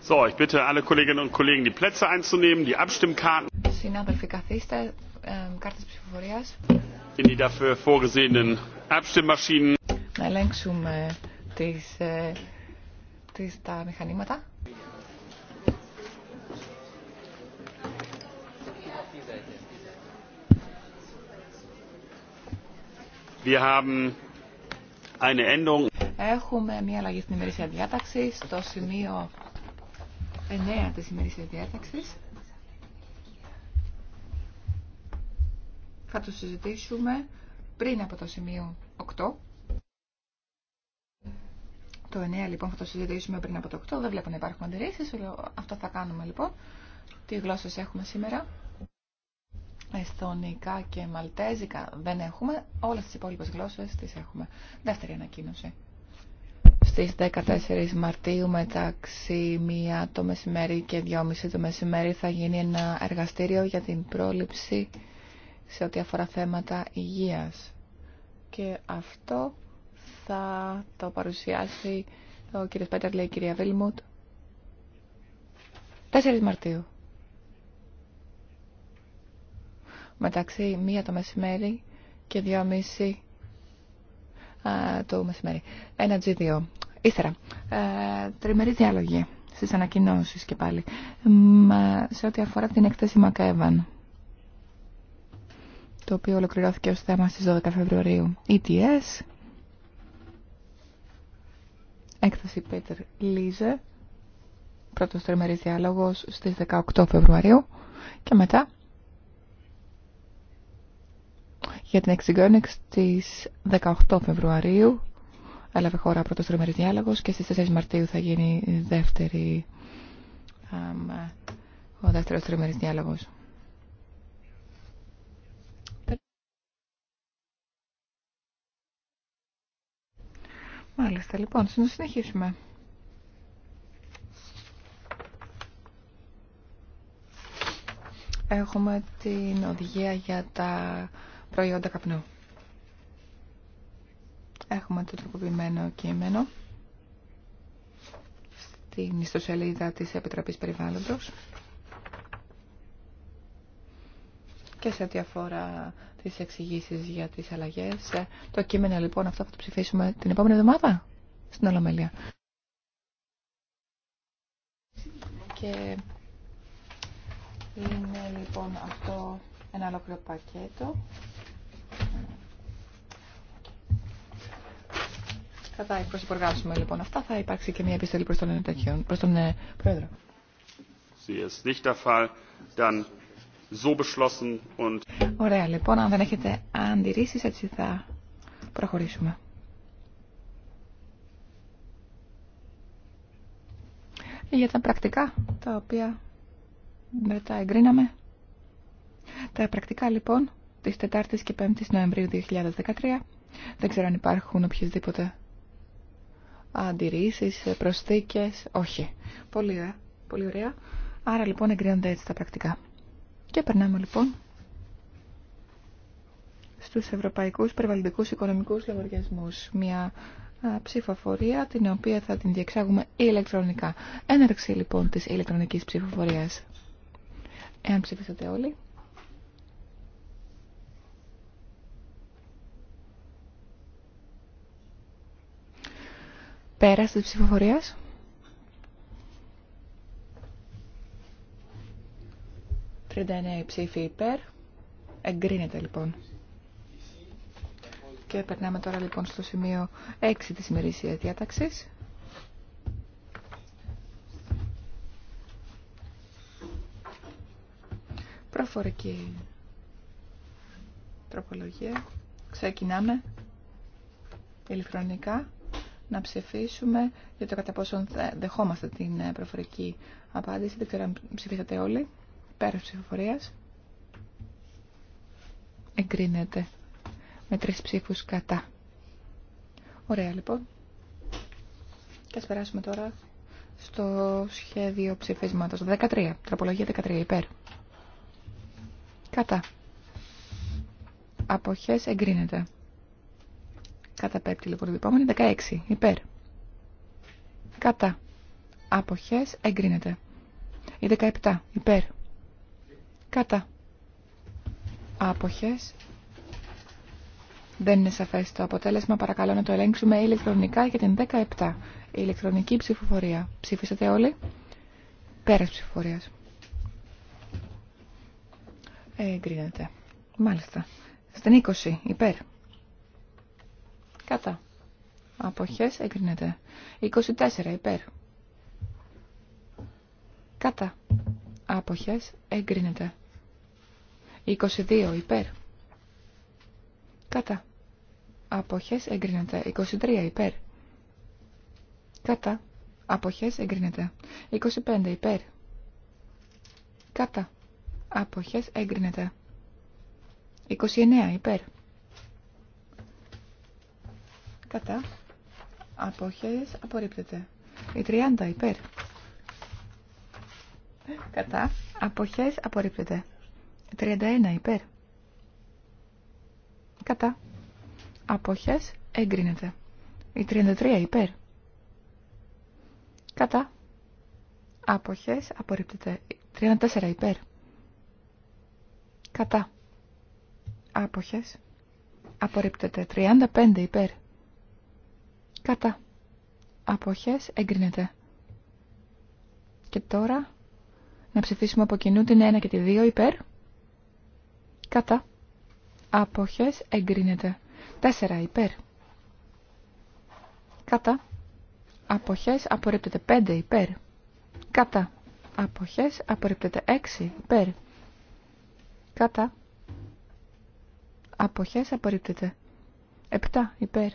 So, ich bitte alle Kolleginnen und Kollegen, die Plätze einzunehmen, die Abstimmkarten. In die dafür vorgesehenen Abstimmmaschinen. Να ελέγξουμε τις, ε, τις, τα μηχανήματα. Wir haben eine Änderung. Έχουμε μια αλλαγή στην ημερήσια διάταξη στο σημείο 9 της σημερινή διάταξης. Θα το συζητήσουμε πριν από το σημείο 8. Το 9 λοιπόν θα το συζητήσουμε πριν από το 8. Δεν βλέπω να υπάρχουν αντιρρήσεις. Αυτό θα κάνουμε λοιπόν. Τι γλώσσες έχουμε σήμερα. Εσθονικά και μαλτέζικα δεν έχουμε. Όλες τις υπόλοιπες γλώσσες τις έχουμε. Δεύτερη ανακοίνωση στις 14 Μαρτίου μεταξύ 1 το μεσημέρι και 2.30 το μεσημέρι θα γίνει ένα εργαστήριο για την πρόληψη σε ό,τι αφορά θέματα υγείας. Και αυτό θα το παρουσιάσει ο κ. Πέτερ, λέει η κυρία Βίλμουτ. 4 Μαρτίου. Μεταξύ 1 το μεσημέρι και 2.30 το μεσημέρι. Ένα G2. Ύστερα, ε, τριμερή διάλογη στις ανακοινώσεις και πάλι, σε ό,τι αφορά την έκθεση Μακέβαν, το οποίο ολοκληρώθηκε ως θέμα στις 12 Φεβρουαρίου. ETS, έκθεση Πέτερ Λίζε, πρώτος τριμερής διάλογος στις 18 Φεβρουαρίου και μετά για την εξυγόνιξη της 18 Φεβρουαρίου έλαβε χώρα πρώτος τρομερής διάλογος και στις 4 Μαρτίου θα γίνει δεύτερη, ο δεύτερος τρομερής διάλογος. Μάλιστα, λοιπόν, να συνεχίσουμε. Έχουμε την οδηγία για τα προϊόντα καπνού. Έχουμε το τροποποιημένο κείμενο στην ιστοσελίδα της Επιτροπής Περιβάλλοντος και σε ό,τι αφορά τις εξηγήσεις για τις αλλαγές. Το κείμενο λοιπόν αυτό θα το ψηφίσουμε την επόμενη εβδομάδα στην Ολομέλεια. Και είναι λοιπόν αυτό ένα ολόκληρο πακέτο. Θα τα προσυπογράψουμε λοιπόν αυτά. Θα υπάρξει και μια επιστολή προς τον, προς τον ε, Πρόεδρο. Ωραία λοιπόν, αν δεν έχετε αντιρρήσεις έτσι θα προχωρήσουμε. Για τα πρακτικά τα οποία δεν τα εγκρίναμε. Τα πρακτικά λοιπόν της 4ης και 5ης Νοεμβρίου 2013. Δεν ξέρω αν υπάρχουν οποιασδήποτε αντιρρήσεις, ε, προσθήκες, όχι. Πολύ ε, ωραία. Πολύ Άρα λοιπόν εγκρίνονται έτσι τα πρακτικά. Και περνάμε λοιπόν στους ευρωπαϊκούς περιβαλλοντικούς οικονομικούς λογαριασμούς. Μια ε, ψηφοφορία την οποία θα την διεξάγουμε ηλεκτρονικά. Έναρξη λοιπόν της ηλεκτρονικής ψηφοφορίας. Εάν ψηφίσατε όλοι. Πέρας της ψηφοφορίας. Τριντανέα ψήφι υπέρ. Εγκρίνεται λοιπόν. Και περνάμε τώρα λοιπόν στο σημείο 6 της ημερήσια διάταξης. Προφορική τροπολογία. Ξεκινάμε ηλεκτρονικά να ψηφίσουμε για το κατά πόσο δεχόμαστε την ε, προφορική απάντηση. Δεν ξέρω αν ψηφίσατε όλοι. Πέρα ψηφοφορία. Εγκρίνεται με τρεις ψήφους κατά. Ωραία λοιπόν. Και α περάσουμε τώρα στο σχέδιο ψηφίσματος. 13. Τροπολογία 13. Υπέρ. Κατά. Αποχές εγκρίνεται πέπτη λοιπόν η επόμενη. 16. Υπέρ. Κατά. Αποχές εγκρίνεται. Η 17. Υπέρ. Κατά. Άποχες. Δεν είναι σαφές το αποτέλεσμα. Παρακαλώ να το ελέγξουμε ηλεκτρονικά για την 17. ηλεκτρονική ψηφοφορία. Ψήφισατε όλοι. Πέρας ψηφοφορίας. Εγκρίνεται. Μάλιστα. Στην 20. Υπέρ. Κατά. Αποχές εγκρίνεται. 24 υπέρ. Κατά. Αποχές εγκρίνεται. 22 υπέρ. Κατά. Αποχές εγκρίνεται. 23 υπέρ. Κατά. Αποχές εγκρίνεται. 25 υπέρ. Κατά. Αποχές εγκρίνεται. 29 υπέρ κατά, αποχές, απορρίπτεται. Η 30 υπέρ, κατά, αποχές, απορρίπτεται. Η 31 υπέρ, κατά, αποχές, εγκρίνεται. Η 33 υπέρ, κατά, αποχές, απορρίπτεται. Η 34 υπέρ, κατά, άποχες, απορρίπτεται 35 υπέρ. Κατά. Αποχές εγκρίνεται. Και τώρα να ψηφίσουμε από κοινού την 1 και τη 2 υπέρ. Κατά. Αποχές εγκρίνεται. 4 υπέρ. Κατά. Αποχές απορρίπτεται 5 υπέρ. Κατά. Αποχές απορρίπτεται 6 υπέρ. Κατά. Αποχές απορρίπτεται 7 υπέρ.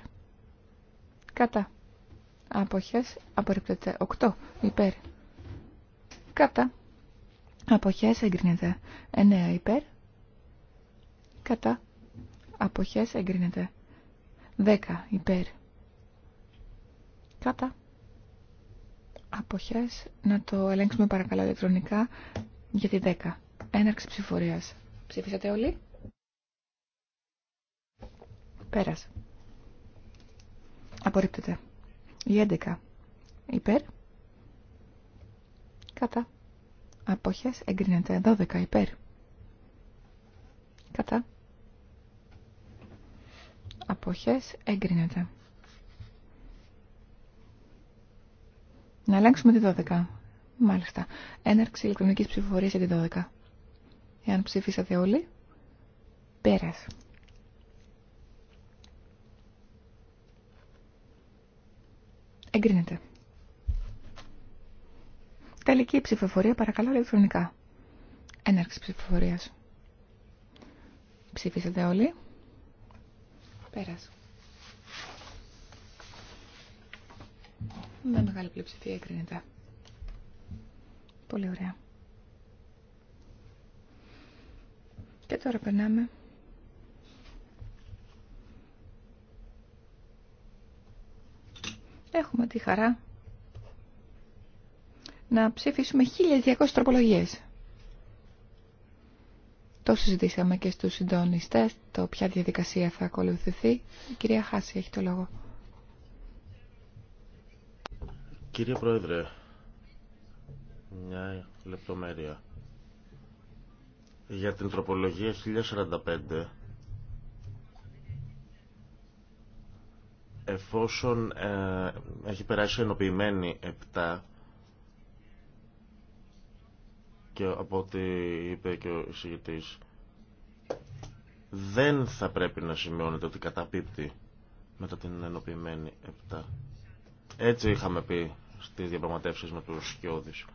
Κατά. Αποχές απορρίπτεται. 8. Υπέρ. Κατά. Αποχές εγκρίνεται. 9. Υπέρ. Κατά. Αποχές εγκρίνεται. 10. Υπέρ. Κατά. Αποχές. Να το ελέγξουμε παρακαλώ ηλεκτρονικά για τη 10. Έναρξη ψηφορίας. Ψήφισατε όλοι. Πέρασε. Απορρίπτεται. Η 11. Υπέρ. Κατά. Αποχές εγκρίνεται. 12. Υπέρ. Κατά. Αποχές εγκρίνεται. Να αλλάξουμε τη 12. Μάλιστα. Έναρξη ηλεκτρονικής ψηφοφορίας για τη 12. Εάν ψήφισατε όλοι, πέρας. Εγκρίνεται. Τελική ψηφοφορία παρακαλώ ηλεκτρονικά. Έναρξη ψηφοφορία. Ψηφίσατε όλοι. Πέρασε. Με μεγάλη πλειοψηφία εγκρίνεται. Πολύ ωραία. Και τώρα περνάμε έχουμε τη χαρά να ψηφίσουμε 1.200 τροπολογίες. Το συζητήσαμε και στους συντονιστές, το ποια διαδικασία θα ακολουθηθεί. Η κυρία Χάση έχει το λόγο. Κύριε Πρόεδρε, μια λεπτομέρεια. Για την τροπολογία 1045 Εφόσον ε, έχει περάσει ενοποιημένη Επτά και από ό,τι είπε και ο εισηγητής δεν θα πρέπει να σημειώνεται ότι καταπίπτει μετά την ενοποιημένη 7. Έτσι είχαμε πει στις διαπραγματεύσεις με τους Σκιώδης.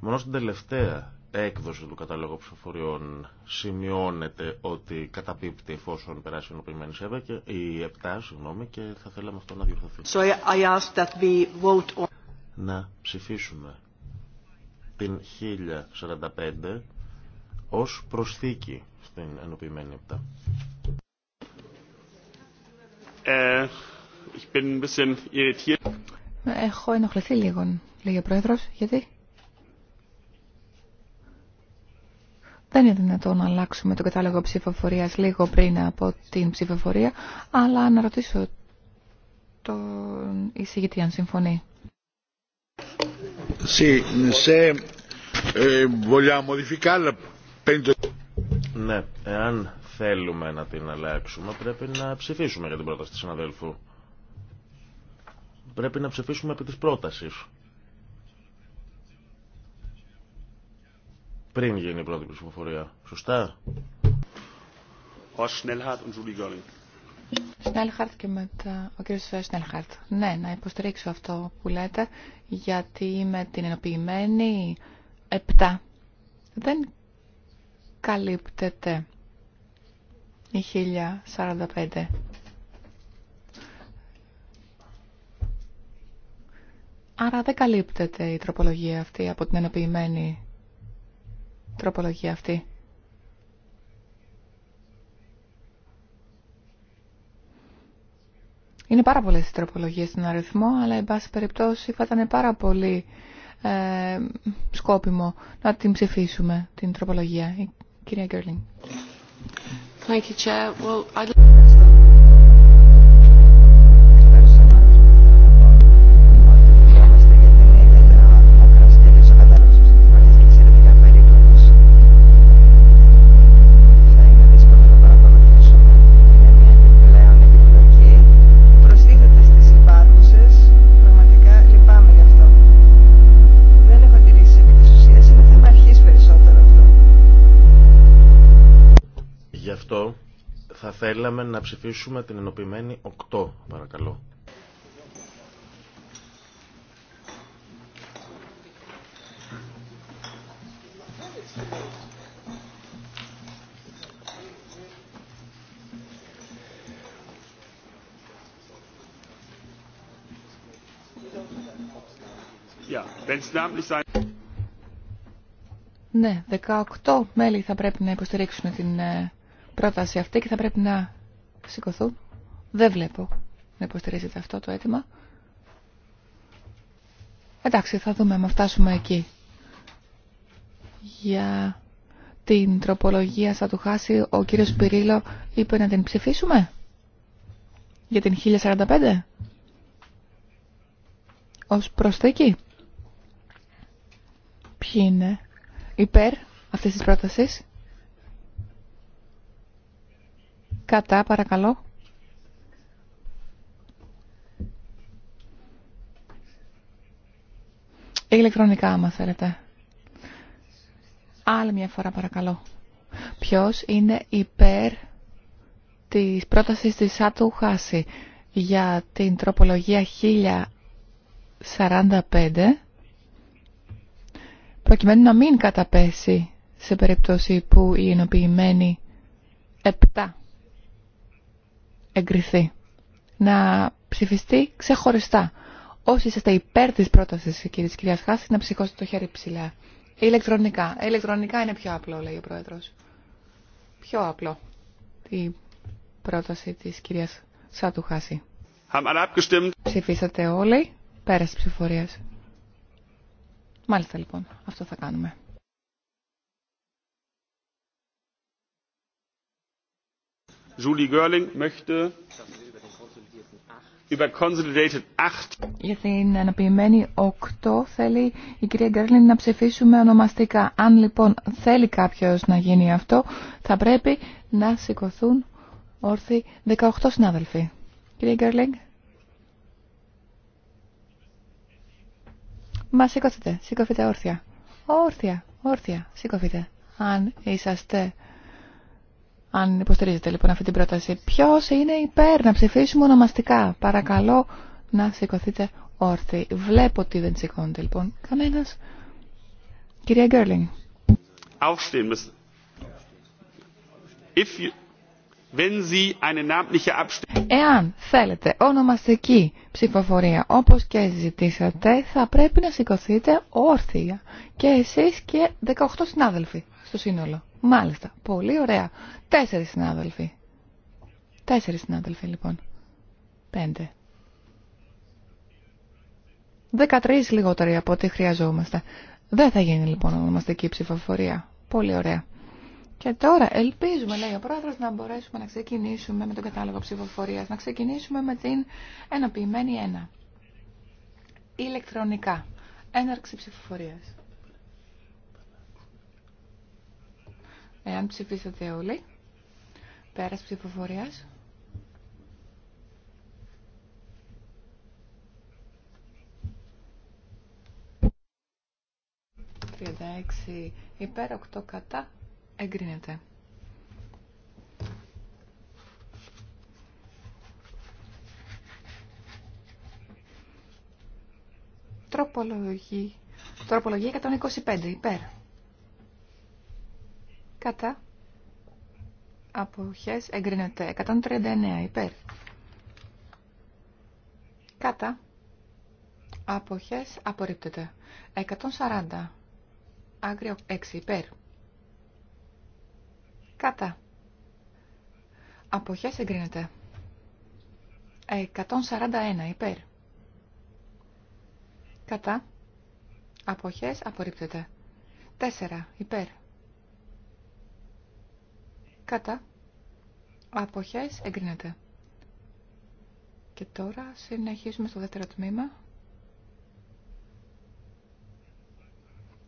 Μόνο στην τελευταία έκδοση του καταλόγου ψηφοφοριών σημειώνεται ότι καταπίπτει εφόσον περάσει η ενωπημένη ΣΕΒΑ και η ΕΠΤΑ, συγγνώμη, και θα θέλαμε αυτό να διορθωθεί. Να ψηφίσουμε την 1045 ως προσθήκη στην ενωπημένη ΕΠΤΑ. Ε, Έχω ενοχληθεί λίγο, λέει ο Πρόεδρος. Γιατί? Δεν είναι δυνατόν να αλλάξουμε το κατάλογο ψηφοφορία λίγο πριν από την ψηφοφορία, αλλά να ρωτήσω τον εισηγητή αν συμφωνεί. Ε, ναι, εάν θέλουμε να την αλλάξουμε πρέπει να ψηφίσουμε για την πρόταση της συναδέλφου. Πρέπει να ψηφίσουμε επί της πρότασης. πριν γίνει η πρώτη ψηφοφορία. Σωστά. Σνέλχαρτ και μετά ο κ. Σνέλχαρτ. Ναι, να υποστηρίξω αυτό που λέτε, γιατί με την ενοποιημένη 7 δεν καλύπτεται η 1045. Άρα δεν καλύπτεται η τροπολογία αυτή από την ενοποιημένη τροπολογία αυτή. Είναι πάρα πολλές οι τροπολογίες στον αριθμό, αλλά εν πάση περιπτώσει θα ήταν πάρα πολύ ε, σκόπιμο να την ψηφίσουμε την τροπολογία. Η κυρία Γκέρλινγκ. Thank you, Chair. Well, Θα θέλαμε να ψηφίσουμε την ενοποιημένη 8, παρακαλώ. Ναι, 18 μέλη θα πρέπει να υποστηρίξουν την ε, πρόταση αυτή και θα πρέπει να σηκωθούν. Δεν βλέπω να υποστηρίζεται αυτό το αίτημα. Εντάξει, θα δούμε αν φτάσουμε εκεί. Για την τροπολογία θα του χάσει ο κύριος Πυρίλο είπε να την ψηφίσουμε για την 1045 ως προσθήκη. Ποιοι είναι υπέρ αυτής της πρότασης. Κατά, παρακαλώ. Ηλεκτρονικά, άμα θέλετε. Άλλη μια φορά, παρακαλώ. Ποιος είναι υπέρ της πρότασης της Άτου Χάση για την τροπολογία 1045 προκειμένου να μην καταπέσει σε περίπτωση που η ενοποιημένη 7 εγκριθεί. Να ψηφιστεί ξεχωριστά. Όσοι είστε υπέρ της πρότασης της κυρίας Χάση, να ψηφίσετε το χέρι ψηλά. Ηλεκτρονικά. Ηλεκτρονικά είναι πιο απλό, λέει ο πρόεδρο. Πιο απλό. τη πρόταση τη κυρία Σάτου Χάση. Ψηφίσατε όλοι. τη ψηφορία. Μάλιστα λοιπόν. Αυτό θα κάνουμε. Julie möchte über Consolidated Για την αναποιημένη 8 θέλει η κυρία Γκέρλιν να ψηφίσουμε ονομαστικά. Αν λοιπόν θέλει κάποιος να γίνει αυτό, θα πρέπει να σηκωθούν όρθιοι 18 συνάδελφοι. Κυρία Γκέρλινγκ. Μα σηκωθείτε, σηκωθείτε όρθια. Όρθια, όρθια, σηκωθείτε. Αν είσαστε αν υποστηρίζετε λοιπόν αυτή την πρόταση, ποιο είναι υπέρ να ψηφίσουμε ονομαστικά. Παρακαλώ να σηκωθείτε όρθιοι. Βλέπω ότι δεν σηκώνεται λοιπόν κανένα. Κυρία Γκέρλινγκ. Εάν θέλετε ονομαστική ψηφοφορία όπως και ζητήσατε, θα πρέπει να σηκωθείτε όρθια. Και εσείς και 18 συνάδελφοι στο σύνολο. Μάλιστα. Πολύ ωραία. Τέσσερις συνάδελφοι. Τέσσερις συνάδελφοι λοιπόν. Πέντε. Δεκατρεις λιγότεροι από ό,τι χρειαζόμαστε. Δεν θα γίνει λοιπόν ονομαστική ψηφοφορία. Πολύ ωραία. Και τώρα ελπίζουμε, λέει ο πρόεδρος, να μπορέσουμε να ξεκινήσουμε με τον κατάλογο ψηφοφορία. Να ξεκινήσουμε με την ενοποιημένη ένα. Ηλεκτρονικά. Έναρξη ψηφοφορίας. Εάν ψηφίσατε όλοι, πέρας ψηφοφορίας. 36 υπέρ 8 κατά εγκρίνεται. Τροπολογή τροπολογία 125 υπέρ. Κατά. Αποχές εγκρίνεται. 139 υπέρ. Κατά. Αποχές απορρίπτεται. 140. Άγριο 6 υπέρ. Κατά. Αποχές εγκρίνεται. 141 υπέρ. Κατά. Αποχές απορρίπτεται. 4 υπέρ. Κατά. Αποχές εγκρίνεται. Και τώρα συνεχίζουμε στο δεύτερο τμήμα.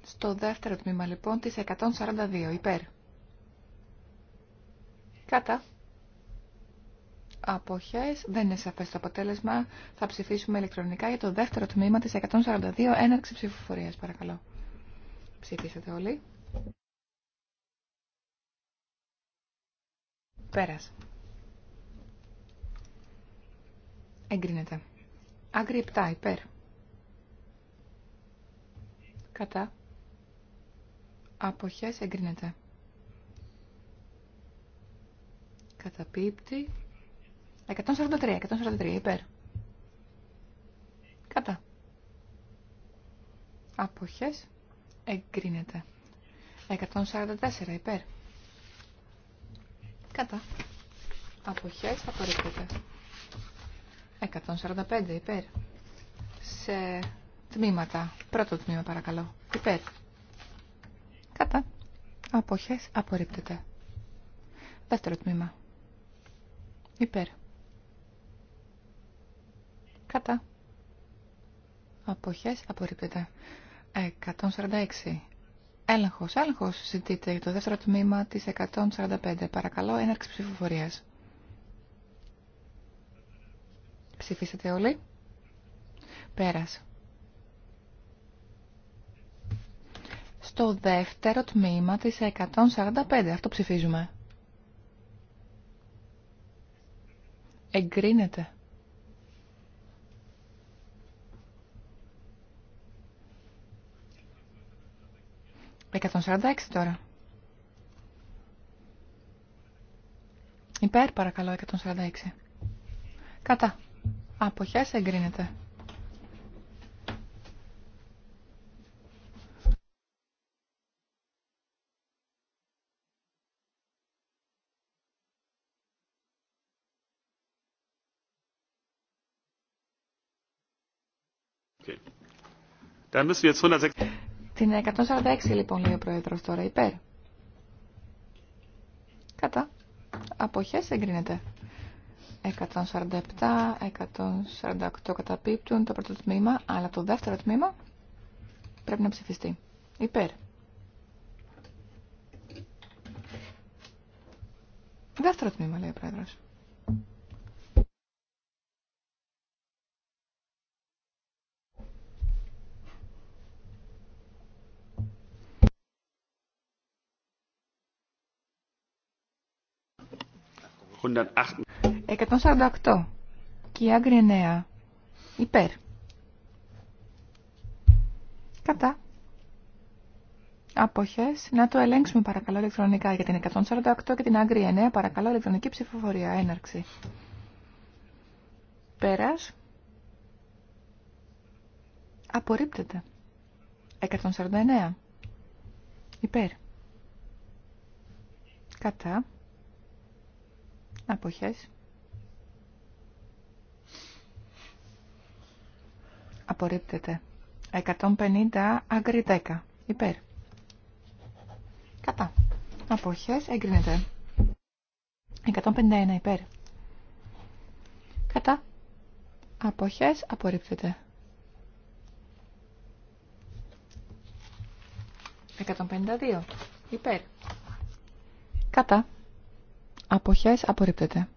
Στο δεύτερο τμήμα λοιπόν της 142 υπέρ. Κατά. Αποχές. Δεν είναι σαφές το αποτέλεσμα. Θα ψηφίσουμε ηλεκτρονικά για το δεύτερο τμήμα της 142 έναρξη ψηφοφορίας παρακαλώ. Ψηφίσατε όλοι. Πέρας. Εγκρίνεται. Άγκρι 7 υπέρ. Κατά. Αποχές εγκρίνεται. Καταπίπτει. 143, 143 υπέρ. Κατά. Αποχές εγκρίνεται. 144 υπέρ. Κατά. Αποχές απορρίπτεται. 145 υπέρ. Σε τμήματα. Πρώτο τμήμα παρακαλώ. Υπέρ. Κατά. Αποχές απορρίπτεται. Δεύτερο τμήμα. Υπέρ. Κατά. Αποχές απορρίπτεται. 146 Έλεγχος, έλεγχος ζητείτε για το δεύτερο τμήμα της 145. Παρακαλώ, έναρξη ψηφοφορίας. Ψηφίσατε όλοι. Πέρας. Στο δεύτερο τμήμα της 145. Αυτό ψηφίζουμε. Εγκρίνεται. 146 τώρα. Υπέρ παρακαλώ 146. Κατά. Αποχές εγκρίνεται. Okay. Dann müssen wir jetzt 106. Την 146 λοιπόν λέει ο Πρόεδρος τώρα υπέρ. Κατά. Αποχές εγκρίνεται. 147, 148 καταπίπτουν το πρώτο τμήμα, αλλά το δεύτερο τμήμα πρέπει να ψηφιστεί. Υπέρ. Δεύτερο τμήμα λέει ο Πρόεδρος. 148 και η άγρια 9 υπέρ κατά αποχές να το ελέγξουμε παρακαλώ ηλεκτρονικά για την 148 και την άγκρη 9 παρακαλώ ηλεκτρονική ψηφοφορία έναρξη πέρας απορρίπτεται 149 υπέρ κατά αποχές απορρίπτεται 150 άγκρι 10 υπέρ κατά αποχές εγκρίνεται 151 υπέρ κατά αποχές απορρίπτεται 152 υπέρ κατά Αποχές απορρίπτεται.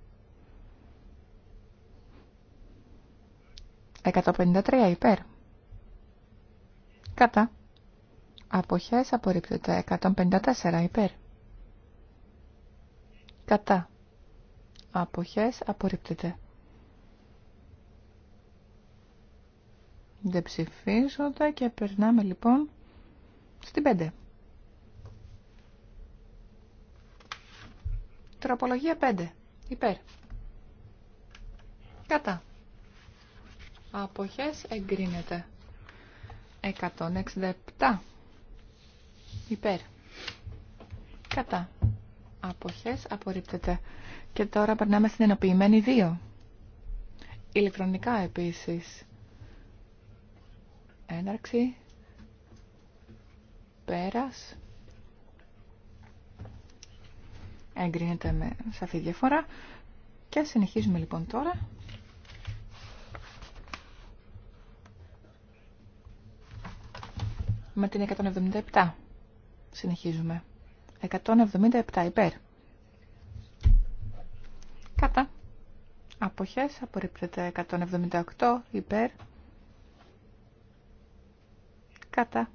153 υπέρ. Κατά. Αποχές απορρίπτεται. 154 υπέρ. Κατά. Αποχές απορρίπτεται. Δεν ψηφίζονται και περνάμε λοιπόν στην 5. Τροπολογία 5. Υπέρ. Κατά. Αποχές εγκρίνεται. 167. Υπέρ. Κατά. Αποχές απορρίπτεται. Και τώρα περνάμε στην ενοποιημένη 2. Ηλεκτρονικά επίσης. Έναρξη. Πέρας. εγκρίνεται με σαφή διαφορά. Και συνεχίζουμε λοιπόν τώρα. Με την 177. Συνεχίζουμε. 177 υπέρ. Κατά. Αποχές απορρίπτεται 178 υπέρ. Κατά.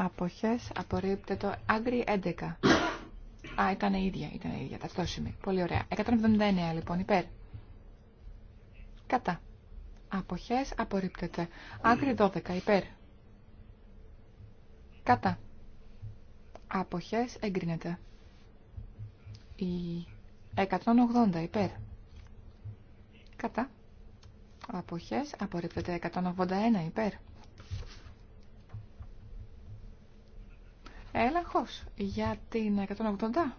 Αποχές απορρίπτεται το 11 Α, ήταν η ίδια, ήταν η ίδια, ταυτόσημη. Πολύ ωραία. 179 λοιπόν, υπέρ. Κατά. Αποχές απορρίπτεται. Άκρη 12, υπέρ. Κατά. Αποχές εγκρίνεται. Η 180, υπέρ. Κατά. Αποχές απορρίπτεται. 181, υπέρ. Έλεγχος για την 180.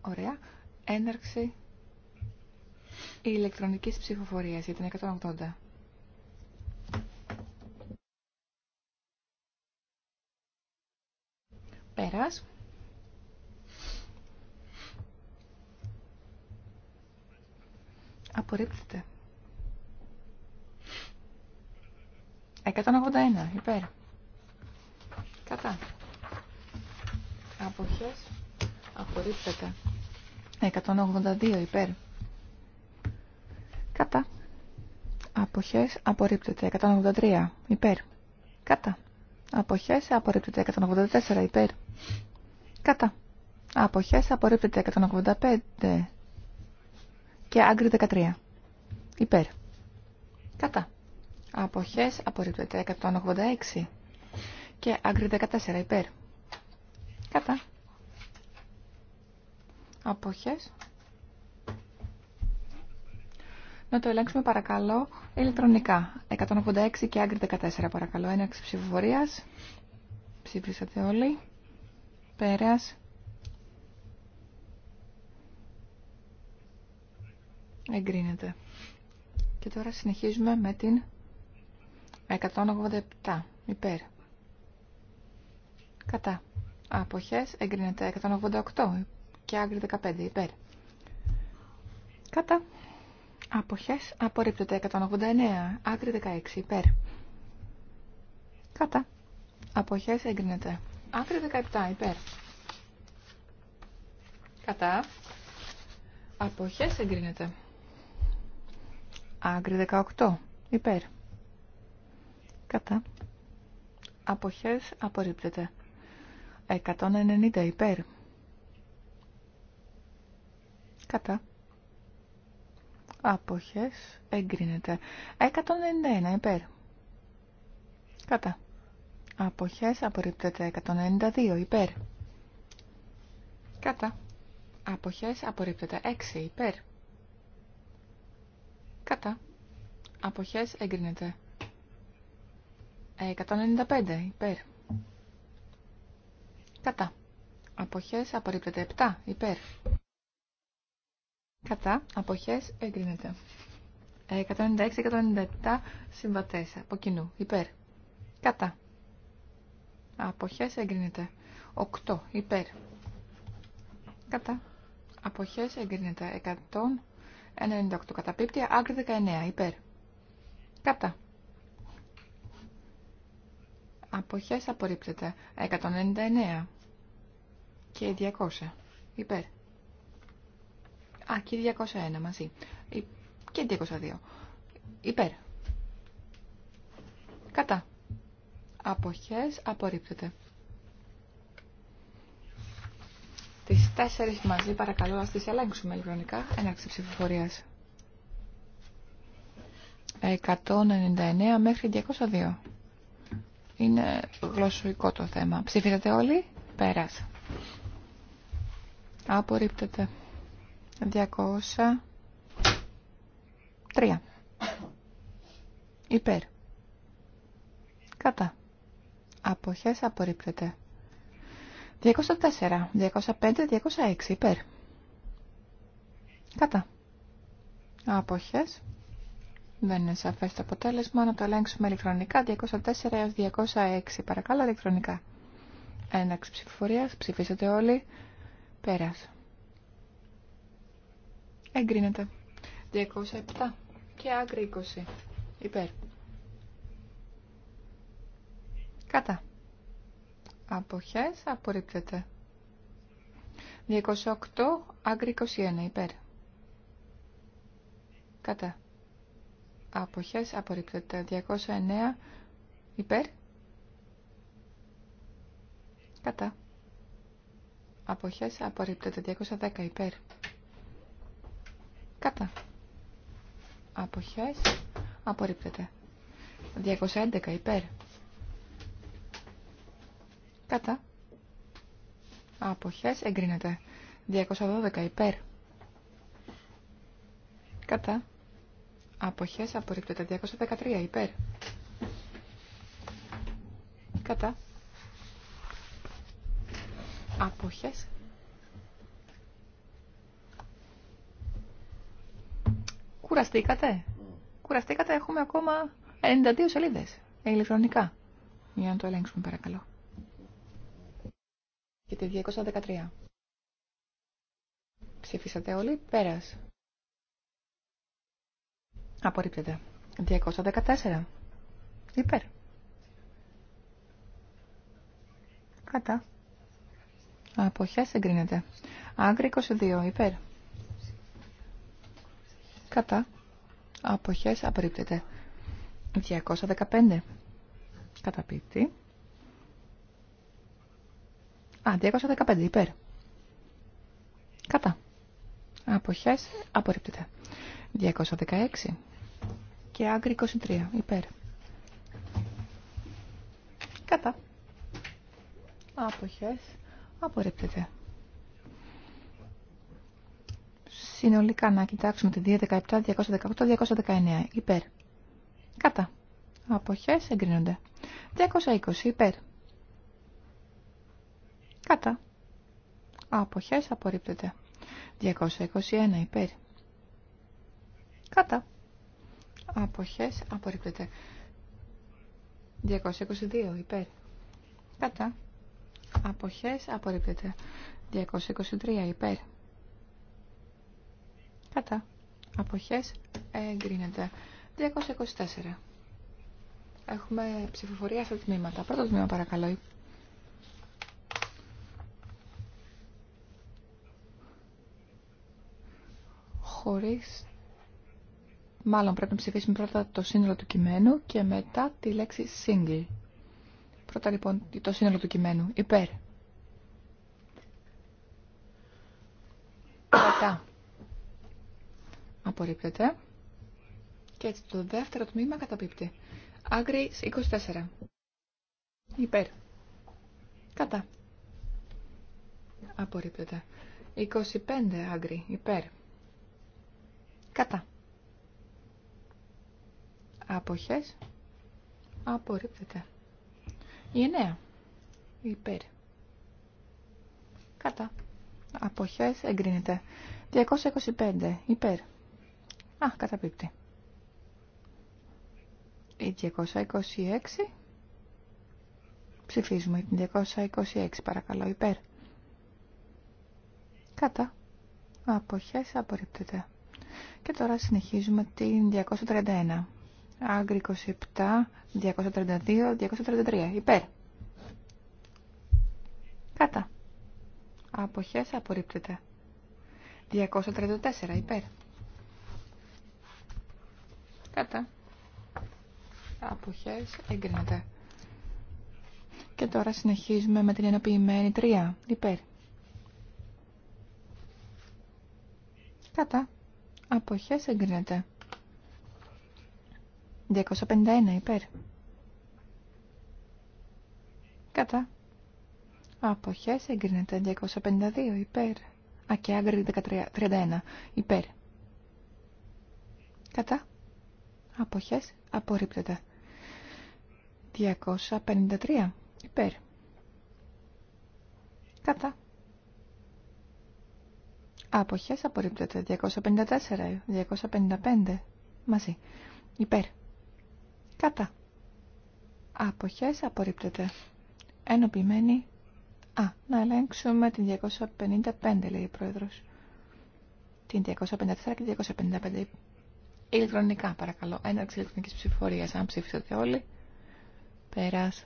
Ωραία. Έναρξη ηλεκτρονικής ψηφοφορίας για την 180. Πέρας. Απορρίπτεται. 181, υπέρ. Κατά. Αποχές. Απορρίπτεται. 182 ναι, υπέρ. Κατά. Αποχές. Απορρίπτεται. 183 υπέρ. Κατά. Αποχές. Απορρίπτεται. 184 υπέρ. Κατά. Αποχές. Απορρίπτεται. 185 και άγκρι 13. Υπέρ. Κατά. Αποχές απορρίπτεται 186 και άγκρι 14 υπέρ. Κατά. Απόχες. Να το ελέγξουμε παρακαλώ ηλεκτρονικά. 186 και άγκρι 14 παρακαλώ. Ένα ψηφοφορίας. Ψήφισατε όλοι. Πέρας. Εγκρίνεται. Και τώρα συνεχίζουμε με την 187 υπέρ. Κατά. Αποχές εγκρίνεται 188 και άγκρι 15 υπέρ. Κατά. Αποχές απορρίπτεται 189, άκρη 16 υπέρ. Κατά. Αποχές εγκρίνεται. Άγκρι 17 υπέρ. Κατά. Αποχές εγκρίνεται. άκρη 18 υπέρ. Κατά. Αποχές απορρίπτεται. 190 υπέρ. Κατά. Άποχες. Εγκρίνεται. 191 υπέρ. Κατά. Άποχες. Απορρίπτεται. 192 υπέρ. Κατά. Άποχες. Απορρίπτεται. 6 υπέρ. Κατά. Αποχές εγκρίνεται. 195 υπέρ. Κατά. Αποχές απορρίπτεται. 7. Υπέρ. Κατά. Αποχές εγκρίνεται. 196-197 ε, συμβατές. Από κοινού. Υπέρ. Κατά. Αποχές εγκρίνεται. 8. Υπέρ. Κατά. Αποχές εγκρίνεται. 198 καταπίπτια. Άγκρι 19. Υπέρ. Κατά. Αποχές απορρίπτεται. 199 και 200. Υπέρ. Α, και 201 μαζί. Και 202. Υπέρ. Κατά. Αποχές απορρίπτεται. Τις τέσσερις μαζί παρακαλώ να τις ελέγξουμε ηλεκτρονικά. Έναρξη ψηφοφορίας. 199 μέχρι 202. Είναι γλωσσοϊκό το θέμα. Ψήφισατε όλοι. Πέρασε. Απορρίπτεται. 203. Υπέρ. Κατά. Αποχές απορρίπτεται. 204, 205, 206. Υπέρ. Κατά. Αποχές δεν είναι σαφέ το αποτέλεσμα. Να το ελέγξουμε ηλεκτρονικά. 204 έως 206. Παρακαλώ ηλεκτρονικά. Έναξη ψηφοφορία. Ψηφίσατε όλοι. Πέρας. Εγκρίνεται. 207 και άκρη 20. Υπέρ. Κατά. Αποχές. Απορρίπτεται. 208 άγκρι 21. Υπέρ. Κατά αποχές απορρίπτεται. 209 υπέρ. Κατά. Αποχές απορρίπτεται. 210 υπέρ. Κατά. Αποχές απορρίπτεται. 211 υπέρ. Κατά. Αποχές εγκρίνεται. 212 υπέρ. Κατά. Αποχές τα 213 υπέρ. Κατά. Αποχές. Κουραστήκατε. Κουραστήκατε. Έχουμε ακόμα 92 σελίδες. Ηλεκτρονικά. Για να το ελέγξουμε παρακαλώ. Και τη 213. Ψηφίσατε όλοι. Πέρας. Απορρίπτεται. 214. Υπέρ. Κατά. Αποχές εγκρίνεται. Άγκρη 22. Υπέρ. Κατά. Αποχές απορρίπτεται. 215. Καταπίπτει. Α, 215. Υπέρ. Κατά. Αποχές απορρίπτεται. 216 και άγκρι 23 υπέρ. Κατά. Αποχές. Απορρίπτεται. Συνολικά να κοιτάξουμε τη 217, 218, 219 υπέρ. Κατά. Αποχές εγκρίνονται. 220 υπέρ. Κατά. Αποχές απορρίπτεται. 221 υπέρ. Κατά. Αποχές απορρίπτεται. 222 υπέρ. Κατά. Αποχές απορρίπτεται. 223 υπέρ. Κατά. Αποχές εγκρίνεται. 224. Έχουμε ψηφοφορία σε τμήματα. Πρώτο τμήμα παρακαλώ. Χωρίς Μάλλον πρέπει να ψηφίσουμε πρώτα το σύνολο του κειμένου και μετά τη λέξη single. Πρώτα λοιπόν το σύνολο του κειμένου. Υπέρ. Κατά. Απορρίπτεται. Και έτσι το δεύτερο τμήμα καταπίπτει. Άγκρι 24. Υπέρ. Κατά. Απορρίπτεται. 25 άγκρι. Υπέρ. Κατά. Αποχές. Απορρίπτεται. Η 9. Υπέρ. Κατά. Αποχές εγκρίνεται. 225. Υπέρ. Α, καταπίπτει. Η 226. Ψηφίζουμε την 226 παρακαλώ υπέρ. Κατά. Αποχές απορρίπτεται. Και τώρα συνεχίζουμε την 231. Άγκρι 27, 232, 233. Υπέρ. Κατά. Αποχές απορρίπτεται. 234. Υπέρ. Κατά. Αποχές εγκρίνεται. Και τώρα συνεχίζουμε με την ενοποιημένη 3. Υπέρ. Κατά. Αποχές εγκρίνεται. 251 υπέρ. Κατά. Αποχές εγκρίνεται 252 υπέρ. Α, και 31 υπέρ. Κατά. Αποχές απορρίπτεται. 253 υπέρ. Κατά. Αποχές απορρίπτεται 254, 255 μαζί. Υπέρ. Κατά. Αποχές απορρίπτεται. Ενοποιημένη. Α, να ελέγξουμε την 255, λέει ο Πρόεδρος. Την 254 και την 255. Ηλεκτρονικά, παρακαλώ. Έναρξη ηλεκτρονικής ψηφορίας, αν ψήφισατε όλοι. Πέρας.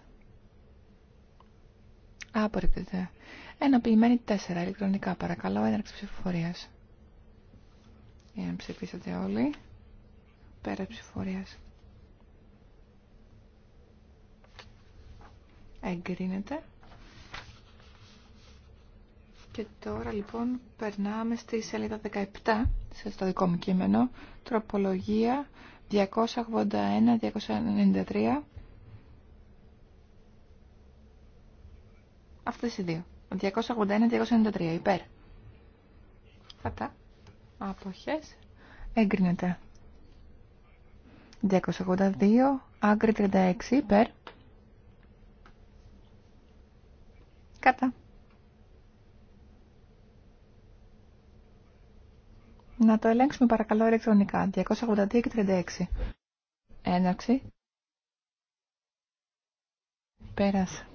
Απορρίπτεται. Ενοποιημένη 4, ηλεκτρονικά, παρακαλώ. Έναρξη ψηφορίας. Για να ψηφίσατε όλοι. Πέρα ψηφορίας. εγκρίνεται. Και τώρα λοιπόν περνάμε στη σελίδα 17, σε στο δικό μου κείμενο, τροπολογία 281-293. Αυτές οι δύο. 281-293, υπέρ. Κατά. Αποχές. Εγκρίνεται. 282, άγκρι 36, υπέρ. Κατά. Να το ελέγξουμε παρακαλώ ηλεκτρονικά. 282 και 36. Έναρξη. Πέρασε.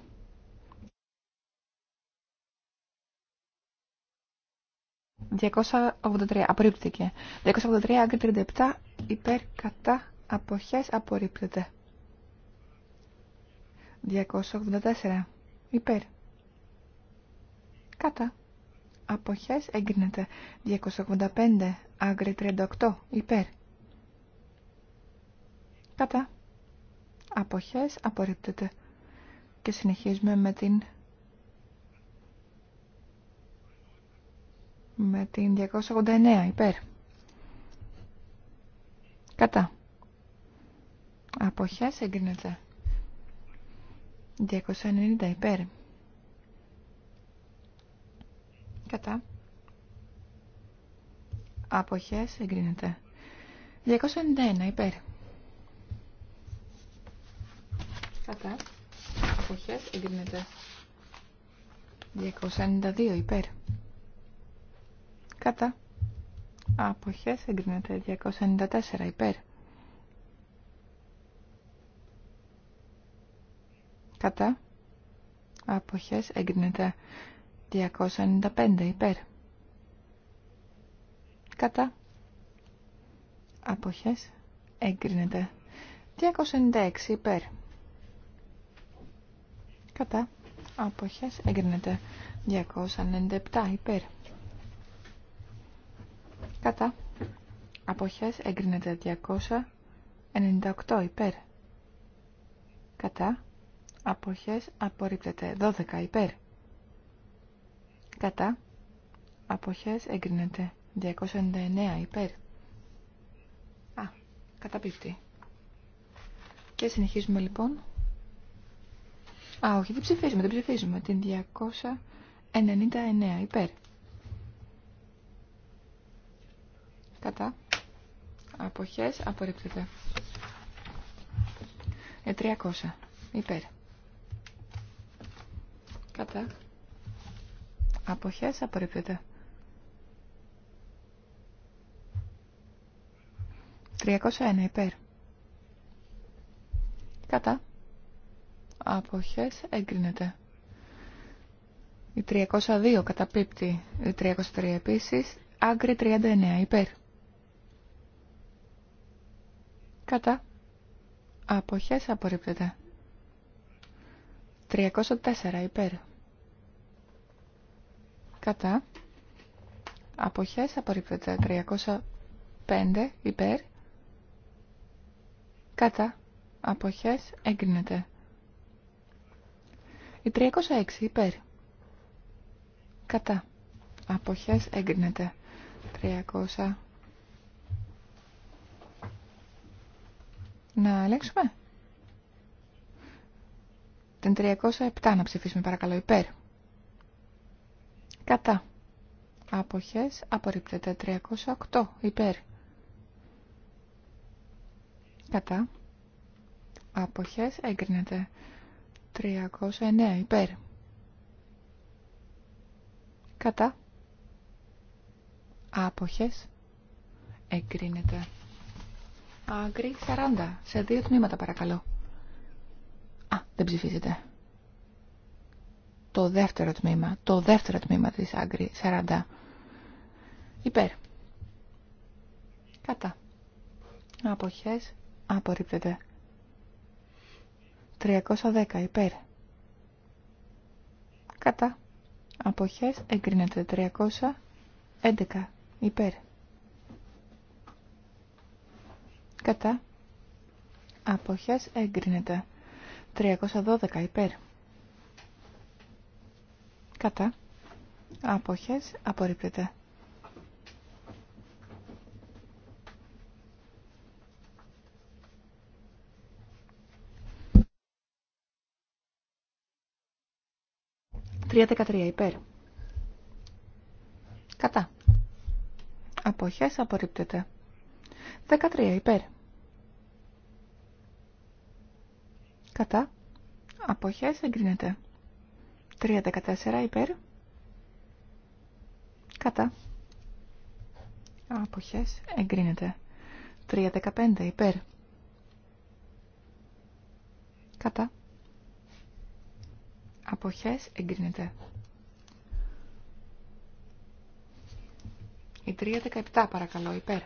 ...283 απορρίπτηκε. 283 άγκρι 37 υπέρ κατά αποχές απορρίπτεται. 284 υπέρ Κατά. Αποχές έγκρινεται. 285. Άγκρι 38. Υπέρ. Κατά. Αποχές απορρίπτεται. Και συνεχίζουμε με την... Με την 289. Υπέρ. Κατά. Αποχές έγκρινεται. 290. Υπέρ. Κατά. Αποχές εγκρίνεται. 291 υπέρ. Κατά. Αποχές εγκρίνεται. 292 υπέρ. Κατά. Αποχές εγκρίνεται. 294 υπέρ. Κατά. Αποχές εγκρίνεται. 295 υπέρ. Κατά. Αποχές. Έγκρινεται. 296 υπέρ. Κατά. Αποχές. Έγκρινεται. 297 υπέρ. Κατά. Αποχές. Έγκρινεται. 298 υπέρ. Κατά. Αποχές. Απορρίπτεται. 12 υπέρ. Κατά. Αποχές εγκρίνεται. 299 υπέρ. Α, καταπίπτει. Και συνεχίζουμε λοιπόν. Α, όχι, δεν ψηφίζουμε, δεν ψηφίζουμε. Την 299 υπέρ. Κατά. Αποχές απορρίπτεται. 300 ε, υπέρ. Κατά. Αποχές απορρίπτεται. 301 υπέρ. Κατά. Αποχές εγκρίνεται. Η 302 καταπίπτει. Η 303 επίσης. Άγκρι 39 υπέρ. Κατά. Αποχές απορρίπτεται. 304 υπέρ κατά αποχές απορρίπτεται 305 υπέρ κατά αποχές έγκρινεται η 306 υπέρ κατά αποχές έγκρινεται 300 να ελέγξουμε την 307 να ψηφίσουμε παρακαλώ υπέρ Κατά. Άποχες απορρίπτεται 308 υπέρ. Κατά. Άποχες έγκρινεται 309 υπέρ. Κατά. Άποχες εγκρίνεται. Άγκρι 40. Σε δύο τμήματα παρακαλώ. Α, δεν ψηφίζεται το δεύτερο τμήμα, το δεύτερο τμήμα της Άγκρη 40. Υπέρ. Κατά. Αποχές. Απορρίπτεται. 310. Υπέρ. Κατά. Αποχές. Εγκρίνεται. 311. Υπέρ. Κατά. Αποχές. Εγκρίνεται. 312. Υπέρ. Κατά. Αποχές. Απορρίπτεται. Τρία υπέρ. Κατά. Αποχές απορρίπτεται. 13 υπέρ. Κατά. Αποχές εγκρίνεται. 3.14 υπέρ. Κατά. Αποχές. Εγκρίνεται. 3.15 υπέρ. Κατά. Αποχές. Εγκρίνεται. Η 3.17 παρακαλώ υπέρ.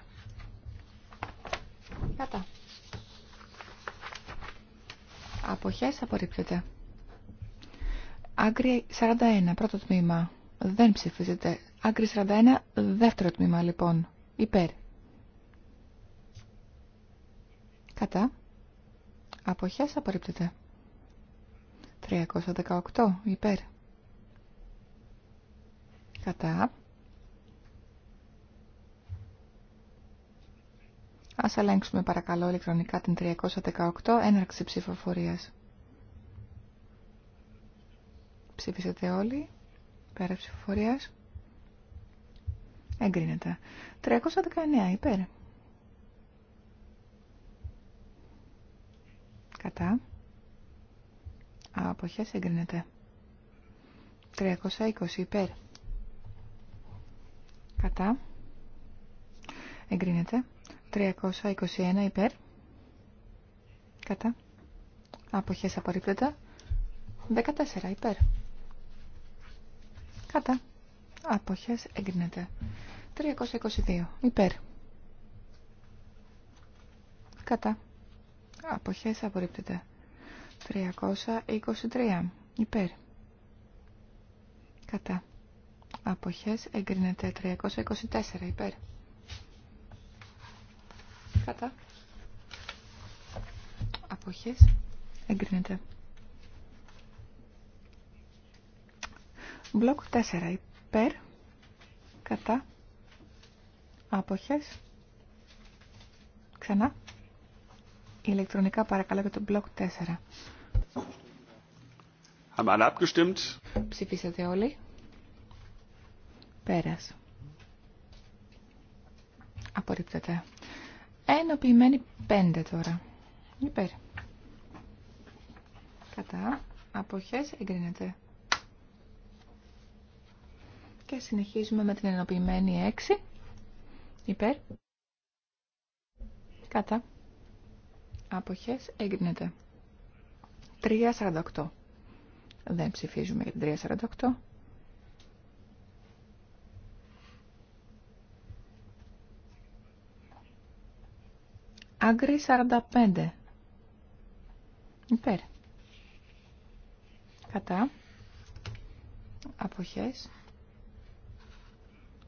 Κατά. Αποχές απορρίπτεται. Άγκρι 41, πρώτο τμήμα. Δεν ψηφίζεται. Άγκρι 41, δεύτερο τμήμα λοιπόν. Υπέρ. Κατά. Αποχές απορρίπτεται. 318, υπέρ. Κατά. Ας ελέγξουμε παρακαλώ ηλεκτρονικά την 318 έναρξη ψηφοφορίας. Ψήφισατε όλοι. Πέρα ψηφοφορία. Εγκρίνεται. 319 υπέρ. Κατά. Αποχές εγκρίνεται. 320 υπέρ. Κατά. Εγκρίνεται. 321 υπέρ. Κατά. Αποχές απορρίπτεται. 14 υπέρ. Κατά. Αποχές εγκρίνεται. 322. Υπέρ. Κατά. Αποχές απορρίπτεται. 323. Υπέρ. Κατά. Αποχές εγκρίνεται. 324. Υπέρ. Κατά. Αποχές εγκρίνεται. Μπλοκ 4 υπέρ, κατά, άποχες. Ξανά. Ηλεκτρονικά παρακαλώ για το μπλοκ 4. Haben alle abgestimmt? Ψηφίσατε όλοι. Πέρας. Απορρίπτεται. Ενοποιημένη 5 τώρα. Υπέρ. Κατά. Αποχές εγκρίνεται. Και συνεχίζουμε με την ενοποιημένη 6. Υπέρ. Κατά. Αποχές έγκρινεται. 3.48. Δεν ψηφίζουμε για την 3.48. Άγκρι 45. Υπέρ. Κατά. Αποχές.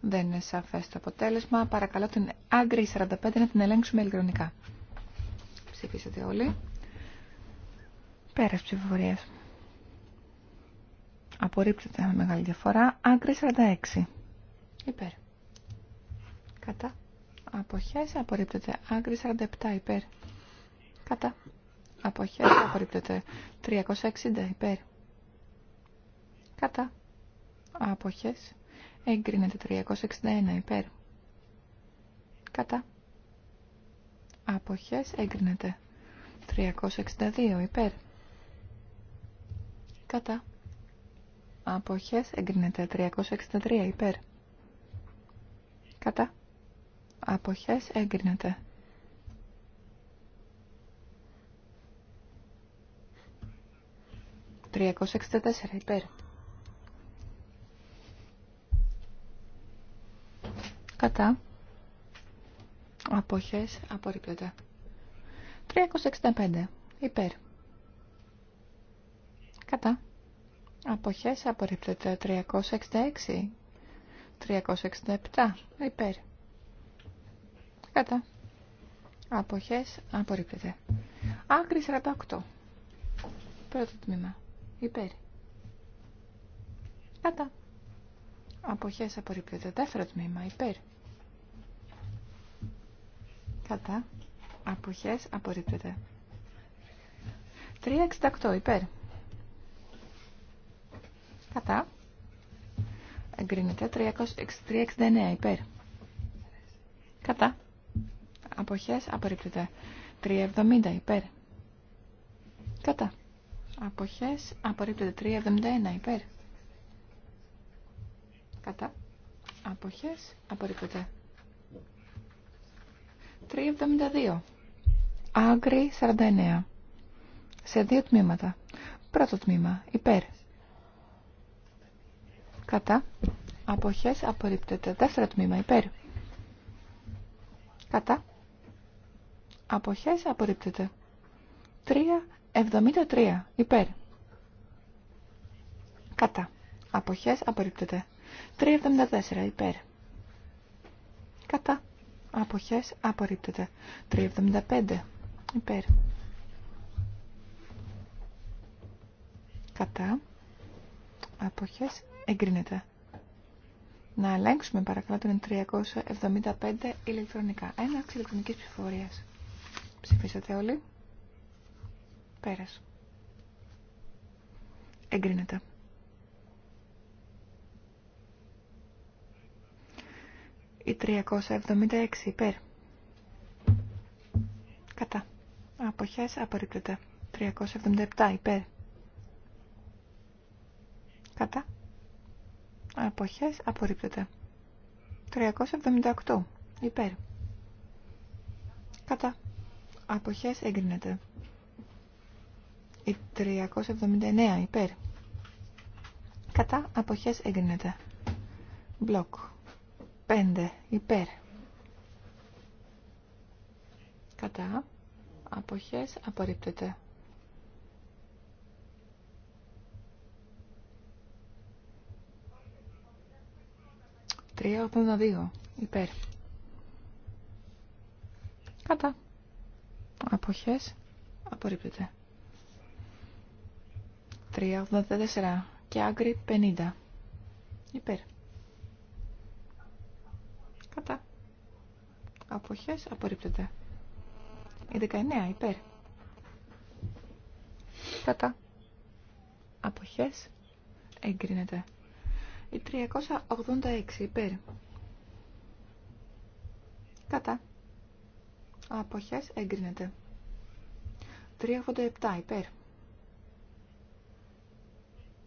Δεν είναι σαφές το αποτέλεσμα. Παρακαλώ την Άγκρη 45 να την ελέγξουμε ηλεκτρονικά. Ψηφίσατε όλοι. Πέρας ψηφοφορίας. Απορρίπτεται με μεγάλη διαφορά. Άγκρη 46. Υπέρ. Κατά. Αποχές απορρίπτεται. Άγκρη 47 υπέρ. Κατά. Αποχές απορρίπτεται. 360 υπέρ. Κατά. Αποχές Εγκρίνεται 361 υπέρ. Κατά. Αποχές εγκρίνεται 362 υπέρ. Κατά. Αποχές εγκρίνεται 363 υπέρ. Κατά. Αποχές εγκρίνεται. 364 υπέρ. κατά αποχές απορρίπτεται 365 υπέρ κατά αποχές απορρίπτεται 366 367 υπέρ κατά αποχές απορρίπτεται άκρη 48 πρώτο τμήμα υπέρ κατά Αποχές απορρίπτεται. Δεύτερο τμήμα υπέρ. Κατά. Αποχές απορρίπτεται. 368 υπέρ. Κατά. Εγκρίνεται. 369 υπέρ. Κατά. Αποχές απορρίπτεται. 370 υπέρ. Κατά. Αποχές απορρίπτεται. 371 υπέρ. Κατά. Αποχές. Απορρίπτεται. 372. Άγκρι 49. Σε δύο τμήματα. Πρώτο τμήμα. Υπέρ. Κατά. Αποχές. Απορρίπτεται. Δεύτερο τμήμα. Υπέρ. Κατά. Αποχές. Απορρίπτεται. 373. Υπέρ. Κατά. Αποχές. Απορρίπτεται. 374 υπέρ. Κατά. Αποχές απορρίπτεται. 375 υπέρ. Κατά. Αποχές εγκρίνεται. Να ελέγξουμε παρακαλώ τον 375 ηλεκτρονικά. Ένα ηλεκτρονικής ψηφορία Ψηφίσατε όλοι. Πέρας. Εγκρίνεται. η 376 υπέρ. Κατά. Αποχές απορρίπτεται. 377 υπέρ. Κατά. Αποχές απορρίπτεται. 378 υπέρ. Κατά. Αποχές έγκρινεται. Η 379 υπέρ. Κατά. Αποχές έγκρινεται. Μπλοκ. 5 υπέρ. Κατά. Κατά, απορρίπτεται. Τρία δύο υπέρ. Κατά. Αποχές απορρίπτεται. 384 και άγκρι 50. Υπέρ. αποχές απορρίπτεται. Η 19 υπέρ. Κατά. Αποχές εγκρίνεται. Η 386 υπέρ. Κατά. Αποχές εγκρίνεται. 387 υπέρ.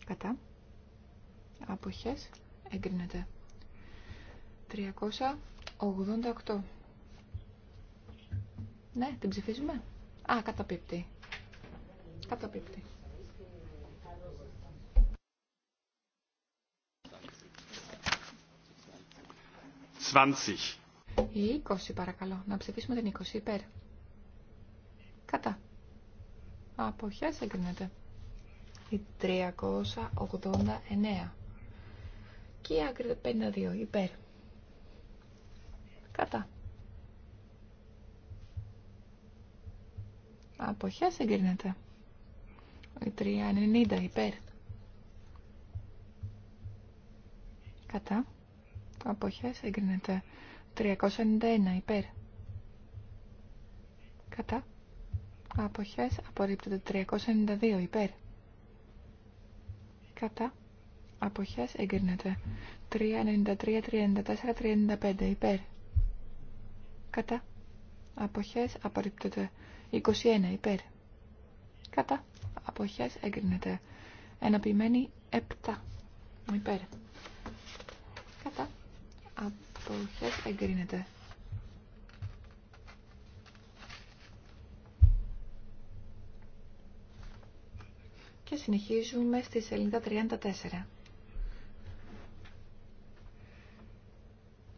Κατά. Αποχές εγκρίνεται. 388 ναι, την ψηφίζουμε. Α, καταπίπτει. Καταπίπτει. Η 20 παρακαλώ. Να ψηφίσουμε την 20 υπέρ. Κατά. Αποχές εγκρίνεται. Η 389. Και η άκρη 52 υπέρ. Κατά. Αποχές εγκρίνεται. Η 390 υπέρ. Κατά. Αποχές εγκρίνεται. 391 υπέρ. Κατά. Αποχές απορρίπτεται. 392 υπέρ. Κατά. Αποχές εγκρίνεται. 393, 394, 395, υπέρ. Κατά. Αποχές απορρίπτεται. 21 υπέρ. Κατά. Αποχές εγκρίνεται. Εναποιημένη 7 υπέρ. Κατά. Αποχές εγκρίνεται. Και συνεχίζουμε στη σελίδα 34.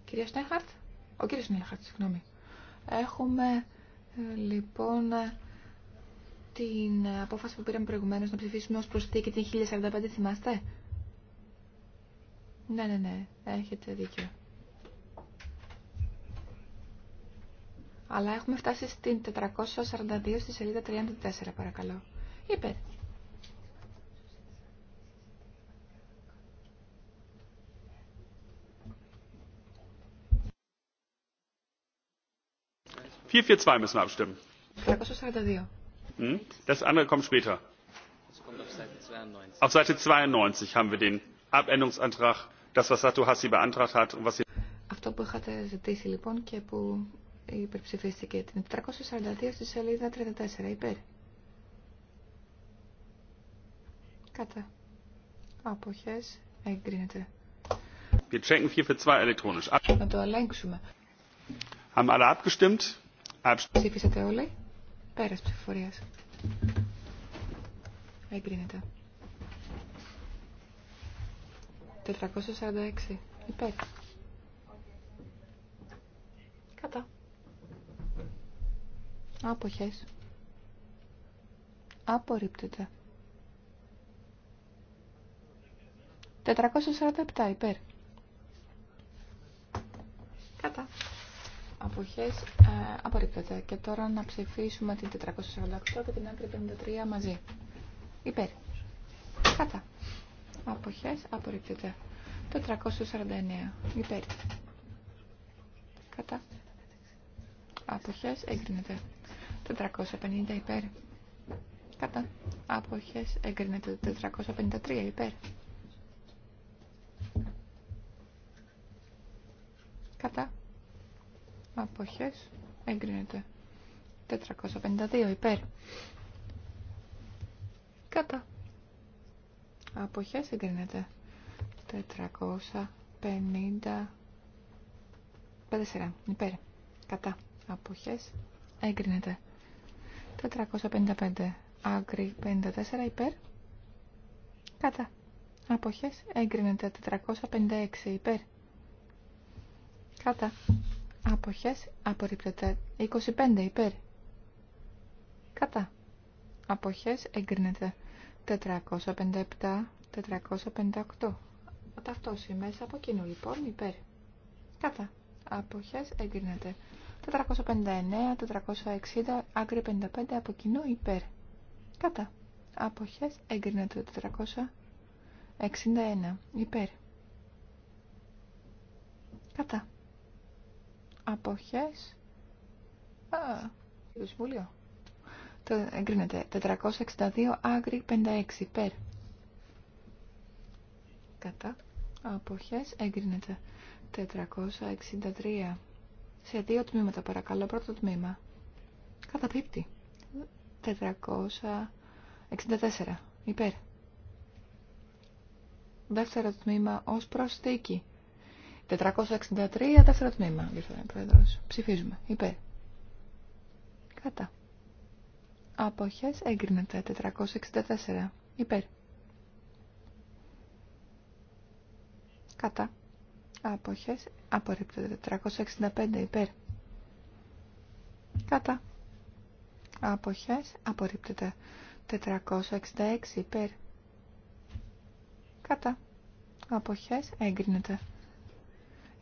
Κυρία Στέχαρτ, ο κύριος Σνέχαρτ, συγγνώμη. Έχουμε ε, λοιπόν ε, την απόφαση που πήραμε προηγουμένως να ψηφίσουμε ως προσθήκη την 1045, θυμάστε? Ναι, ναι, ναι, έχετε δίκιο. Αλλά έχουμε φτάσει στην 442 στη σελίδα 34, παρακαλώ. Υπέρ. 442 müssen wir abstimmen. 342. Das andere kommt später. Auf Seite 92 haben wir den Abänderungsantrag, das was Sato Hassi beantragt hat und was Αυτό που είχατε ζητήσει Wir checken elektronisch. Να το ελέγξουμε. Haben alle abgestimmt? Ψήφισατε όλοι. Πέρας ψηφοφορίας. Εγκρίνεται. 446. Υπέρ. Κατά. Άποχες. Απορρίπτεται. 447 υπέρ. Κατά αποχές ε, απορρίπτεται. Και τώρα να ψηφίσουμε την 448 και την άκρη 53 μαζί. Υπέρ. Κατά. Αποχές απορρίπτεται. 449. Υπέρ. Κατά. Αποχές εγκρίνεται. 450 υπέρ. Κατά. Αποχές εγκρίνεται. 453 υπέρ. Κατά. Αποχές. Εγκρίνεται. 452 υπέρ. Κατά. Αποχές εγκρίνεται. 454 υπέρ. Κατά. Αποχές εγκρίνεται. 455 Άγκρι 54 υπέρ. Κατά. Αποχές εγκρίνεται. 456 υπέρ. Κατά. Αποχές απορρίπτεται. 25 υπέρ. Κατά. Αποχές εγκρίνεται. 457, 458. Ταυτόση μέσα από κοινού λοιπόν υπέρ. Κατά. Αποχές εγκρίνεται. 459, 460, Άκρη 55 από κοινού υπέρ. Κατά. Αποχές εγκρίνεται. 461 υπέρ. Κατά. Αποχές. Α, το Συμβούλιο. Το εγκρίνεται. 462 Άγρι 56 περ. Κατά. Αποχές εγκρίνεται. 463. Σε δύο τμήματα παρακαλώ. Πρώτο τμήμα. Καταπίπτει. 464 υπέρ. Δεύτερο τμήμα ως προσθήκη. 463, δεύτερο τμήμα, διορθώνει πρόεδρο. Ψηφίζουμε. Υπέρ. Κατά. Αποχέ έγκρινεται. 464. Υπέρ. Κατά. Αποχέ, απορρίπτεται. 465. Υπέρ. Κατά. Αποχέ, απορρίπτεται. 466. Υπέρ. Κατά. Αποχέ έγκρινεται.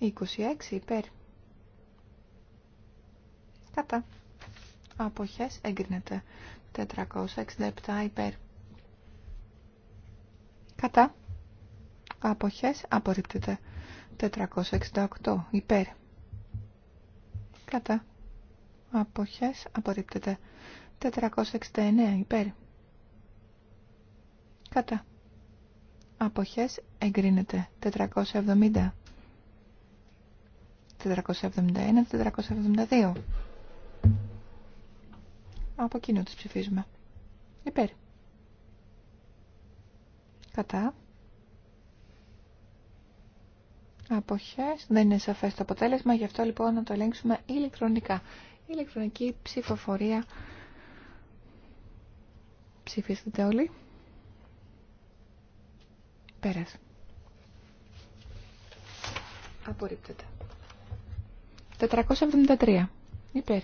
26 υπέρ. Κατά. Αποχές εγκρίνεται. 467 υπέρ. Κατά. Αποχές απορρίπτεται. 468 υπέρ. Κατά. Αποχές απορρίπτεται. 469 υπέρ. Κατά. Αποχές εγκρίνεται. 470 471-472. Από κοινού τις ψηφίζουμε. Υπέρ. Κατά. Αποχές. Δεν είναι σαφές το αποτέλεσμα, γι' αυτό λοιπόν να το ελέγξουμε ηλεκτρονικά. Ηλεκτρονική ψηφοφορία. Ψηφίστε όλοι. Πέρας. Απορρίπτεται. 473. Υπέρ.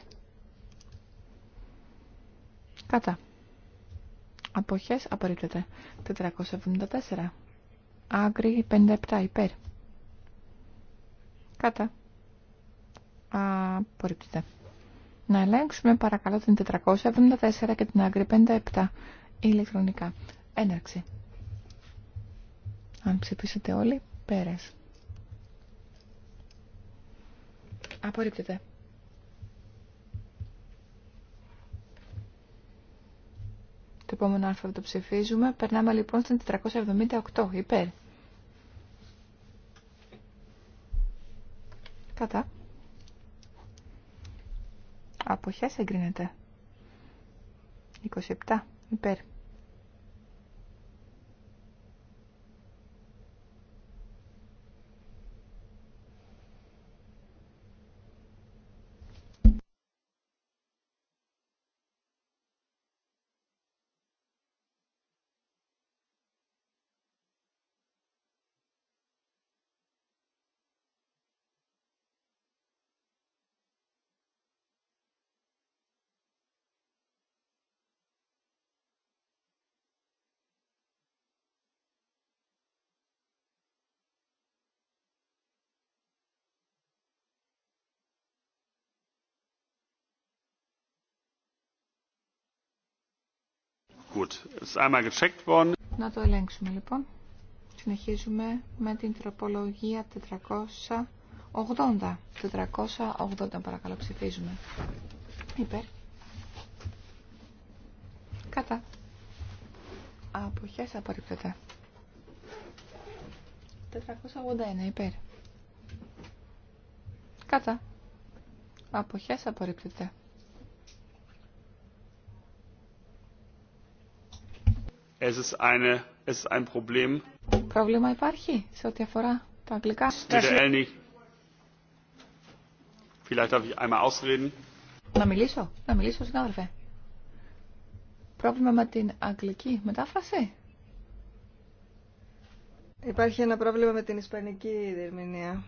Κατά. Αποχές απορρίπτεται. 474. Άγκρι 57. Υπέρ. Κατά. Απορρίπτεται. Να ελέγξουμε παρακαλώ την 474 και την άγκρι 57 ηλεκτρονικά. Έναρξη. Αν ψηφίσετε όλοι, πέρασε. Απορρίπτεται. Το επόμενο άρθρο το ψηφίζουμε. Περνάμε λοιπόν στην 478. Υπέρ. Κατά. Αποχές εγκρίνεται. 27. Υπέρ. Να το ελέγξουμε λοιπόν. Συνεχίζουμε με την τροπολογία 480. 480 παρακαλώ ψηφίζουμε. Υπέρ. Κατά. Αποχές απορρίπτεται. 481 υπέρ. Κατά. Αποχές απορρίπτεται. Πρόβλημα υπάρχει σε ό,τι αφορά τα αγγλικά. Vielleicht darf Να μιλήσω, να μιλήσω, συνάδελφε. Πρόβλημα με την αγγλική μετάφραση. Υπάρχει ένα πρόβλημα με την ισπανική διερμηνία.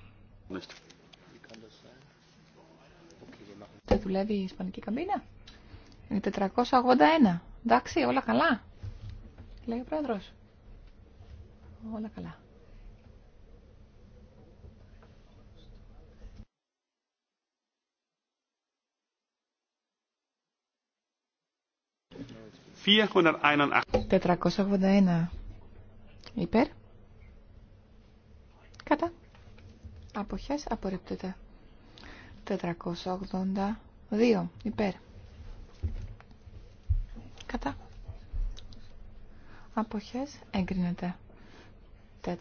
Δεν δουλεύει η ισπανική καμπίνα. Είναι 481. Εντάξει, όλα καλά λέει ο πρόεδρος. Όλα καλά. «481 υπέρ, κατά, αποχές απορρίπτεται. 482 υπέρ, κατά, αποχές εγκρίνεται 483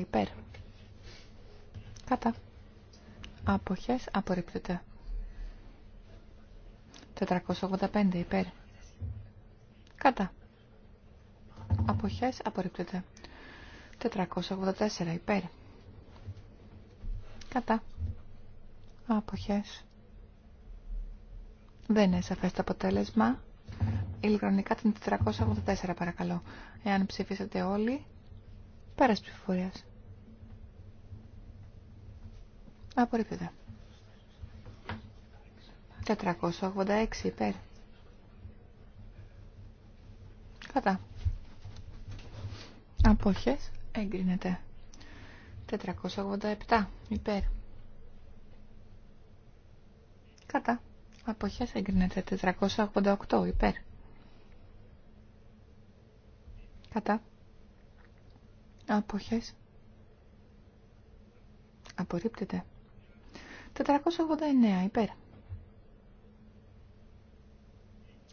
υπέρ κατά αποχές απορρίπτεται 485 υπέρ κατά αποχές απορρίπτεται 484 υπέρ κατά αποχές δεν είναι σαφές το αποτέλεσμα ηλεκτρονικά την 484 παρακαλώ. Εάν ψηφίσατε όλοι, πέρας ψηφοφορίας. Απορρίπτεται. 486 υπέρ. Κατά. Απόχες εγκρίνεται. 487 υπέρ. Κατά. Αποχές εγκρίνεται 488 υπέρ. Κατά. Αποχές. Απορρίπτεται. 489 υπέρ.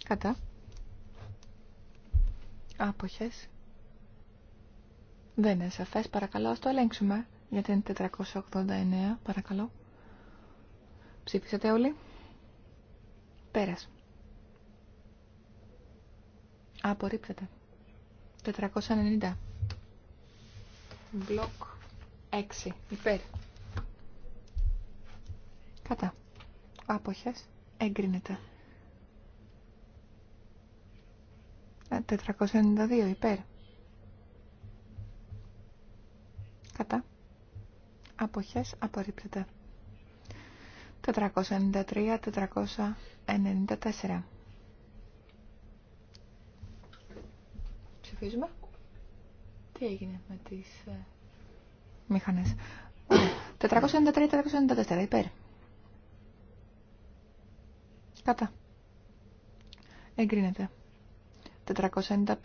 Κατά. Άποχες. Δεν είναι σαφές. Παρακαλώ, ας το ελέγξουμε. Γιατί είναι 489. Παρακαλώ. Ψήφισατε όλοι. Πέρας. Απορρίπτεται. 490. Μπλοκ 6. Υπέρ. Κατά. Άποχες. Εγκρίνεται. 492. Ε, Υπέρ. Κατά. Άποχες. Απορρίπτεται. 493. 494. Τι έγινε με τι μηχανε 493 493-494 υπέρ. Κατά. Εγκρίνεται. 495-496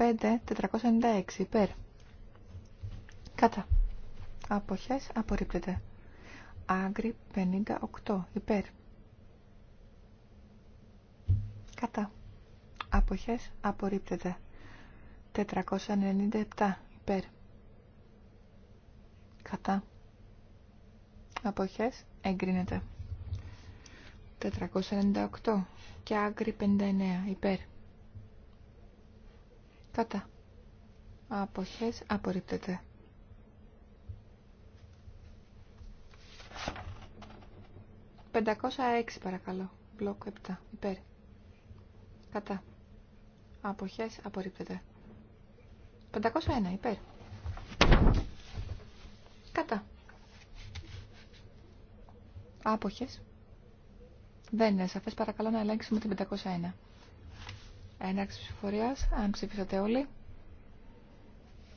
υπέρ. Κατά. Αποχές απορρίπτεται. Άγκρι 58 υπέρ. Κατά. Αποχές απορρίπτεται. 497 υπέρ. Κατά. Αποχές εγκρίνεται. 498 και άγκρι 59 υπέρ. Κατά. Αποχές απορρίπτεται. 506 παρακαλώ. Μπλοκ 7 υπέρ. Κατά. Αποχές απορρίπτεται. 501 υπέρ. Κατά. Άποχες. Δεν είναι σαφές. Παρακαλώ να ελέγξουμε την 501. Έναρξη ψηφοφορίας. Αν ψηφίσατε όλοι.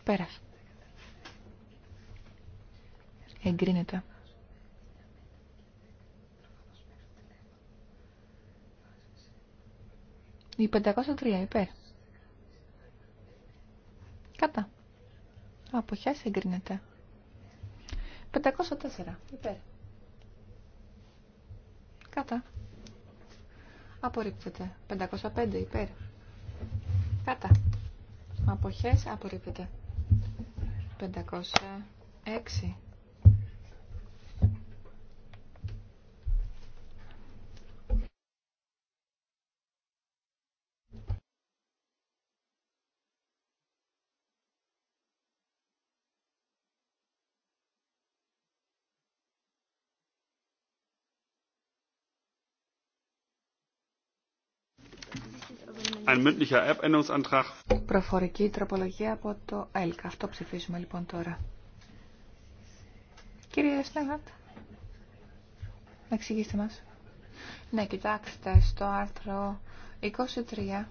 Πέρας. Εγκρίνεται. Η 503 υπέρ. Κατά. Αποχές εγκρίνεται. 504. Υπέρ. Κατά. Απορρίπτεται. 505. Υπέρ. Κατά. Αποχές απορρίπτεται. 506. Ein Προφορική τροπολογία από το ΕΛΚ. Αυτό ψηφίζουμε λοιπόν τώρα. Κύριε Να εξηγήστε μας. Ναι, κοιτάξτε, στο άρθρο 23,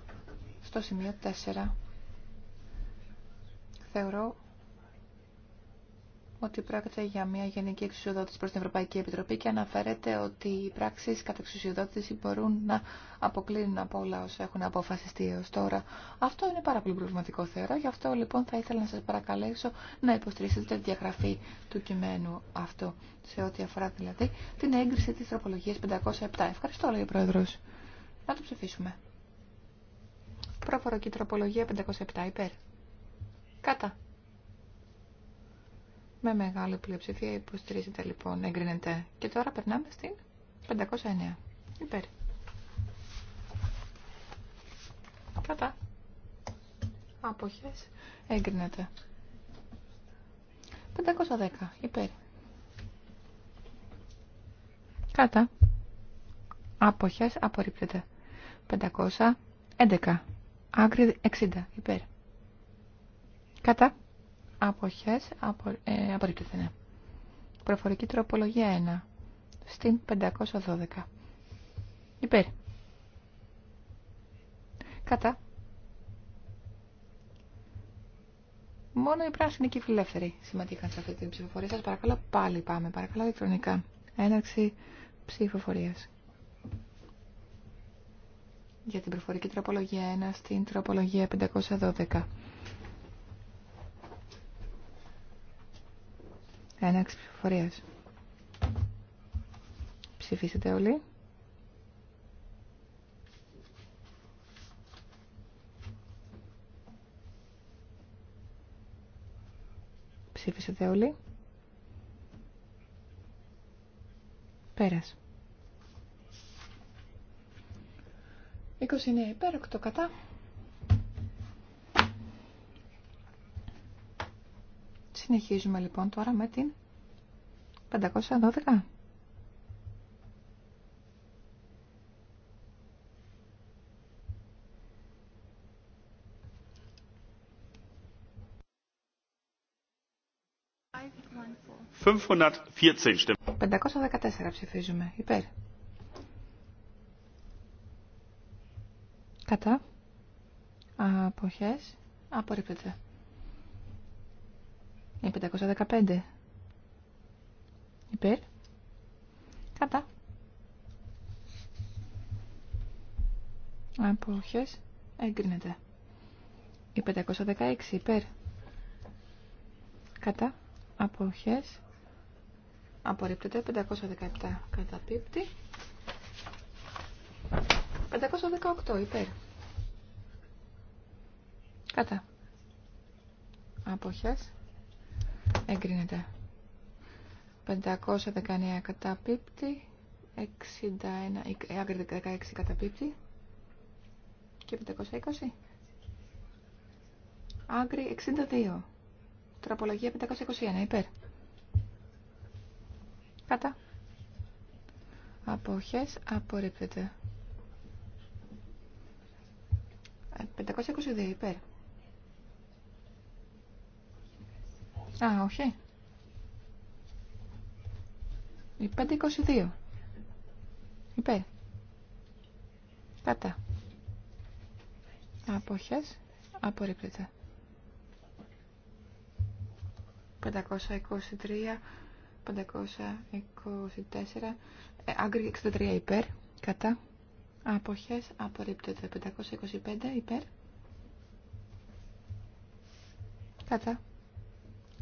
στο σημείο 4, θεωρώ ότι πρόκειται για μια γενική εξουσιοδότηση προς την Ευρωπαϊκή Επιτροπή και αναφέρεται ότι οι πράξεις κατά εξουσιοδότηση μπορούν να αποκλίνουν από όλα όσα έχουν αποφασιστεί έως τώρα. Αυτό είναι πάρα πολύ προβληματικό θεωρώ, γι' αυτό λοιπόν θα ήθελα να σας παρακαλέσω να υποστηρίξετε τη διαγραφή του κειμένου αυτό, σε ό,τι αφορά δηλαδή την έγκριση της τροπολογίας 507. Ευχαριστώ, λέει ο Πρόεδρος. Να το ψηφίσουμε. Πρόφορο και τροπολογία 507 υπέρ. Κατά. Με μεγάλη πλειοψηφία υποστηρίζεται λοιπόν, εγκρίνεται. Και τώρα περνάμε στην 509. Υπέρ. Κατά. Αποχές. Εγκρίνεται. 510. Υπέρ. Κατά. Αποχές. Απορρίπτεται. 511. Άγκρι 60. Υπέρ. Κατά. Αποχές απο, ε, ναι. Προφορική τροπολογία 1. Στην 512. Υπέρ. Κατά. Μόνο οι πράσινοι και οι φιλελεύθεροι συμμετείχαν σε αυτή την ψηφοφορία. Σας παρακαλώ πάλι πάμε. Παρακαλώ ηλεκτρονικά. Έναρξη ψηφοφορίας. Για την προφορική τροπολογία 1 στην τροπολογία 512. Έναξη ψηφοφορίας. Ψηφίσετε όλοι. Ψήφισατε όλοι. Πέρας. 20 είναι υπέρ, 8 κατά. Συνεχίζουμε λοιπόν τώρα με την 512. 514 ψηφίζουμε. Υπέρ. Κατά. Αποχές. Απορρίπτεται. Η 515. Υπέρ. Κατά. Απόχες. Έγκρινεται. Η 516. Υπέρ. Κατά. Απόχες. Απορρίπτεται. 517. Καταπίπτει. 518. Υπέρ. Κατά. Απόχες εγκρίνεται. 519 καταπίπτει, 61, άγκρι 16 καταπίπτει και 520. Άγκρι 62. Τραπολογία 521, υπέρ. Κατά. Αποχές απορρίπτεται. 522, ε, υπέρ. Α, όχι. Η 522. Ε, υπέρ. Κατά. Αποχές. Απορρίπτεται. 523, 524, ε, 63 υπέρ, κατά, αποχές απορρίπτεται, 525 υπέρ, κατά,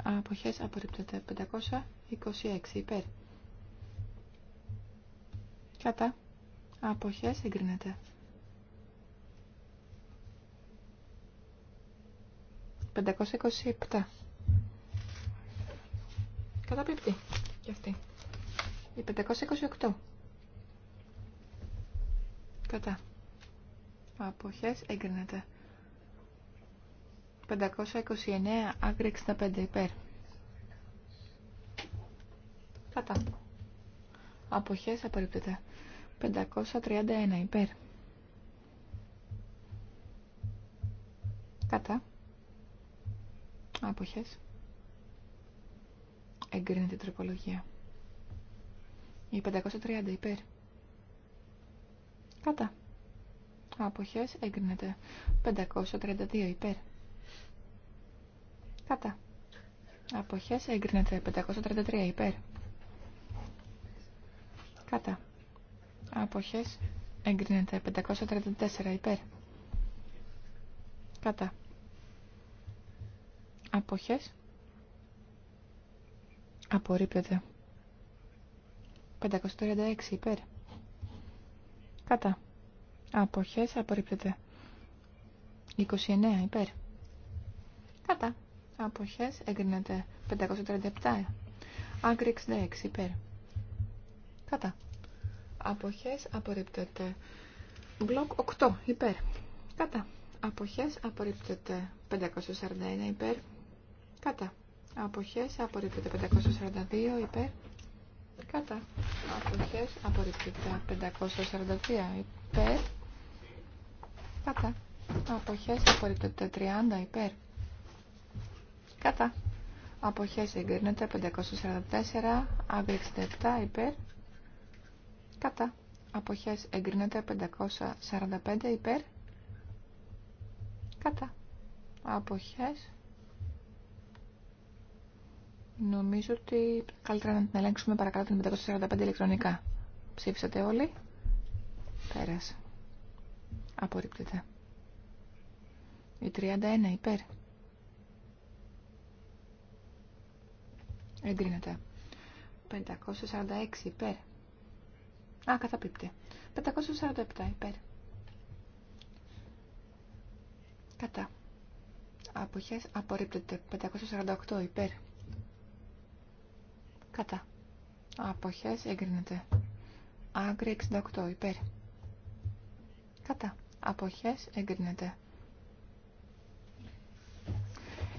Αποχές απορρίπτεται. 526 υπέρ. Κατά. Αποχές εγκρίνεται. 527. Καταπληκτή. Και αυτή. Η 528. Κατά. Αποχές εγκρίνεται. 529, τα 65 υπέρ. Κατά. Αποχές απορρίπτεται. 531 υπέρ. Κατά. Αποχές. Εγκρίνεται η τροπολογία. Η 530 υπέρ. Κατά. Αποχές εγκρίνεται. 532 υπέρ. Κατά. Αποχές εγκρίνεται 533 υπέρ. Κατά. Αποχές εγκρίνεται 534 υπέρ. Κατά. Αποχές απορρίπτεται 536 υπέρ. Κατά. Αποχές απορρίπτεται 29 υπέρ. Κατά αποχές εγκρίνεται 537 άγκρι 66 υπέρ κατά αποχές απορρίπτεται μπλοκ 8 υπέρ κατά αποχές απορρίπτεται 541 υπέρ κατά αποχές απορρίπτεται 542 υπέρ κατά αποχές απορρίπτεται 543 υπέρ κατά αποχές απορρίπτεται 30 υπέρ Κατά. Αποχές εγκρίνεται 544, αύριο 67 υπέρ. Κατά. Αποχές εγκρίνεται 545 υπέρ. Κατά. Αποχές. Νομίζω ότι καλύτερα να την ελέγξουμε παρακάτω την 545 ηλεκτρονικά. Ψήφισατε όλοι. Πέρασε. Απορρίπτεται. Η 31 υπέρ. Εγκρίνεται. 546 υπέρ. Α, καταπίπτει. 547 υπέρ. Κατά. Αποχές απορρίπτεται. 548 υπέρ. Κατά. Αποχές εγκρίνεται. Άγκρι 68 υπέρ. Κατά. Αποχές εγκρίνεται.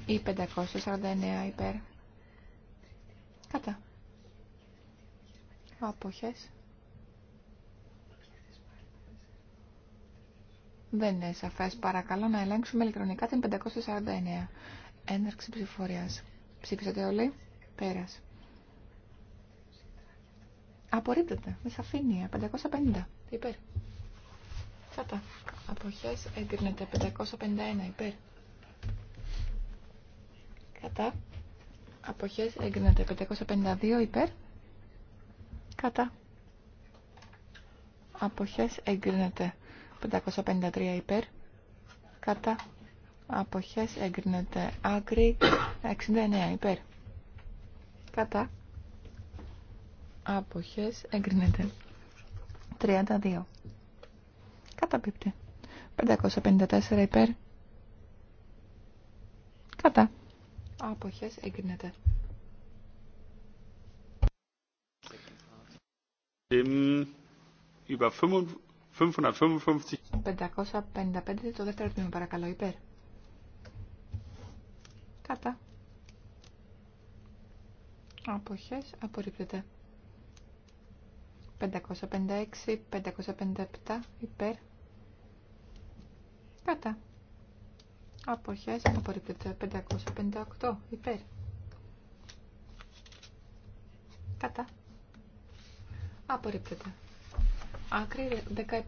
Ή 549 υπέρ. Κατά. Αποχές. Δεν είναι σαφές. Παρακαλώ να ελέγξουμε ηλεκτρονικά την 549. Έναρξη ψηφοφορίας. Ψήφισατε όλοι. Πέρας. Απορρίπτεται. Με σαφήνεια. 550. Υπέρ. Κατά. Αποχές εγκρίνεται. 551. Υπέρ. Κατά. Αποχές έγκρινεται. 552 υπέρ. Κατά. Αποχές έγκρινεται. 553 υπέρ. Κατά. Αποχές έγκρινεται. Άκρη 69 υπέρ. Κατά. Αποχές έγκρινεται. 32. Κατά Καταπίπτει. 554 υπέρ. Κατά. Αποχές εγκρίνεται. Υπέρ 555 το δεύτερο τμήμα παρακαλώ υπέρ. Κατά. Αποχές απορρίπτεται. 556, 557 υπέρ. Κατά. Αποχές απορρίπτεται 558 υπέρ. Κατά. Απορρίπτεται. Άκρη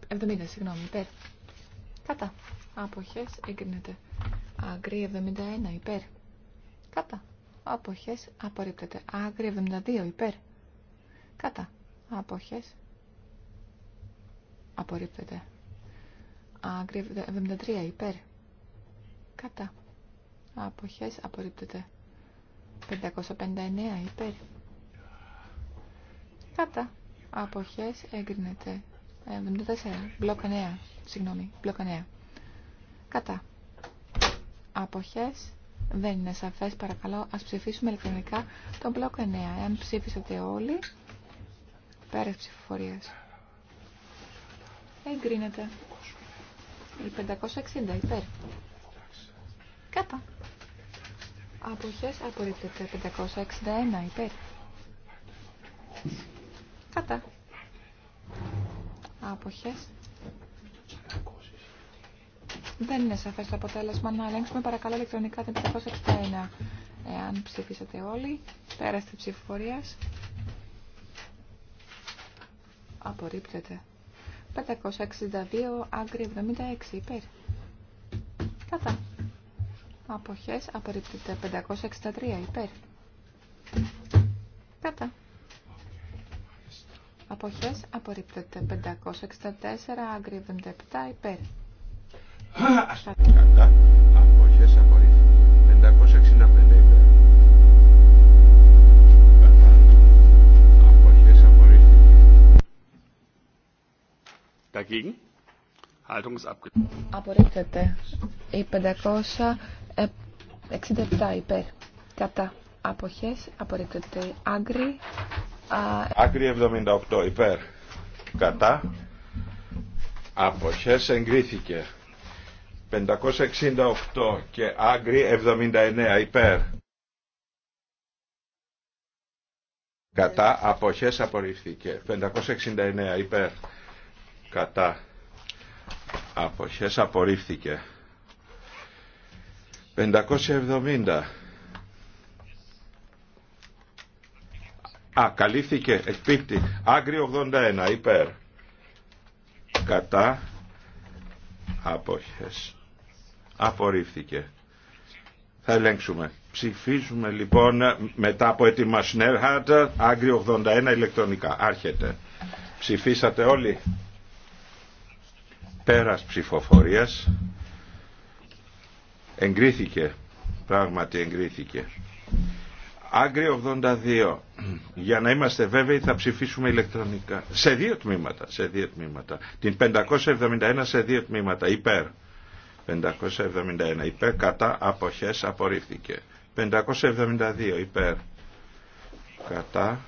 70, συγγνώμη, υπέρ. Κατά. Αποχές εγκρίνεται. Άκρη 71 υπέρ. Κατά. Αποχές απορρίπτεται. Άκρη 72 υπέρ. Κατά. Αποχές απορρίπτεται. Άκρη 73 υπέρ. Κατά. Αποχές απορρίπτεται. 559 υπέρ. Κατά. Αποχές έγκρινεται. 74. Μπλοκ 9. Συγγνώμη. Μπλοκ 9. Κατά. Αποχές δεν είναι σαφές. Παρακαλώ ας ψηφίσουμε ηλεκτρονικά τον μπλοκ 9. Εάν ψήφισατε όλοι, πέρας ψηφοφορίας. Εγκρίνεται. 560 υπέρ. Κατά. Αποχές απορρίπτεται. 561 υπέρ. Κατά. Αποχές. Δεν είναι σαφές το αποτέλεσμα. Να ελέγξουμε παρακαλώ ηλεκτρονικά την 561. Εάν ψηφίσατε όλοι, Πέραστη ψηφοφορίας. Απορρίπτεται. 562, άγκρι 76, υπέρ. Κατά. Αποχές απορρίπτεται 563 υπέρ. Κατά. Αποχές απορρίπτεται 564 αγκρίβονται 7 υπέρ. Κατά. Αποχές απορρίπτεται 565 υπέρ. Κατά. Αποχές απορρίπτεται. Απορρίπτεται. Η 567 υπέρ. Κατά. Αποχές. Απορρίπτεται. Άγκρι. Άγκρι 78 υπέρ. Κατά. Αποχές εγκρίθηκε. 568 και άγκρι 79 υπέρ. Κατά αποχές απορριφθήκε. 569 υπέρ. Κατά αποχές απορρίφθηκε 570 Α, καλύφθηκε, εκπίπτει. 81, υπέρ. Κατά. Απόχες. Απορρίφθηκε. Θα ελέγξουμε. Ψηφίζουμε λοιπόν μετά από έτοιμα Σνέρχαρτ, Άγκρι 81 ηλεκτρονικά. Άρχεται. Ψηφίσατε όλοι. Πέρας ψηφοφορίας. Εγκρίθηκε. Πράγματι εγκρίθηκε. Άγκριο 82. Για να είμαστε βέβαιοι θα ψηφίσουμε ηλεκτρονικά. Σε δύο τμήματα. Σε δύο τμήματα. Την 571 σε δύο τμήματα. Υπέρ. 571 υπέρ. Κατά αποχές απορρίφθηκε. 572 υπέρ. Κατά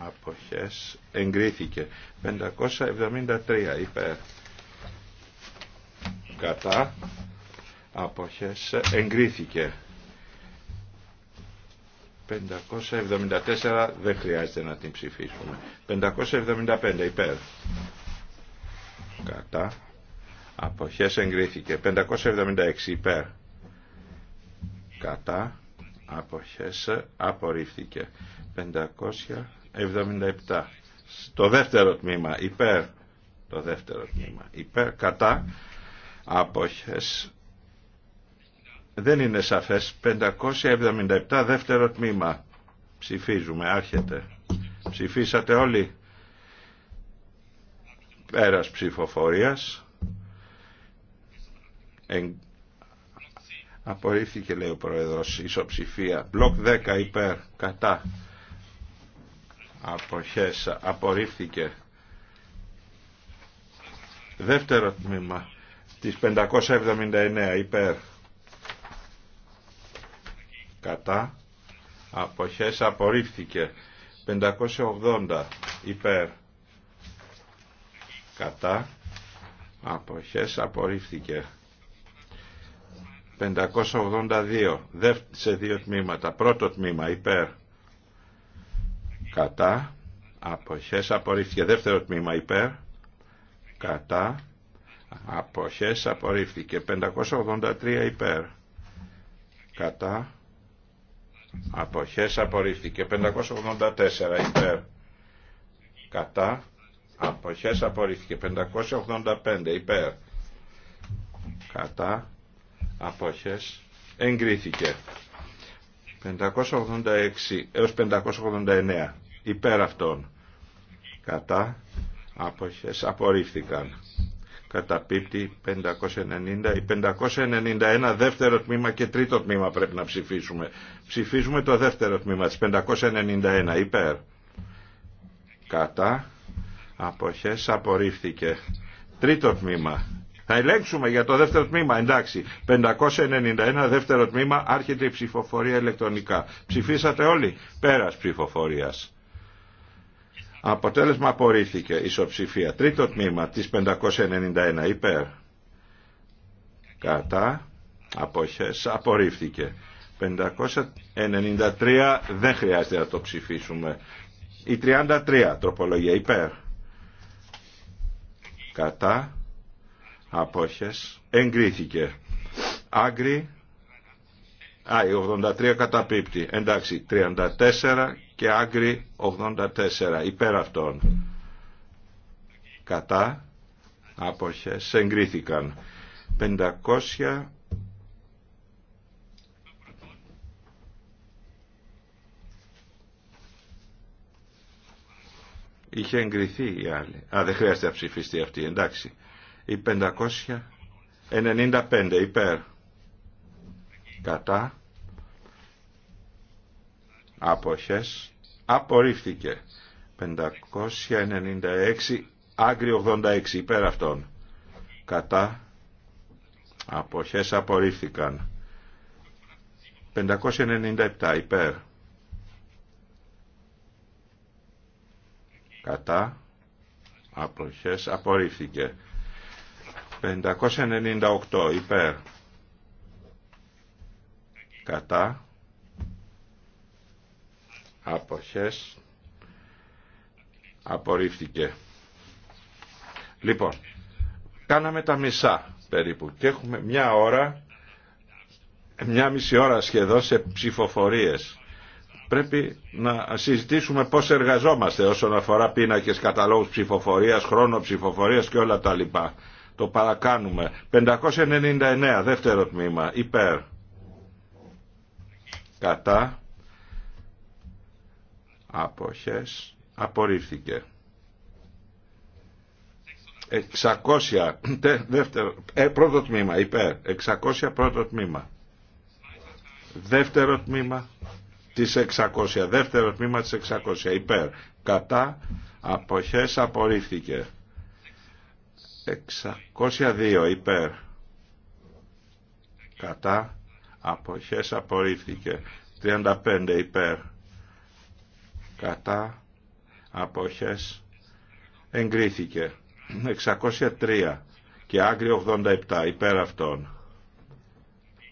αποχές εγκρίθηκε. 573 υπέρ κατά αποχές εγκρίθηκε 574 δεν χρειάζεται να την ψηφίσουμε 575 υπέρ κατά αποχές εγκρίθηκε 576 υπέρ κατά αποχές απορρίφθηκε 577 στο δεύτερο τμήμα υπέρ το δεύτερο τμήμα υπέρ κατά Απόχες. Δεν είναι σαφές. 577 δεύτερο τμήμα. Ψηφίζουμε. Άρχεται. Ψηφίσατε όλοι. Πέρας ψηφοφορίας. Εγ... Απορρίφθηκε λέει ο Πρόεδρος ισοψηφία. Μπλοκ 10 υπέρ. Κατά. Αποχές. Απορρίφθηκε. Δεύτερο τμήμα τις 579 υπέρ κατά αποχές απορρίφθηκε 580 υπέρ κατά αποχές απορρίφθηκε 582 σε δύο τμήματα πρώτο τμήμα υπέρ κατά αποχές απορρίφθηκε δεύτερο τμήμα υπέρ κατά αποχές απορρίφθηκε 583 υπέρ κατά αποχές απορρίφθηκε 584 υπέρ κατά αποχές απορρίφθηκε 585 υπέρ κατά αποχές εγκρίθηκε 586 έως 589 υπέρ αυτών κατά αποχές απορρίφθηκαν καταπίπτει 590 ή 591 δεύτερο τμήμα και τρίτο τμήμα πρέπει να ψηφίσουμε. Ψηφίζουμε το δεύτερο τμήμα της 591 υπέρ. Κατά αποχές απορρίφθηκε. Τρίτο τμήμα. Θα ελέγξουμε για το δεύτερο τμήμα. Εντάξει. 591 δεύτερο τμήμα άρχεται η ψηφοφορία ηλεκτρονικά. Ψηφίσατε όλοι πέρας ψηφοφορίας. Αποτέλεσμα απορρίφθηκε. Ισοψηφία. Τρίτο τμήμα της 591 υπέρ. Κατά. Αποχές. Απορρίφθηκε. 593 δεν χρειάζεται να το ψηφίσουμε. Η 33 τροπολογία υπέρ. Κατά. Απόχες. Εγκρίθηκε. Άγκρι. Α, η 83 καταπίπτει. Εντάξει, 34 και άγκρι 84 υπέρ αυτών κατά άποχες εγκρίθηκαν 500 Είχε εγκριθεί η άλλη. Α, δεν χρειάζεται να ψηφιστεί αυτή. Εντάξει. Η 595 υπέρ. Κατά αποχές απορρίφθηκε 596 άγριο 86 υπέρ αυτών κατά αποχές απορρίφθηκαν 597 υπέρ κατά αποχές απορρίφθηκε 598 υπέρ κατά αποχές απορρίφθηκε. Λοιπόν, κάναμε τα μισά περίπου και έχουμε μια ώρα, μια μισή ώρα σχεδόν σε ψηφοφορίες. Πρέπει να συζητήσουμε πώς εργαζόμαστε όσον αφορά πίνακες καταλόγους ψηφοφορίας, χρόνο ψηφοφορίας και όλα τα λοιπά. Το παρακάνουμε. 599, δεύτερο τμήμα, υπέρ. Κατά αποχές απορρίφθηκε 600 δεύτερο, ε, πρώτο τμήμα υπέρ 600 πρώτο τμήμα δεύτερο τμήμα της 600 δεύτερο τμήμα της 600 υπέρ κατά αποχές απορρίφθηκε 602 υπέρ κατά αποχές απορρίφθηκε 35 υπέρ κατά αποχές εγκρίθηκε 603 και άγριο 87 υπέρ αυτών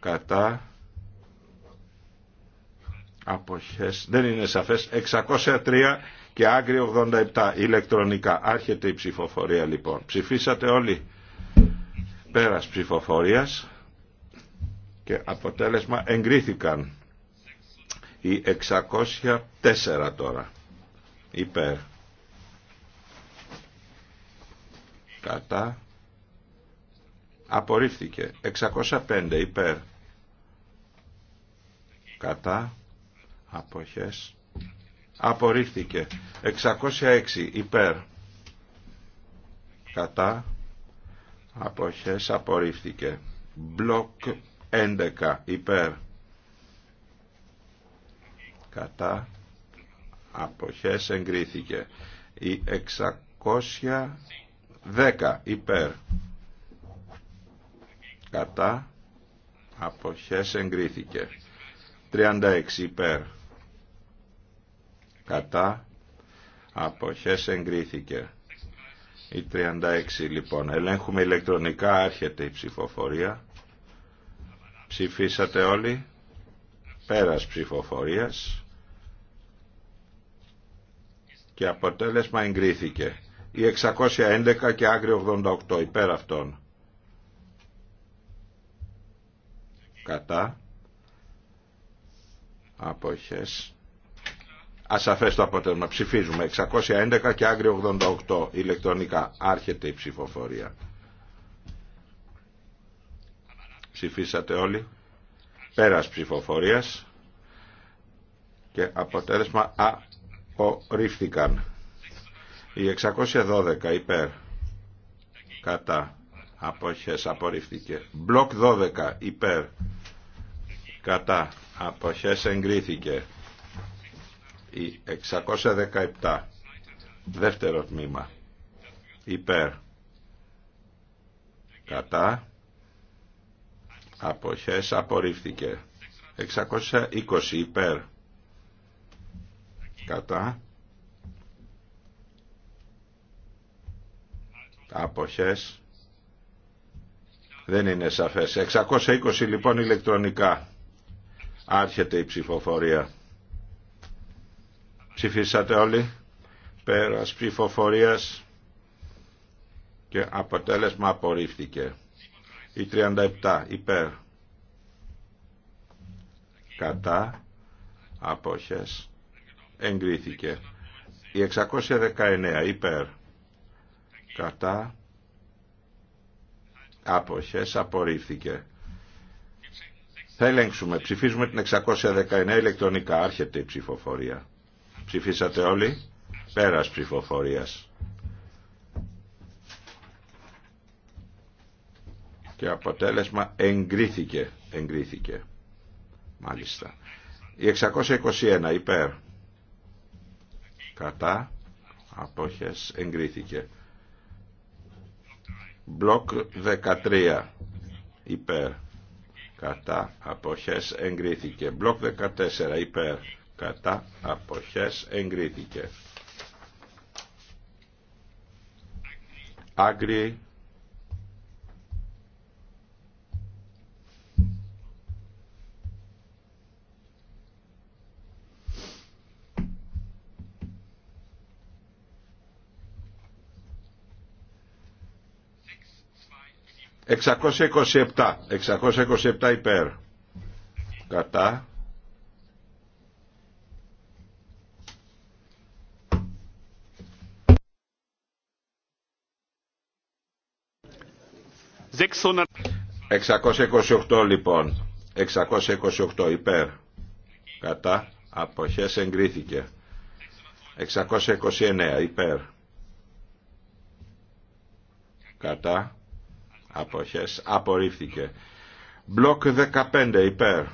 κατά αποχές δεν είναι σαφές 603 και άγριο 87 ηλεκτρονικά άρχεται η ψηφοφορία λοιπόν ψηφίσατε όλοι πέρας ψηφοφορίας και αποτέλεσμα εγκρίθηκαν η 604 τώρα. Υπέρ. Κατά. Απορρίφθηκε. 605 υπέρ. Κατά. Αποχές. Απορρίφθηκε. 606 υπέρ. Κατά. Αποχές απορρίφθηκε. Μπλοκ 11 υπέρ κατά αποχές εγκρίθηκε η 610 υπέρ κατά αποχές εγκρίθηκε 36 υπέρ κατά αποχές εγκρίθηκε η 36 λοιπόν ελέγχουμε ηλεκτρονικά άρχεται η ψηφοφορία ψηφίσατε όλοι πέρας ψηφοφορίας και αποτέλεσμα εγκρίθηκε. Η 611 και άγριο 88 υπέρ αυτών. Κατά. Αποχές. Ασαφές το αποτέλεσμα. Ψηφίζουμε 611 και άγριο 88 ηλεκτρονικά. Άρχεται η ψηφοφορία. Ψηφίσατε όλοι. Πέρας ψηφοφορίας. Και αποτέλεσμα α, απορρίφθηκαν. Η 612 υπέρ κατά αποχές απορρίφθηκε. Μπλοκ 12 υπέρ κατά αποχές εγκρίθηκε. Η 617 δεύτερο τμήμα υπέρ κατά αποχές απορρίφθηκε. 620 υπέρ κατά αποχές δεν είναι σαφές 620 λοιπόν ηλεκτρονικά άρχεται η ψηφοφορία ψηφίσατε όλοι πέρας ψηφοφορίας και αποτέλεσμα απορρίφθηκε η 37 υπέρ κατά αποχές εγκρίθηκε. Η 619 υπέρ κατά άποχες απορρίφθηκε. Θα ελέγξουμε. Ψηφίζουμε την 619 ηλεκτρονικά. Άρχεται η ψηφοφορία. Ψηφίσατε όλοι. Πέρας ψηφοφορίας. Και αποτέλεσμα εγκρίθηκε. Εγκρίθηκε. Μάλιστα. Η 621 υπέρ κατά απόχες εγκρίθηκε μπλοκ 13 υπέρ κατά αποχές εγκρίθηκε μπλοκ 14 υπέρ κατά αποχές εγκρίθηκε Άγκρι 627. 627 υπέρ. Κατά. 628 λοιπόν. 628 υπέρ. Κατά. Αποχές εγκρίθηκε. 629 υπέρ. Κατά αποχές απορρίφθηκε. Μπλοκ 15 υπέρ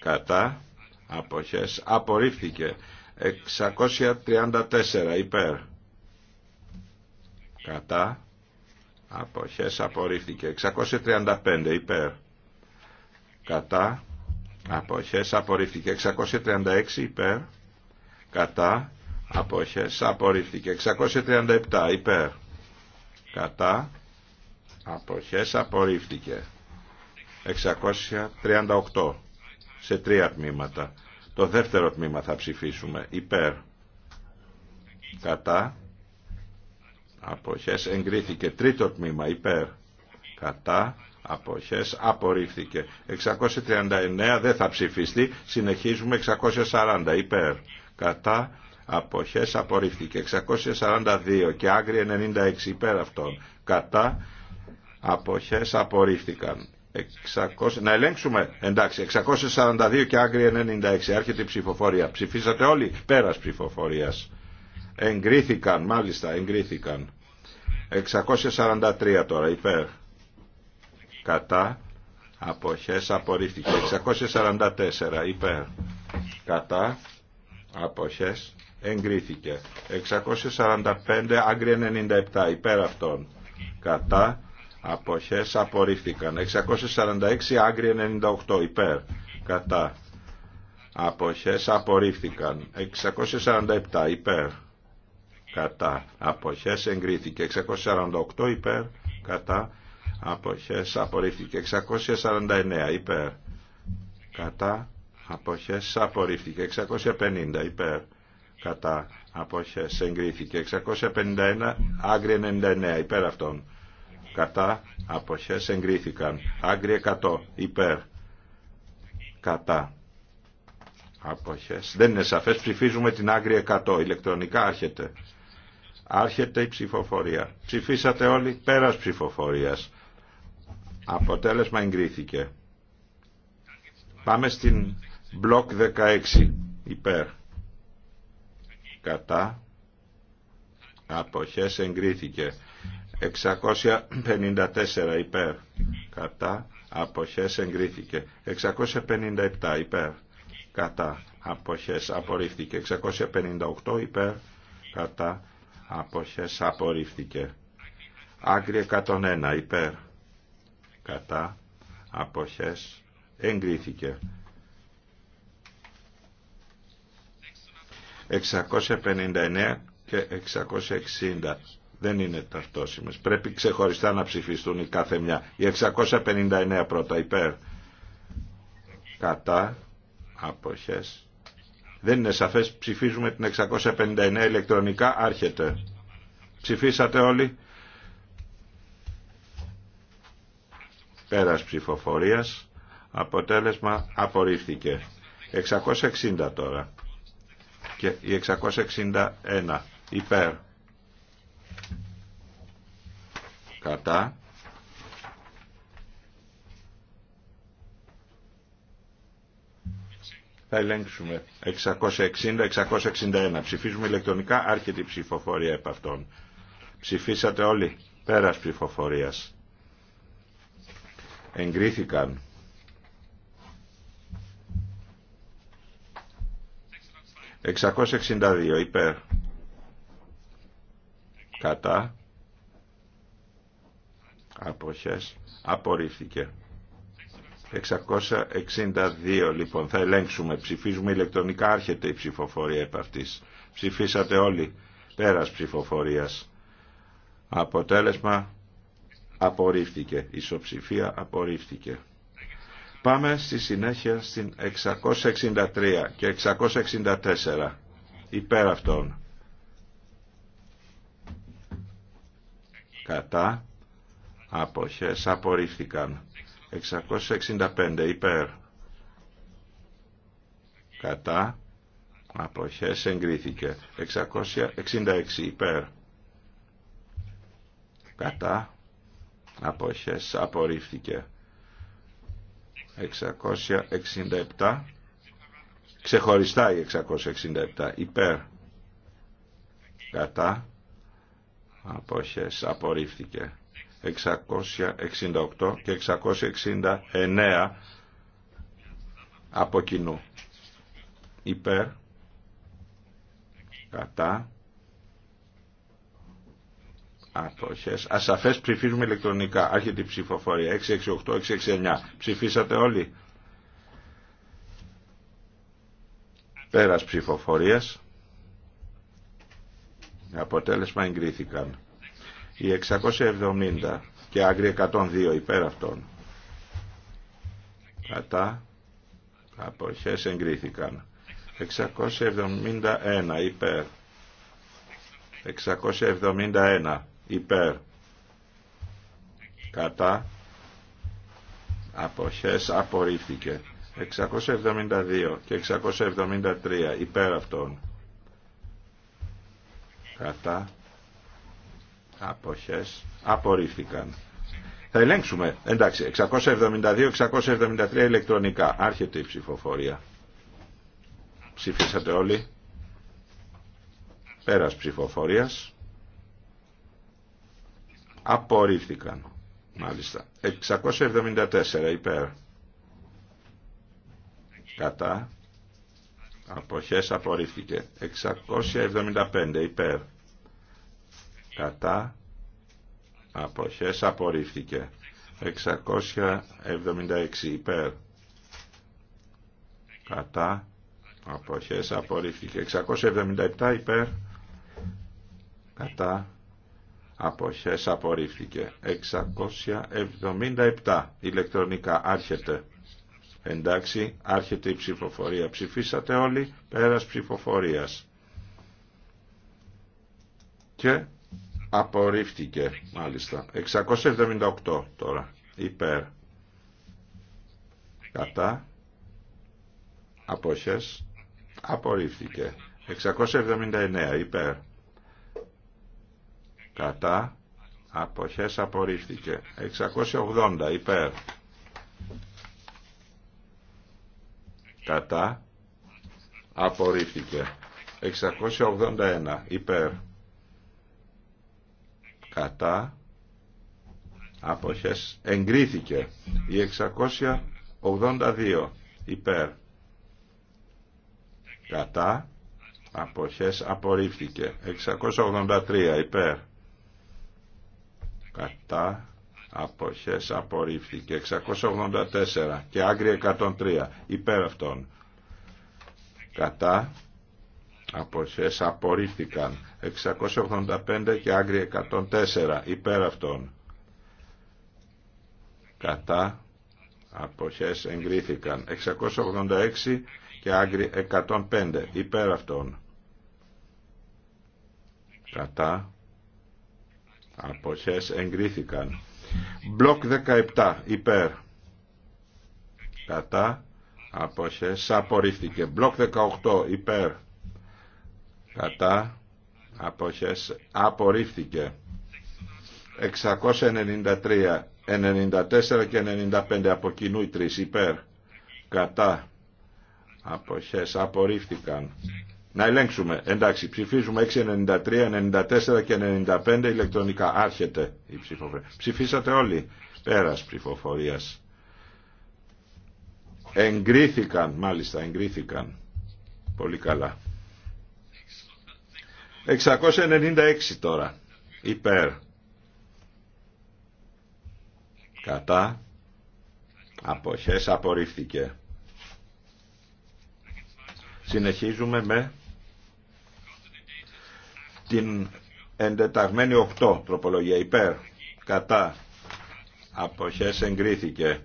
κατά αποχές απορρίφθηκε. 634 υπέρ κατά αποχές απορρίφθηκε. 635 υπέρ κατά αποχές απορρίφθηκε. 636 υπέρ κατά αποχές απορρίφθηκε. 637 υπέρ κατά αποχές απορρίφθηκε 638 σε τρία τμήματα το δεύτερο τμήμα θα ψηφίσουμε υπέρ κατά αποχές εγκρίθηκε τρίτο τμήμα υπέρ κατά αποχές απορρίφθηκε 639 δεν θα ψηφιστεί συνεχίζουμε 640 υπέρ κατά αποχές απορρίφθηκε 642 και άγρια 96 υπέρ αυτών κατά αποχές απορρίφθηκαν 600... να ελέγξουμε εντάξει 642 και άγρια 96 άρχεται η ψηφοφορία ψηφίσατε όλοι πέρας ψηφοφορίας εγκρίθηκαν μάλιστα εγκρίθηκαν 643 τώρα υπέρ κατά αποχές απορρίφθηκε 644 υπέρ κατά αποχές εγκρίθηκε. 645 άγκρι 97 υπέρ αυτών. Κατά αποχές απορρίφθηκαν. 646 άγκρι 98 υπέρ. Κατά αποχές απορρίφθηκαν. 647 υπέρ. Κατά αποχές εγκρίθηκε. 648 υπέρ. Κατά αποχές απορρίφθηκε. 649 υπέρ. Κατά αποχές απορρίφθηκε. 650 υπέρ κατά αποχές εγκρίθηκε 651 άγρια 99 υπέρ αυτών κατά αποχές εγκρίθηκαν άγρια 100 υπέρ κατά αποχές δεν είναι σαφές ψηφίζουμε την άγρια 100 ηλεκτρονικά άρχεται άρχεται η ψηφοφορία ψηφίσατε όλοι πέρας ψηφοφορίας αποτέλεσμα εγκρίθηκε πάμε στην μπλοκ 16 υπέρ κατά αποχές εγκρίθηκε 654 υπέρ κατά αποχές εγκρίθηκε 657 υπέρ κατά αποχές απορρίφθηκε 658 υπέρ κατά αποχές απορρίφθηκε Άγκρι 101 υπέρ κατά αποχές εγκρίθηκε 659 και 660 δεν είναι ταυτόσιμες. Πρέπει ξεχωριστά να ψηφιστούν οι κάθε μια. Η 659 πρώτα υπέρ κατά αποχές. Δεν είναι σαφές. Ψηφίζουμε την 659 ηλεκτρονικά. Άρχεται. Ψηφίσατε όλοι. Πέρας ψηφοφορίας. Αποτέλεσμα απορρίφθηκε. 660 τώρα και η 661 υπέρ κατά θα ελέγξουμε 660-661 ψηφίζουμε ηλεκτρονικά άρχεται η ψηφοφορία επ' ψηφίσατε όλοι πέρας ψηφοφορίας εγκρίθηκαν 662 υπέρ. Κατά. Αποχές. Απορρίφθηκε. 662 λοιπόν θα ελέγξουμε. Ψηφίζουμε ηλεκτρονικά. Άρχεται η ψηφοφορία επ' αυτής. Ψηφίσατε όλοι. Πέρας ψηφοφορίας. Αποτέλεσμα απορρίφθηκε. Ισοψηφία απορρίφθηκε. Πάμε στη συνέχεια στην 663 και 664 υπέρ αυτών. Κατά αποχές απορρίφθηκαν. 665 υπέρ. Κατά αποχές εγκρίθηκε. 666 υπέρ. Κατά αποχές απορρίφθηκε. 667 ξεχωριστά η 667 υπέρ κατά αποχές απορρίφθηκε 668 και 669 από κοινού υπέρ κατά αποχές. Ασαφές ψηφίζουμε ηλεκτρονικά. Άρχεται η ψηφοφορία. 668, 669. Ψηφίσατε όλοι. Πέρας ψηφοφορίας. Αποτέλεσμα εγκρίθηκαν. Οι 670 και άγριοι 102 υπέρ αυτών. Κατά αποχές εγκρίθηκαν. 671 υπέρ. 671 υπέρ κατά αποχές απορρίφθηκε 672 και 673 υπέρ αυτών κατά αποχές απορρίφθηκαν θα ελέγξουμε εντάξει 672-673 ηλεκτρονικά άρχεται η ψηφοφορία ψηφίσατε όλοι πέρας ψηφοφορίας Απορρίφθηκαν. Μάλιστα. 674 υπέρ. Κατά. Αποχές απορρίφθηκε. 675 υπέρ. Κατά. Αποχές απορρίφθηκε. 676 υπέρ. Κατά. Αποχές απορρίφθηκε. 677 υπέρ. Κατά αποχές απορρίφθηκε 677 ηλεκτρονικά άρχεται εντάξει άρχεται η ψηφοφορία ψηφίσατε όλοι πέρας ψηφοφορίας και απορρίφθηκε μάλιστα 678 τώρα υπέρ κατά αποχές απορρίφθηκε 679 υπέρ κατά αποχές απορρίφθηκε 680 υπέρ κατά απορρίφθηκε 681 υπέρ κατά αποχές εγκρίθηκε η 682 υπέρ κατά αποχές απορρίφθηκε 683 υπέρ κατά αποχές απορρίφθηκε 684 και άγρια 103 υπέρ αυτών κατά αποχές απορρίφθηκαν 685 και άγρια 104 υπέρ αυτών κατά αποχές εγκρίθηκαν 686 και άγρι 105 υπέρ αυτών κατά αποχές εγκρίθηκαν. Μπλοκ 17 υπέρ κατά αποχές απορρίφθηκε. Μπλοκ 18 υπέρ κατά αποχές απορρίφθηκε. 693, 94 και 95 από κοινού οι τρεις υπέρ κατά αποχές απορρίφθηκαν. Να ελέγξουμε. Εντάξει, ψηφίζουμε 693, 94 και 95 ηλεκτρονικά. Άρχεται η ψηφοφορία. Ψηφίσατε όλοι. Πέρας ψηφοφορίας. Εγκρίθηκαν, μάλιστα, εγκρίθηκαν. Πολύ καλά. 696 τώρα. Υπέρ. Κατά. Αποχές απορρίφθηκε. Συνεχίζουμε με την εντεταγμένη 8 τροπολογία υπέρ κατά αποχές εγκρίθηκε.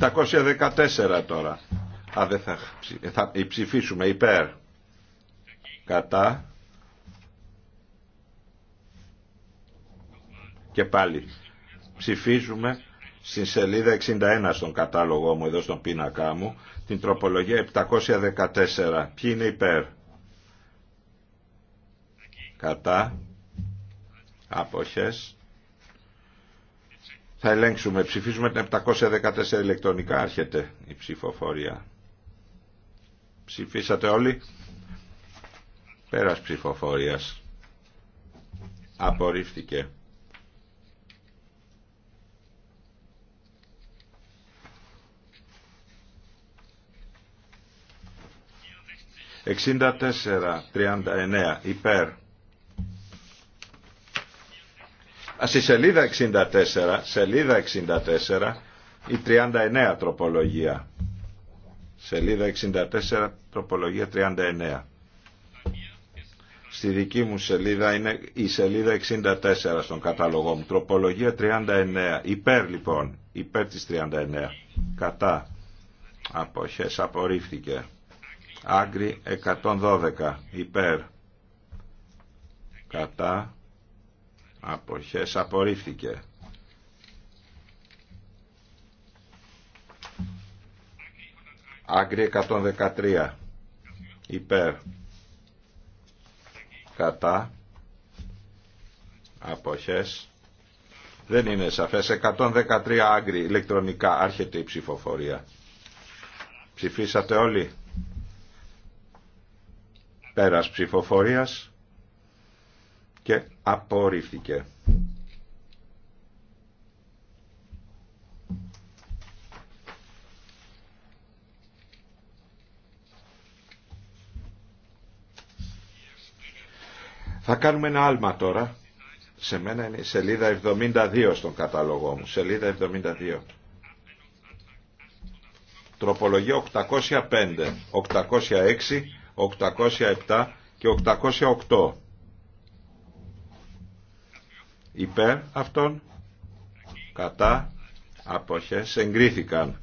«714 τώρα. Α, δεν θα, θα ψηφίσουμε υπέρ. Κατά. Και πάλι ψηφίζουμε στη σελίδα 61 στον κατάλογο μου εδώ στον πίνακά μου την τροπολογία 714. Ποιοι είναι υπέρ. Κατά. Αποχές. Θα ελέγξουμε. Ψηφίζουμε την 714 ηλεκτρονικά. Άρχεται η ψηφοφορία. Ψηφίσατε όλοι. Πέρας ψηφοφορίας. Απορρίφθηκε. 64-39 υπέρ. Στη σελίδα 64, σελίδα 64, η 39 τροπολογία. Σελίδα 64, τροπολογία 39. Στη δική μου σελίδα είναι η σελίδα 64 στον καταλογό μου. Τροπολογία 39. Υπέρ λοιπόν. Υπέρ της 39. Κατά. Αποχές. Απορρίφθηκε. Άγκρι 112 υπέρ κατά αποχές απορρίφθηκε. Άγκρι 113 υπέρ κατά αποχές δεν είναι σαφές 113 άγκρι ηλεκτρονικά άρχεται η ψηφοφορία ψηφίσατε όλοι Πέρας ψηφοφορίας και απορρίφθηκε. Θα κάνουμε ένα άλμα τώρα. Σε μένα είναι η σελίδα 72 στον κατάλογό μου. Σελίδα 72. Τροπολογία 805, 806, 807 και 808 υπέρ αυτών κατά αποχές εγκρίθηκαν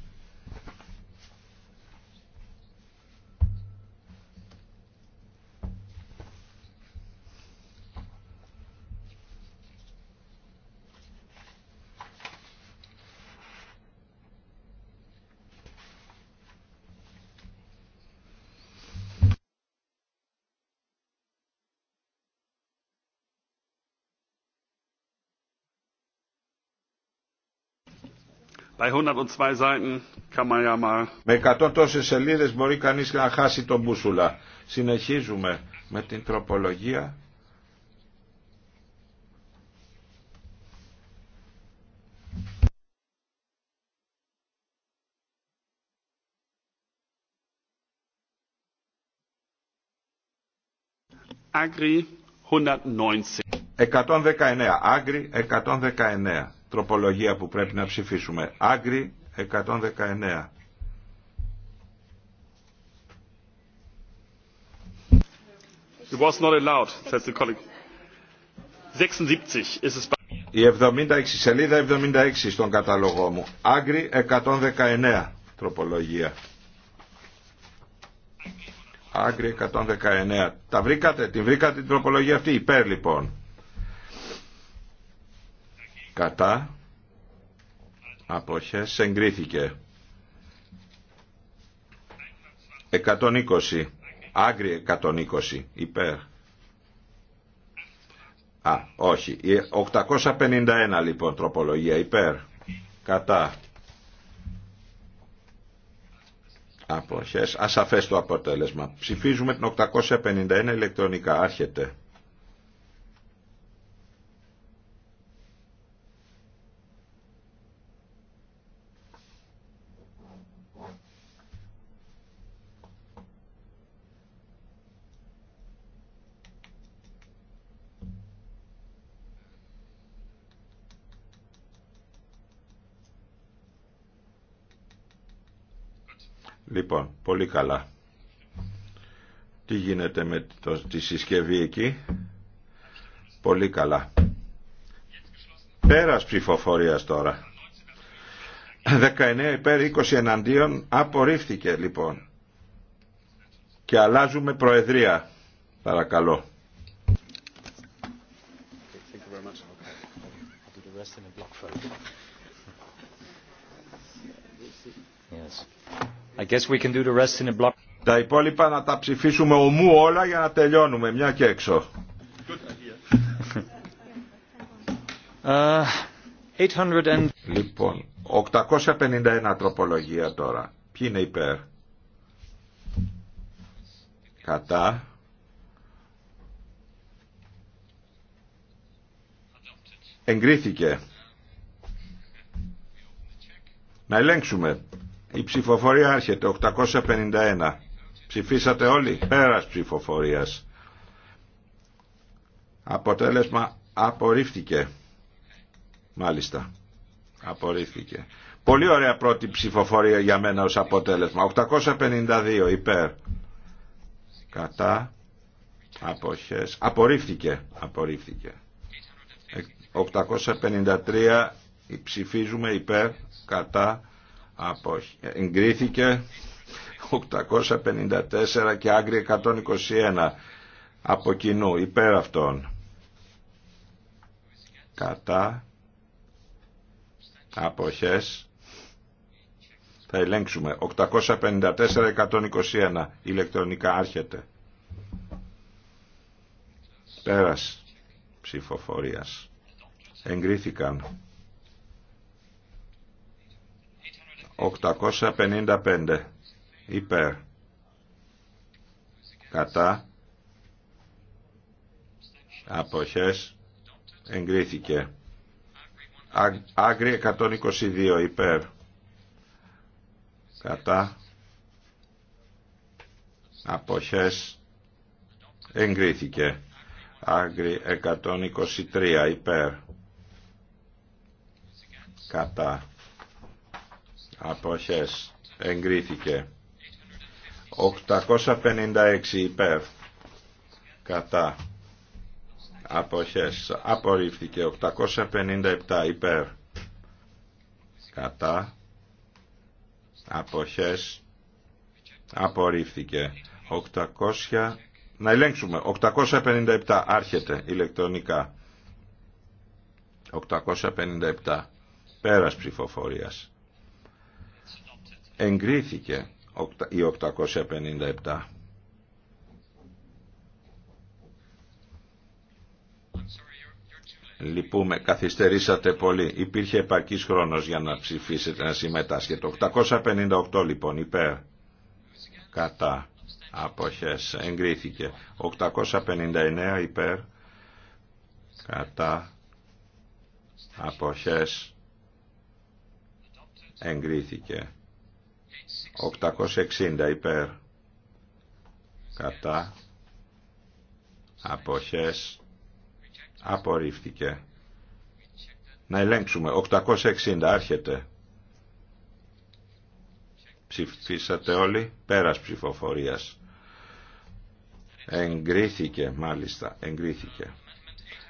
Με 100 τόσες σελίδες μπορεί κανείς να χάσει τον μπούσουλα. Συνεχίζουμε με την τροπολογία. Agri 119. 119. Agri 119 τροπολογία που πρέπει να ψηφίσουμε. Άγκρι 119. Η 76, σελίδα 76 στον καταλογό μου. Άγκρι 119 τροπολογία. Άγκρι 119. Τα βρήκατε, την βρήκατε την τροπολογία αυτή, υπέρ λοιπόν κατά αποχές εγκρίθηκε 120 άγριε 120 υπέρ α όχι 851 λοιπόν τροπολογία υπέρ κατά αποχές ασαφές το αποτέλεσμα ψηφίζουμε την 851 ηλεκτρονικά άρχεται Λοιπόν, πολύ καλά. Τι γίνεται με το, τη συσκευή εκεί. Πολύ καλά. Πέρας ψηφοφορίας τώρα. 19 υπέρ 20 εναντίον απορρίφθηκε λοιπόν. Και αλλάζουμε προεδρία. Παρακαλώ. Τα υπόλοιπα να τα ψηφίσουμε ομού όλα για να τελειώνουμε, μια και έξω. Ε, λοιπόν, 851 τροπολογία τώρα. Ποιοι είναι υπέρ. Κατά. Εγκρίθηκε. Να ελέγξουμε. Η ψηφοφορία άρχεται. 851. Ψηφίσατε όλοι. Πέρας ψηφοφορίας. Αποτέλεσμα απορρίφθηκε. Μάλιστα. Απορρίφθηκε. Πολύ ωραία πρώτη ψηφοφορία για μένα ως αποτέλεσμα. 852 υπέρ. Κατά. Αποχές. Απορρίφθηκε. Απορρίφθηκε. 853 ε, ψηφίζουμε υπέρ. Κατά από, εγκρίθηκε 854 και άγκρι 121 από κοινού υπέρ αυτών κατά αποχές θα ελέγξουμε 854-121 ηλεκτρονικά άρχεται πέρας ψηφοφορίας εγκρίθηκαν 855 υπέρ κατά αποχές εγκρίθηκε Άγρι 122 υπέρ κατά αποχές εγκρίθηκε Άγρι 123 υπέρ κατά αποχές εγκρίθηκε 856 υπέρ κατά αποχές απορρίφθηκε 857 υπέρ κατά αποχές απορρίφθηκε 800 να ελέγξουμε 857 άρχεται ηλεκτρονικά 857 πέρας ψηφοφορίας εγκρίθηκε η 857. Λυπούμε, καθυστερήσατε πολύ. Υπήρχε επαρκής χρόνος για να ψηφίσετε, να συμμετάσχετε. 858 λοιπόν, υπέρ. Κατά. Αποχές. Εγκρίθηκε. 859 υπέρ. Κατά. Αποχές. Εγκρίθηκε. 860 υπέρ κατά αποχές απορρίφθηκε να ελέγξουμε 860 άρχεται ψηφίσατε όλοι πέρας ψηφοφορίας εγκρίθηκε μάλιστα εγκρίθηκε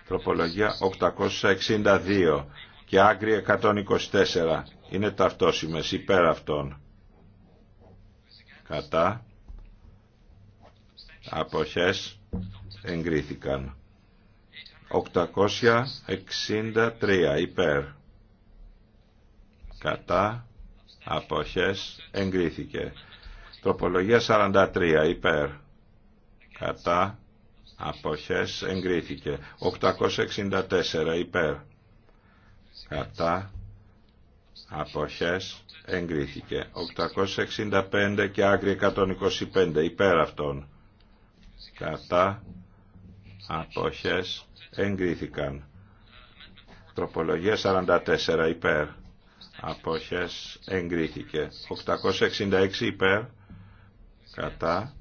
τροπολογία 862 και άγρια 124 είναι ταυτόσιμες υπέρ αυτών κατά αποχές εγκρίθηκαν 863 υπέρ κατά αποχές εγκρίθηκε τροπολογία 43 υπέρ κατά αποχές εγκρίθηκε 864 υπέρ κατά αποχές εγκρίθηκε 865 και άκρη 125 υπέρ αυτών κατά αποχές εγκρίθηκαν τροπολογία 44 υπέρ αποχές εγκρίθηκε 866 υπέρ κατά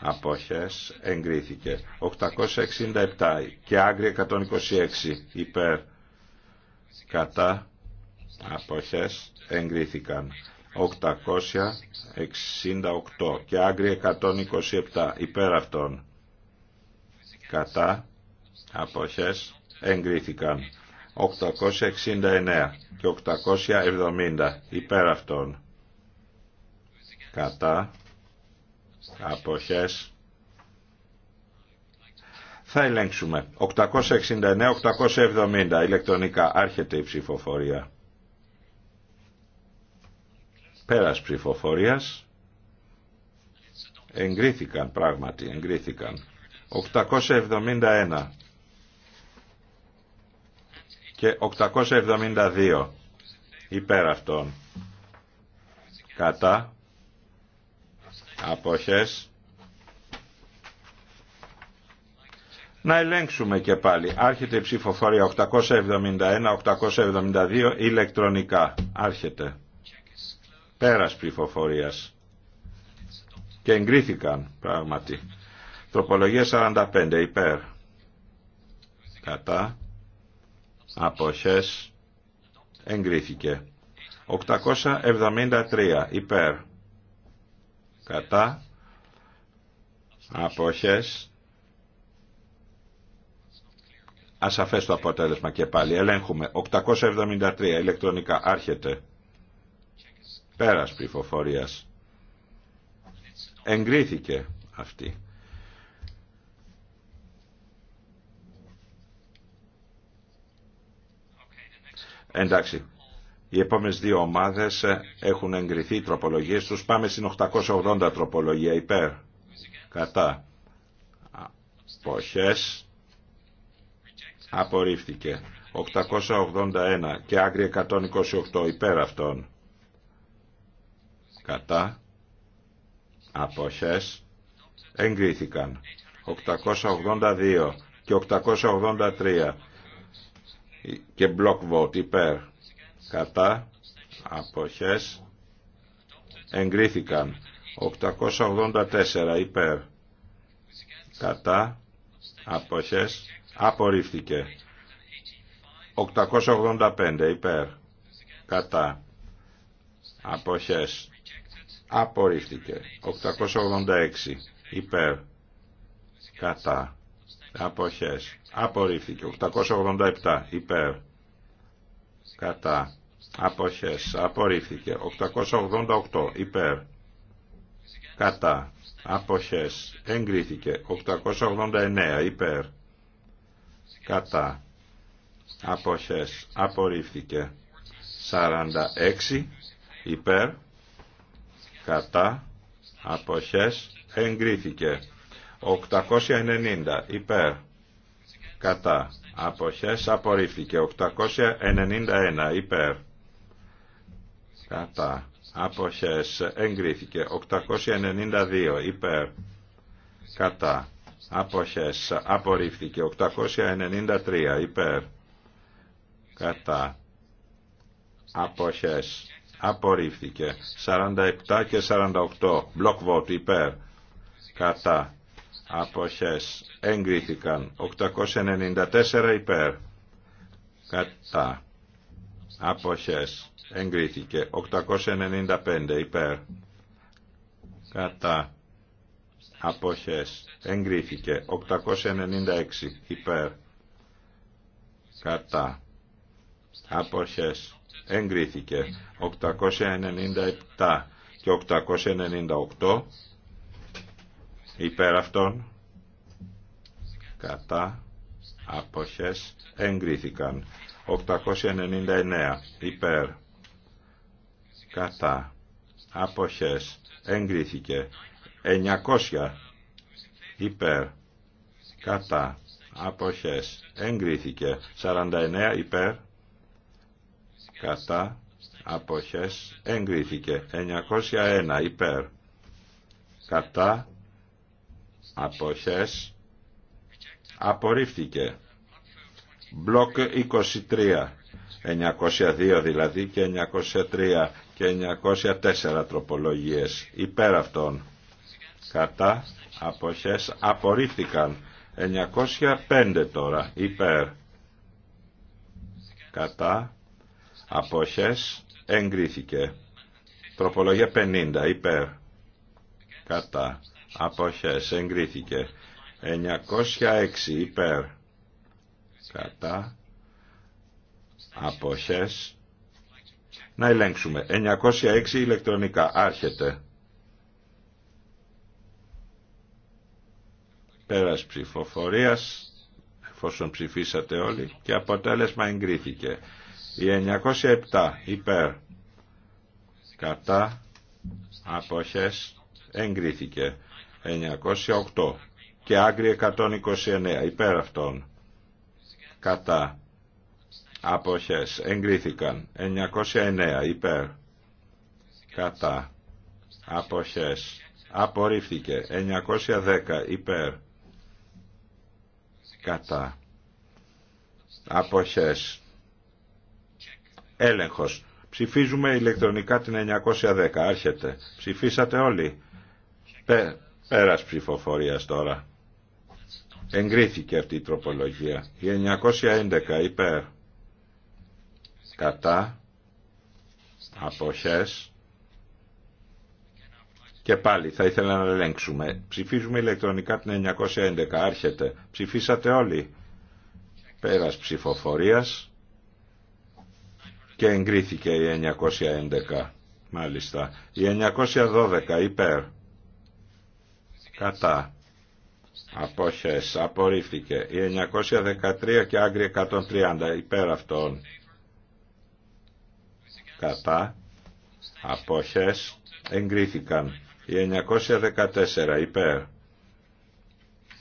αποχές εγκρίθηκε 867 και άγρια 126 υπέρ κατά αποχές εγκρίθηκαν 868 και άγκρι 127 υπέρ αυτών κατά αποχές εγκρίθηκαν 869 και 870 υπέρ αυτών κατά αποχές θα ελέγξουμε 869-870 ηλεκτρονικά άρχεται η ψηφοφορία Πέρας ψηφοφορίας εγκρίθηκαν πράγματι, εγκρίθηκαν. 871 και 872 υπέρ αυτών. Κατά αποχές Να ελέγξουμε και πάλι. Άρχεται η ψηφοφορία 871-872 ηλεκτρονικά. Άρχεται. Πέρας ψηφοφορίας. Και εγκρίθηκαν πράγματι. Τροπολογία 45 υπέρ. Κατά. Αποχές. Εγκρίθηκε. 873 υπέρ. Κατά. Αποχές. Ασαφές το αποτέλεσμα και πάλι. Ελέγχουμε. 873 ηλεκτρονικά. Άρχεται. Πέρας πληφοφορίας. Εγκρίθηκε αυτή. Εντάξει. Οι επόμενε δύο ομάδες ε, έχουν εγκριθεί οι τροπολογίε του. Πάμε στην 880 τροπολογία. Υπέρ. Κατά. Αποχέ. Απορρίφθηκε. 881 και άγρια 128 υπέρ αυτών κατά αποχές εγκρίθηκαν 882 και 883 και block vote υπέρ κατά αποχές εγκρίθηκαν 884 υπέρ κατά αποχές απορρίφθηκε 885 υπέρ κατά αποχές απορρίφθηκε. 886 υπέρ κατά αποχές απορρίφθηκε. 887 υπέρ κατά αποχές απορρίφθηκε. 888 υπέρ κατά αποχές εγκρίθηκε. 889 υπέρ κατά αποχές απορρίφθηκε. 46 υπέρ κατά αποχές εγκρίθηκε 890 υπέρ κατά αποχές απορρίφθηκε 891 υπέρ κατά αποχές εγκρίθηκε 892 υπέρ κατά αποχές απορρίφθηκε 893 υπέρ κατά αποχές απορρίφθηκε. 47 και 48 block vote υπέρ κατά αποχές εγκρίθηκαν. 894 υπέρ κατά αποχές εγκρίθηκε. 895 υπέρ κατά αποχές εγκρίθηκε. 896 υπέρ κατά αποχές εγκρίθηκε 897 και 898 υπέρ αυτών κατά αποχές εγκρίθηκαν 899 υπέρ κατά αποχές εγκρίθηκε 900 υπέρ κατά αποχές εγκρίθηκε 49 υπέρ κατά αποχές εγκρίθηκε 901 υπέρ κατά αποχές απορρίφθηκε μπλοκ 23 902 δηλαδή και 903 και 904 τροπολογίες υπέρ αυτών κατά αποχές απορρίφθηκαν 905 τώρα υπέρ κατά απόχες εγκρίθηκε. Τροπολογία 50 υπέρ κατά απόχες εγκρίθηκε. 906 υπέρ κατά απόχες να ελέγξουμε. 906 ηλεκτρονικά. Άρχεται. Πέρας ψηφοφορίας, εφόσον ψηφίσατε όλοι, και αποτέλεσμα εγκρίθηκε. Η 907 υπέρ κατά αποχές εγκρίθηκε. 908 και άγκρι 129 υπέρ αυτών κατά αποχές εγκρίθηκαν. 909 υπέρ κατά αποχές απορρίφθηκε. 910 υπέρ κατά αποχές Έλεγχος. Ψηφίζουμε ηλεκτρονικά την 910. Άρχεται. Ψηφίσατε όλοι. Πέ, πέρας ψηφοφορίας τώρα. Εγκρίθηκε αυτή η τροπολογία. Η 911 υπέρ. Κατά. Αποχές. Και πάλι θα ήθελα να ελέγξουμε. Ψηφίζουμε ηλεκτρονικά την 911. Άρχεται. Ψηφίσατε όλοι. Πέρας ψηφοφορίας και εγκρίθηκε η 911. Μάλιστα. Η 912 υπέρ. Κατά. Απόχες. Απορρίφθηκε. Η 913 και άγρια 130 υπέρ αυτών. Κατά. Απόχες. Εγκρίθηκαν. Η 914 υπέρ.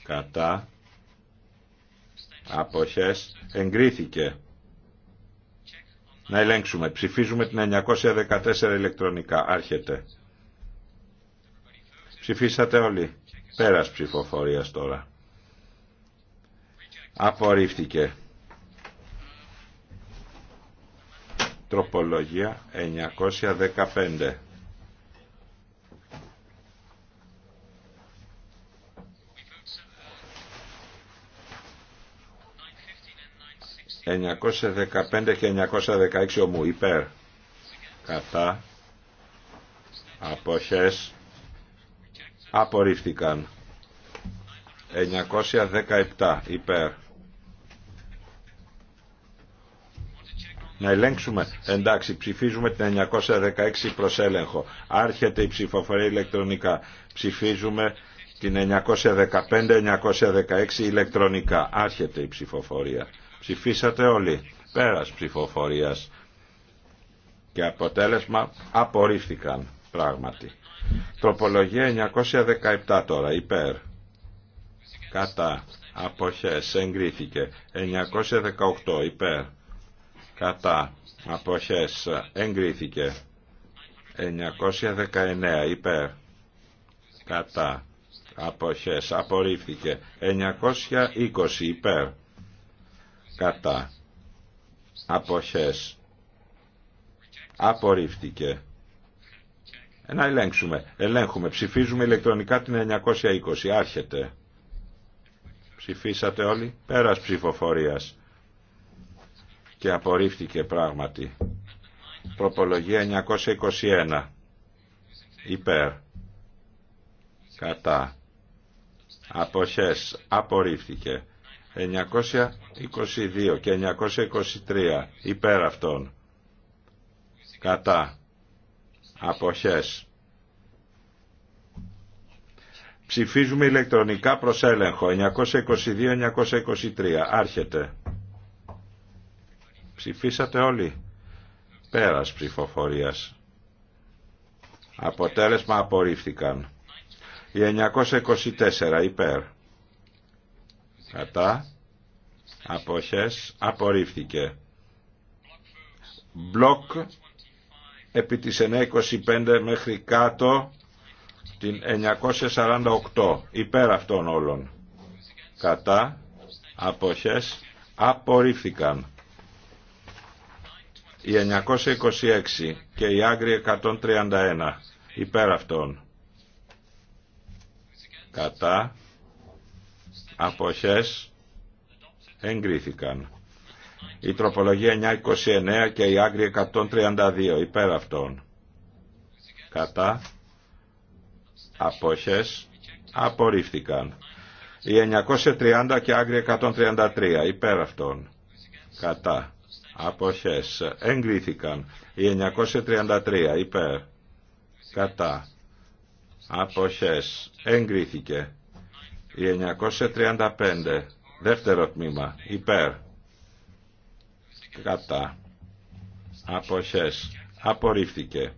Κατά. Απόχες. Εγκρίθηκε. Να ελέγξουμε. Ψηφίζουμε την 914 ηλεκτρονικά. Άρχεται. Ψηφίσατε όλοι. Πέρας ψηφοφορίας τώρα. Απορρίφθηκε. Τροπολογία 915. 915 και 916 ομού υπέρ κατά αποχές απορρίφθηκαν 917 υπέρ να ελέγξουμε εντάξει ψηφίζουμε την 916 προς έλεγχο άρχεται η ψηφοφορία ηλεκτρονικά ψηφίζουμε την 915-916 ηλεκτρονικά άρχεται η ψηφοφορία Ψηφίσατε όλοι. Πέρας ψηφοφορίας. Και αποτέλεσμα απορρίφθηκαν πράγματι. Τροπολογία 917 τώρα, υπέρ. Κατά. Αποχές, εγκρίθηκε. 918, υπέρ. Κατά. Αποχές, εγκρίθηκε. 919, υπέρ. Κατά. Αποχές, απορρίφθηκε. 920, υπέρ κατά αποχές απορρίφθηκε ε, να ελέγξουμε ελέγχουμε ψηφίζουμε ηλεκτρονικά την 920 άρχεται ψηφίσατε όλοι πέρας ψηφοφορίας και απορρίφθηκε πράγματι Προπολογία 921 υπέρ κατά αποχές απορρίφθηκε 922 και 923 υπέρ αυτών κατά αποχές ψηφίζουμε ηλεκτρονικά προς έλεγχο 922-923 άρχεται ψηφίσατε όλοι πέρας ψηφοφορίας αποτέλεσμα απορρίφθηκαν Η 924 υπέρ κατά αποχές απορρίφθηκε μπλοκ επί της 925 μέχρι κάτω την 948 υπέρ αυτών όλων κατά αποχές απορρίφθηκαν η 926 και η άγρια 131 υπέρ αυτών κατά αποχές εγκρίθηκαν. Η τροπολογία 929 και η άγρια 132 υπέρ αυτών. Κατά αποχές απορρίφθηκαν. Η 930 και άγρια 133 υπέρ αυτών. Κατά αποχές εγκρίθηκαν. Η 933 υπέρ. Κατά αποχές εγκρίθηκε. Η 935. Δεύτερο τμήμα. Υπέρ. Κατά. Αποχές. Απορρίφθηκε.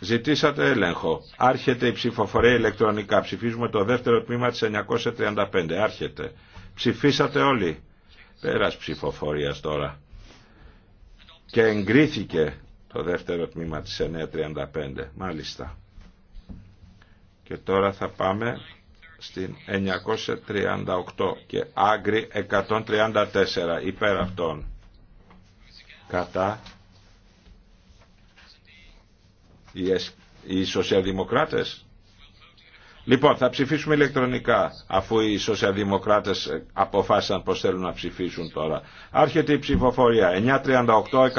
Ζητήσατε έλεγχο. Άρχεται η ψηφοφορία ηλεκτρονικά. Ψηφίζουμε το δεύτερο τμήμα της 935. Άρχεται. Ψηφίσατε όλοι. Πέρας ψηφοφορίας τώρα. Και εγκρίθηκε το δεύτερο τμήμα της 935. Μάλιστα. Και τώρα θα πάμε στην 938 και άγκρι 134 υπέρ αυτών. Κατά οι σοσιαλδημοκράτες. Λοιπόν, θα ψηφίσουμε ηλεκτρονικά, αφού οι σοσιαλδημοκράτες ε, αποφάσισαν πως θέλουν να ψηφίσουν τώρα. Άρχεται η ψηφοφορία,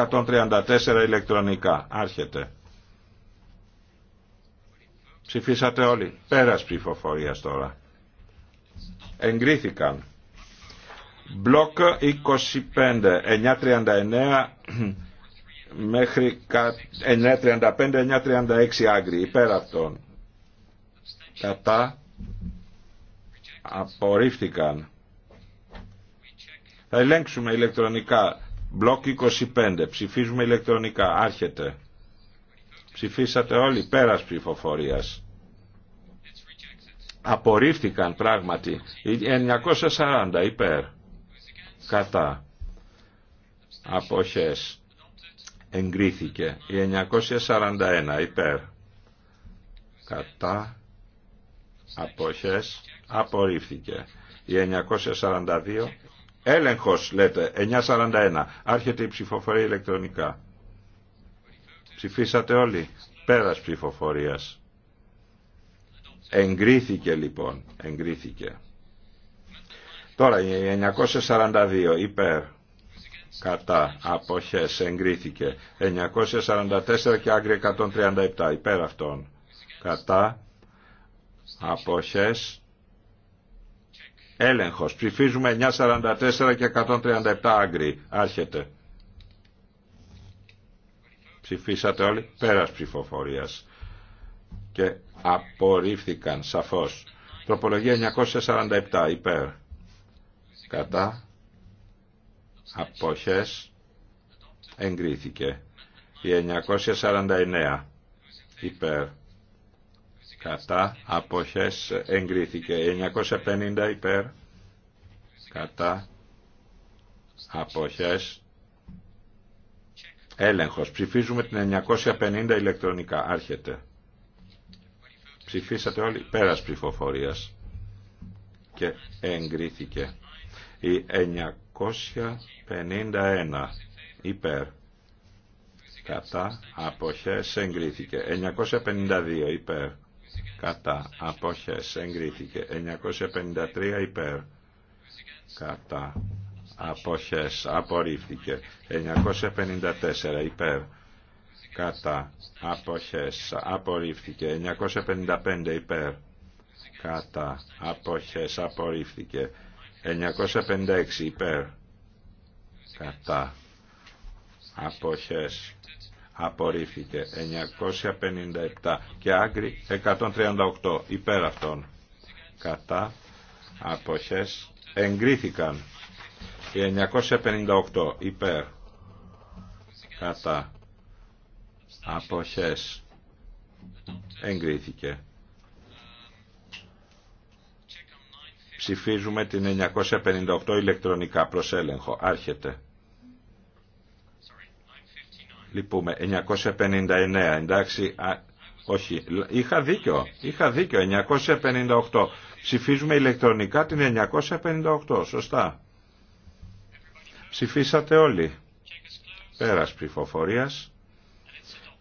938-134 ηλεκτρονικά. Άρχεται. Ψηφίσατε όλοι. Πέρας ψηφοφορίας τώρα. Εγκρίθηκαν. Μπλοκ 25, 939 μέχρι 935-936 άγκρι. Υπέρ αυτών. Κατά. Απορρίφθηκαν. Θα ελέγξουμε ηλεκτρονικά. Μπλοκ 25. Ψηφίζουμε ηλεκτρονικά. Άρχεται. Ψηφίσατε όλοι πέρας ψηφοφορίας. Απορρίφθηκαν πράγματι. 940 ε, υπέρ. Κατά. Αποχές. Εγκρίθηκε. Η 941 υπέρ. Κατά. Αποχές. Απορρίφθηκε. Η 942. Έλεγχος λέτε. 941. Άρχεται η ψηφοφορία ηλεκτρονικά. Ψηφίσατε όλοι. Πέρας ψηφοφορίας. Εγκρίθηκε λοιπόν. Εγκρίθηκε. Τώρα η 942 υπέρ κατά αποχές εγκρίθηκε 944 και άγκρι 137 υπέρ αυτών κατά αποχές έλεγχος ψηφίζουμε 944 και 137 άγκρι άρχεται Ψηφίσατε όλοι πέρας ψηφοφορίας και απορρίφθηκαν σαφώς. Τροπολογία 947 υπέρ. Κατά. Αποχές. Εγκρίθηκε. Η 949 υπέρ. Κατά. Αποχές. Εγκρίθηκε. Η 950 υπέρ. Κατά. Αποχές. Έλεγχος. Ψηφίζουμε την 950 ηλεκτρονικά. Άρχεται. Ψηφίσατε όλοι πέρας ψηφοφορίας. Και εγκρίθηκε. Η 951 υπέρ. Κατά αποχές εγκρίθηκε. 952 υπέρ. Κατά αποχές εγκρίθηκε. 953 υπέρ. Κατά αποχές απορρίφθηκε 954 υπέρ κατά αποχές απορρίφθηκε 955 υπέρ κατά αποχές απορρίφθηκε 956 υπέρ κατά αποχές απορρίφθηκε 957 και άγκρι 138 υπέρ αυτών κατά αποχές εγκρίθηκαν 958 υπέρ κατά αποχές εγκρίθηκε. Ψηφίζουμε την 958 ηλεκτρονικά προς έλεγχο. Άρχεται. Λυπούμε. 959 εντάξει. Α, όχι. Είχα δίκιο. Είχα δίκιο. 958. Ψηφίζουμε ηλεκτρονικά την 958. Σωστά. Ψηφίσατε όλοι. Πέρας ψηφοφορίας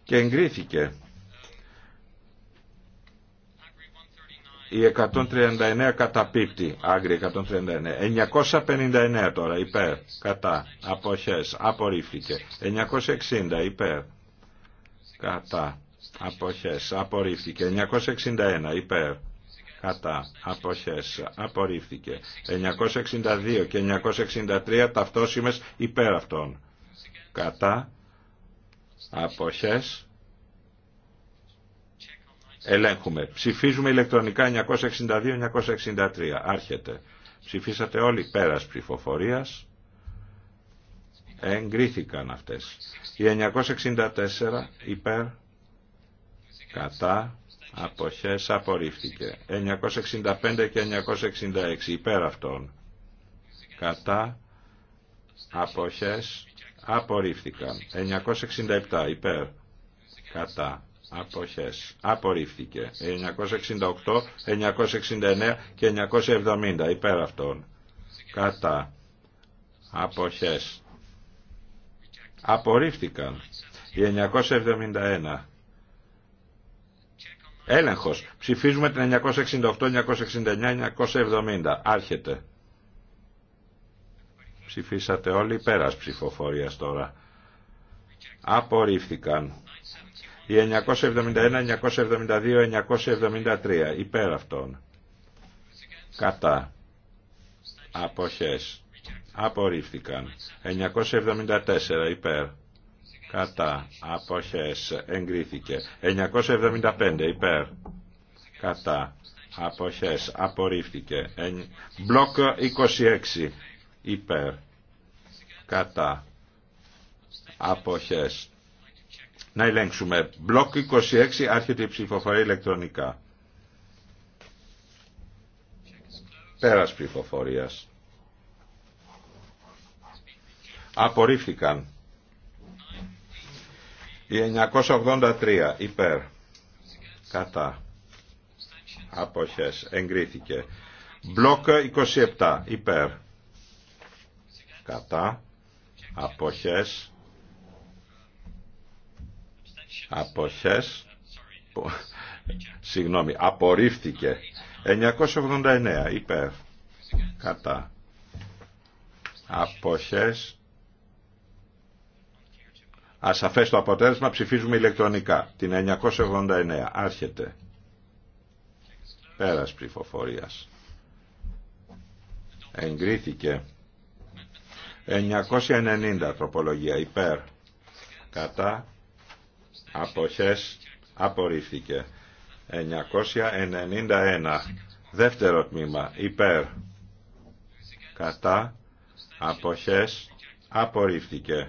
και εγκρίθηκε. Η 139 καταπίπτει, πίπτη, 139. 959 τώρα, υπέρ, κατά, αποχές, απορρίφθηκε. 960, υπέρ, κατά, αποχές, απορρίφθηκε. 961, υπέρ, κατά αποχές απορρίφθηκε 962 και 963 ταυτόσιμες υπέρ αυτών κατά αποχές ελέγχουμε ψηφίζουμε ηλεκτρονικά 962-963 άρχεται ψηφίσατε όλοι πέρας ψηφοφορίας εγκρίθηκαν αυτές η 964 υπέρ κατά αποχές απορρίφθηκε. 965 και 966 υπέρ αυτών. Κατά αποχές απορρίφθηκαν. 967 υπέρ. Κατά αποχές απορρίφθηκε. 968, 969 και 970 υπέρ αυτών. Κατά αποχές απορρίφθηκαν. 971 Έλεγχος. Ψηφίζουμε την 968, 969, 970. Άρχεται. Ψηφίσατε όλοι πέρας ψηφοφορία τώρα. Απορρίφθηκαν. Η 971, 972, 973. Υπέρ αυτών. Κατά. Αποχές. Απορρίφθηκαν. 974 υπέρ κατά αποχές εγκρίθηκε 975 υπέρ κατά αποχές απορρίφθηκε μπλοκ 26 υπέρ κατά αποχές να ελέγξουμε μπλοκ 26 άρχεται η ψηφοφορία ηλεκτρονικά πέρας ψηφοφορίας απορρίφθηκαν η 983 υπέρ. Κατά. Αποχές. Εγκρίθηκε. Μπλοκ 27 υπέρ. Κατά. Αποχές. Αποχές. Συγγνώμη. Απορρίφθηκε. 989 υπέρ. Κατά. Αποχές. Ασαφές το αποτέλεσμα ψηφίζουμε ηλεκτρονικά. Την 989. Άρχεται. Πέρας ψηφοφορίας. Εγκρίθηκε. 990 τροπολογία υπέρ. Κατά. Αποχές. Απορρίφθηκε. 991. Δεύτερο τμήμα υπέρ. Κατά. Αποχές. Απορρίφθηκε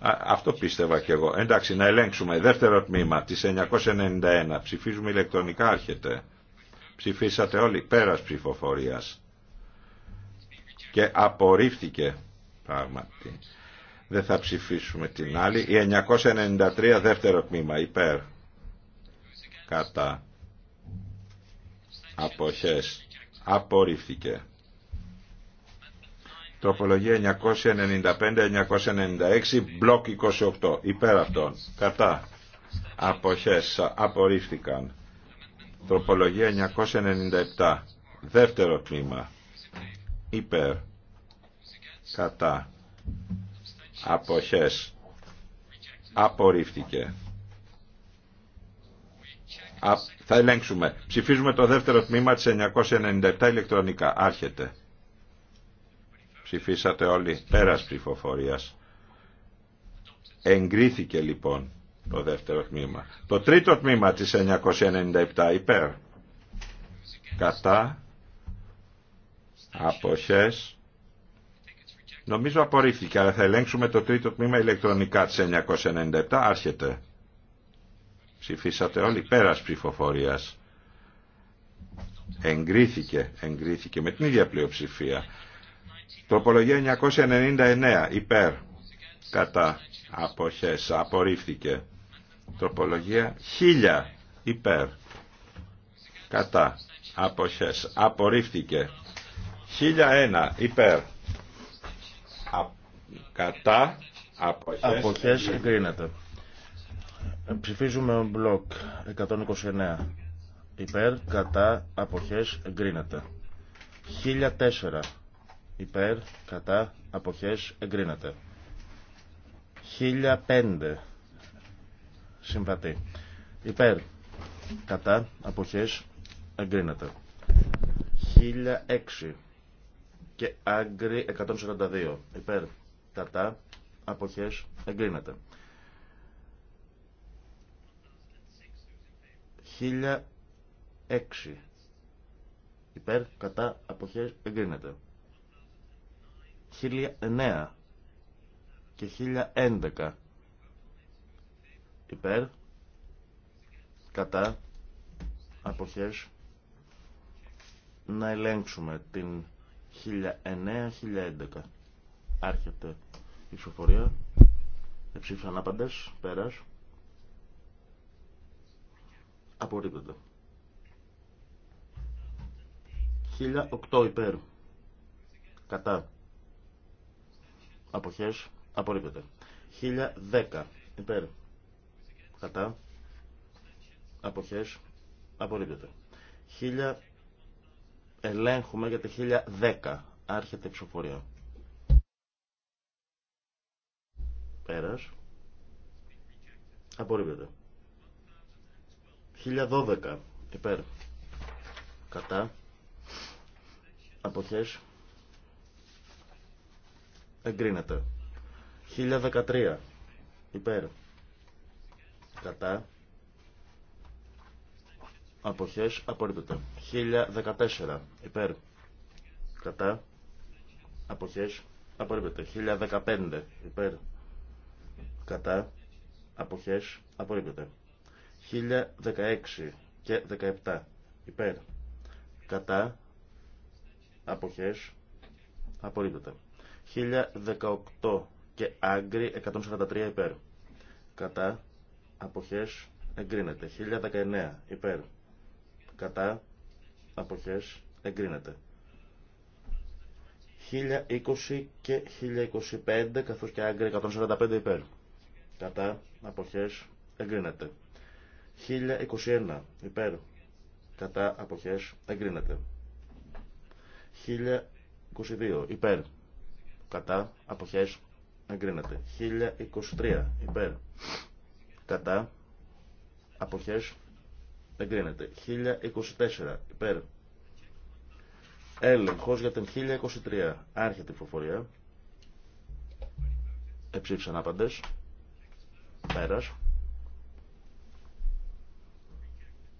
αυτό πίστευα κι εγώ. Εντάξει, να ελέγξουμε. Δεύτερο τμήμα τη 991. Ψηφίζουμε ηλεκτρονικά, άρχεται. Ψηφίσατε όλοι πέρας ψηφοφορίας. Και απορρίφθηκε πράγματι. Δεν θα ψηφίσουμε την άλλη. Η 993 δεύτερο τμήμα υπέρ. Κατά. Αποχές. Απορρίφθηκε. Τροπολογία 995-996, μπλοκ 28. Υπέρ αυτών. Κατά. Αποχές. Απορρίφθηκαν. Τροπολογία 997. Δεύτερο τμήμα. Υπέρ. Κατά. Αποχές. Απορρίφθηκε. θα ελέγξουμε. Ψηφίζουμε το δεύτερο τμήμα της 997 ηλεκτρονικά. Άρχεται. Ψηφίσατε όλοι πέρας ψηφοφορίας. Εγκρίθηκε λοιπόν το δεύτερο τμήμα. Το τρίτο τμήμα της 997 υπέρ. Κατά. Αποχές. Νομίζω απορρίφθηκε, αλλά θα ελέγξουμε το τρίτο τμήμα ηλεκτρονικά της 997. Άρχεται. Ψηφίσατε όλοι πέρας ψηφοφορίας. Εγκρίθηκε, εγκρίθηκε με την ίδια πλειοψηφία. Τροπολογία 999 υπέρ κατά αποχές απορρίφθηκε. Τροπολογία 1000 υπέρ κατά αποχές απορρίφθηκε. 1001 υπέρ κατά αποχές, αποχές εγκρίνεται. Ψηφίζουμε μπλοκ 129 υπέρ κατά αποχές εγκρίνεται. 1004 υπέρ, κατά, αποχές, εγκρίνεται. 1005 συμβατή. Υπέρ, κατά, αποχές, εγκρίνεται. 1006 και άγκρι 142. Υπέρ, κατά, αποχές, εγκρίνεται. 1006 υπέρ, κατά, αποχές, εγκρίνεται. 1009 και 1011 υπέρ κατά αποχές να ελέγξουμε την 1009-1011 άρχεται η ψηφοφορία εψήφισαν άπαντες πέρας απορρίπτονται 1008 υπέρ κατά Αποχές. Απορρίπτεται. 1010. Υπέρ. Κατά. Αποχές. Απορρίπτεται. 1000. Ελέγχουμε για τη 1010. Άρχεται η ψηφοφορία. Πέρας. Απορρίπτεται. 1012. Υπέρ. Κατά. Αποχές εγκρίνεται. 1013 υπέρ κατά αποχές απορρίπτεται. 1014 υπέρ κατά αποχές απορρίπτεται. 1015 υπέρ κατά αποχές απορρίπτεται. 1016 και 17 υπέρ κατά αποχές απορρίπτεται. 1018 και άγκρι 143 υπέρ. Κατά αποχές εγκρίνεται. 1019 υπέρ. Κατά αποχές εγκρίνεται. 1020 και 1025 καθώς και άγκρι 145 υπέρ. Κατά αποχές εγκρίνεται. 1021 υπέρ. Κατά αποχές εγκρίνεται. 1022 υπέρ κατά, αποχές, εγκρίνεται. 1023 υπέρ, κατά, αποχές, εγκρίνεται. 1024 υπέρ, έλεγχος για την 1023, άρχεται η προφορία. Εψήφισαν άπαντες, πέρας.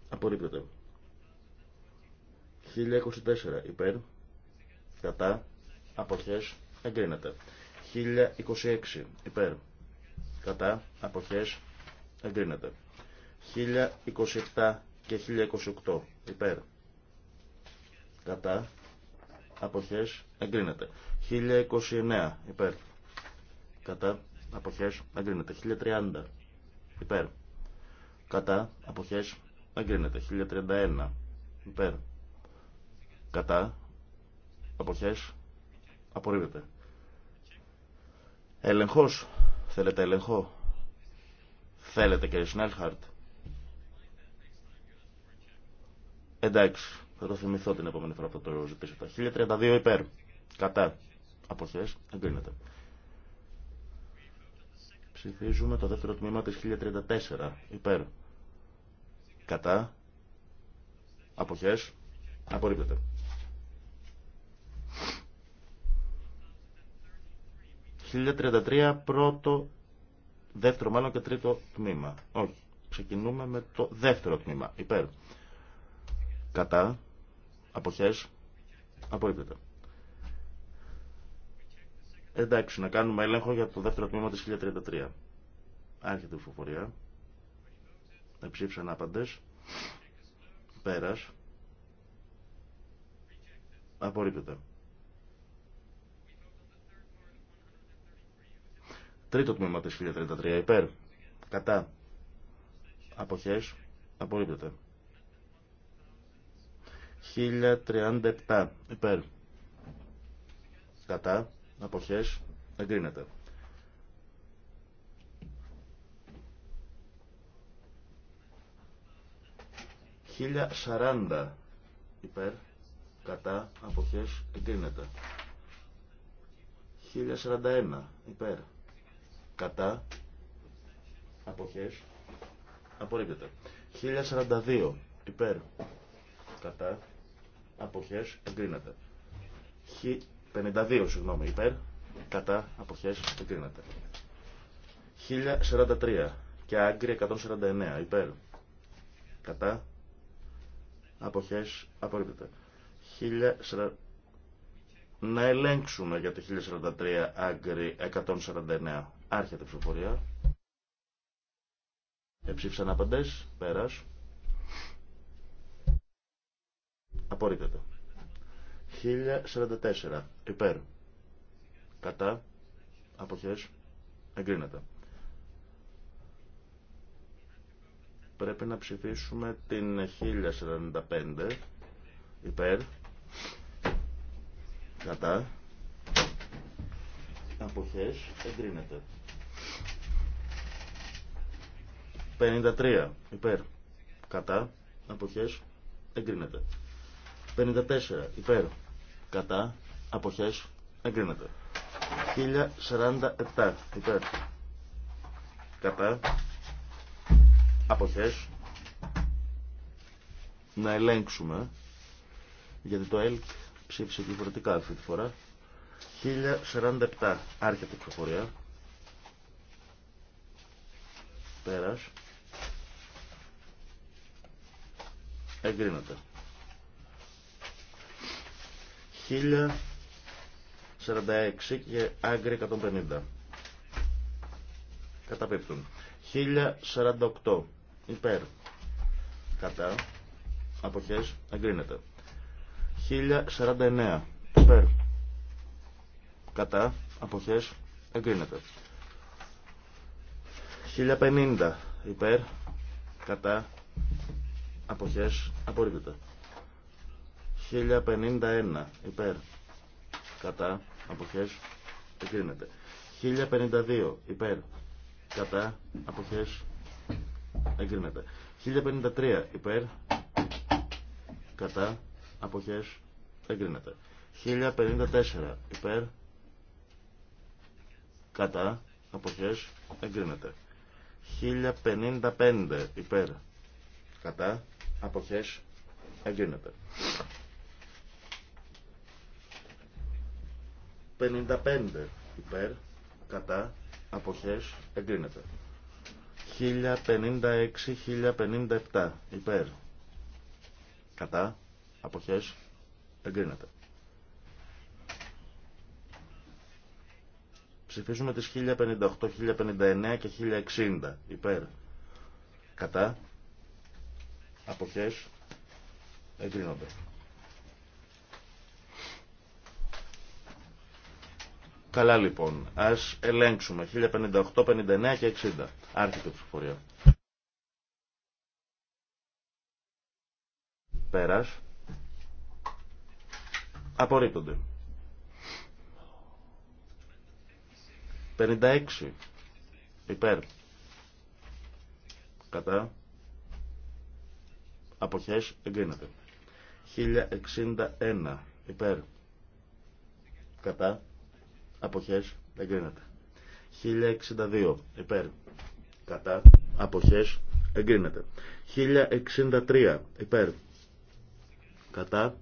Απορρίπτεται. 1024 υπέρ, κατά, αποχές, εγκρίνεται. 1026 υπέρ κατά αποχές εγκρίνεται. 1027 και 1028 υπέρ κατά αποχές εγκρίνεται. 1029 υπέρ κατά αποχές εγκρίνεται. 1030 υπέρ κατά αποχές εγκρίνεται. 1031 υπέρ κατά αποχές Απορρίβεται. Έλεγχο. Θέλετε έλεγχο. Θέλετε κύριε Σνέλχαρτ. Εντάξει. Θα το θυμηθώ την επόμενη φορά που το ζητήσετε. 1032 υπέρ. Κατά. Αποχέ. Εγκρίνεται. Ψηφίζουμε το δεύτερο τμήμα της 1034. Υπέρ. Κατά. Αποχές. Απορρίβεται. 1033 πρώτο, δεύτερο μάλλον και τρίτο τμήμα. Όχι. Ξεκινούμε με το δεύτερο τμήμα. Υπέρ. Κατά. Αποχές. Απορρίπτεται. Εντάξει, να κάνουμε έλεγχο για το δεύτερο τμήμα της 1033. Άρχεται η ψηφοφορία. Εψήφισαν άπαντες. Πέρας. Απορρίπτεται. Τρίτο τμήμα της 1033 υπέρ. Κατά. Αποχές. Απορρίπτεται. 1037 υπέρ. Κατά. Αποχές. Εγκρίνεται. 1040 υπέρ, κατά, αποχές, εγκρίνεται. 1041 υπέρ, κατά αποχές απορρίπτεται 1042 υπέρ κατά αποχές εγκρίνεται 52 συγγνώμη υπέρ κατά αποχές εγκρίνεται 1043 και άγκρι 149 υπέρ κατά αποχές απορρίπτεται να ελέγξουμε για το 1043 άγκρι 149 Άρχεται η ψηφοφορία. Εψήφισαν άπαντε. Πέρα. Απορρίπτεται. 1044. Υπέρ. Κατά. Αποχές. Εγκρίνεται. Πρέπει να ψηφίσουμε την 1045. Υπέρ. Κατά. Αποχές. Εγκρίνεται. 53 υπέρ κατά αποχές εγκρίνεται 54 υπέρ κατά αποχές εγκρίνεται 1047 υπέρ κατά αποχές να ελέγξουμε γιατί το ΕΛΚ ψήφισε διαφορετικά αυτή τη φορά 1047 άρχεται η προφορία πέρας εγκρίνεται. 1046 και άγκρι 150 καταπίπτουν. 1048 υπέρ κατά αποχές εγκρίνεται. 1049 υπέρ κατά αποχές εγκρίνεται. 1050 υπέρ κατά Αποχές. Απορρίπτεται. 1051 υπέρ. Κατά. Αποχές. Εγκρίνεται. 1052 υπέρ. Κατά. Αποχές. Εγκρίνεται. 1053 υπέρ. Κατά. Αποχές. Εγκρίνεται. 1054 υπέρ. Κατά. Αποχές. Εγκρίνεται. 1055 υπέρ. Κατά αποχές εγκρίνεται. 55 υπέρ, κατά, αποχές εγκρίνεται. 1056-1057 υπέρ, κατά, αποχές εγκρίνεται. Ψηφίζουμε τις 1058, 1059 και 1060 υπέρ, κατά, αποχές εγκρίνονται. Καλά λοιπόν, ας ελέγξουμε 1058, 59 και 60. Άρχεται η ψηφορία. Πέρας. Απορρίπτονται. 56. Υπέρ. Κατά. Αποχές εγκρίνεται. 1061 υπέρ. Κατά. Αποχές εγκρίνεται. 1062 υπέρ. Κατά. Αποχές εγκρίνεται. 1063 υπέρ. Κατά.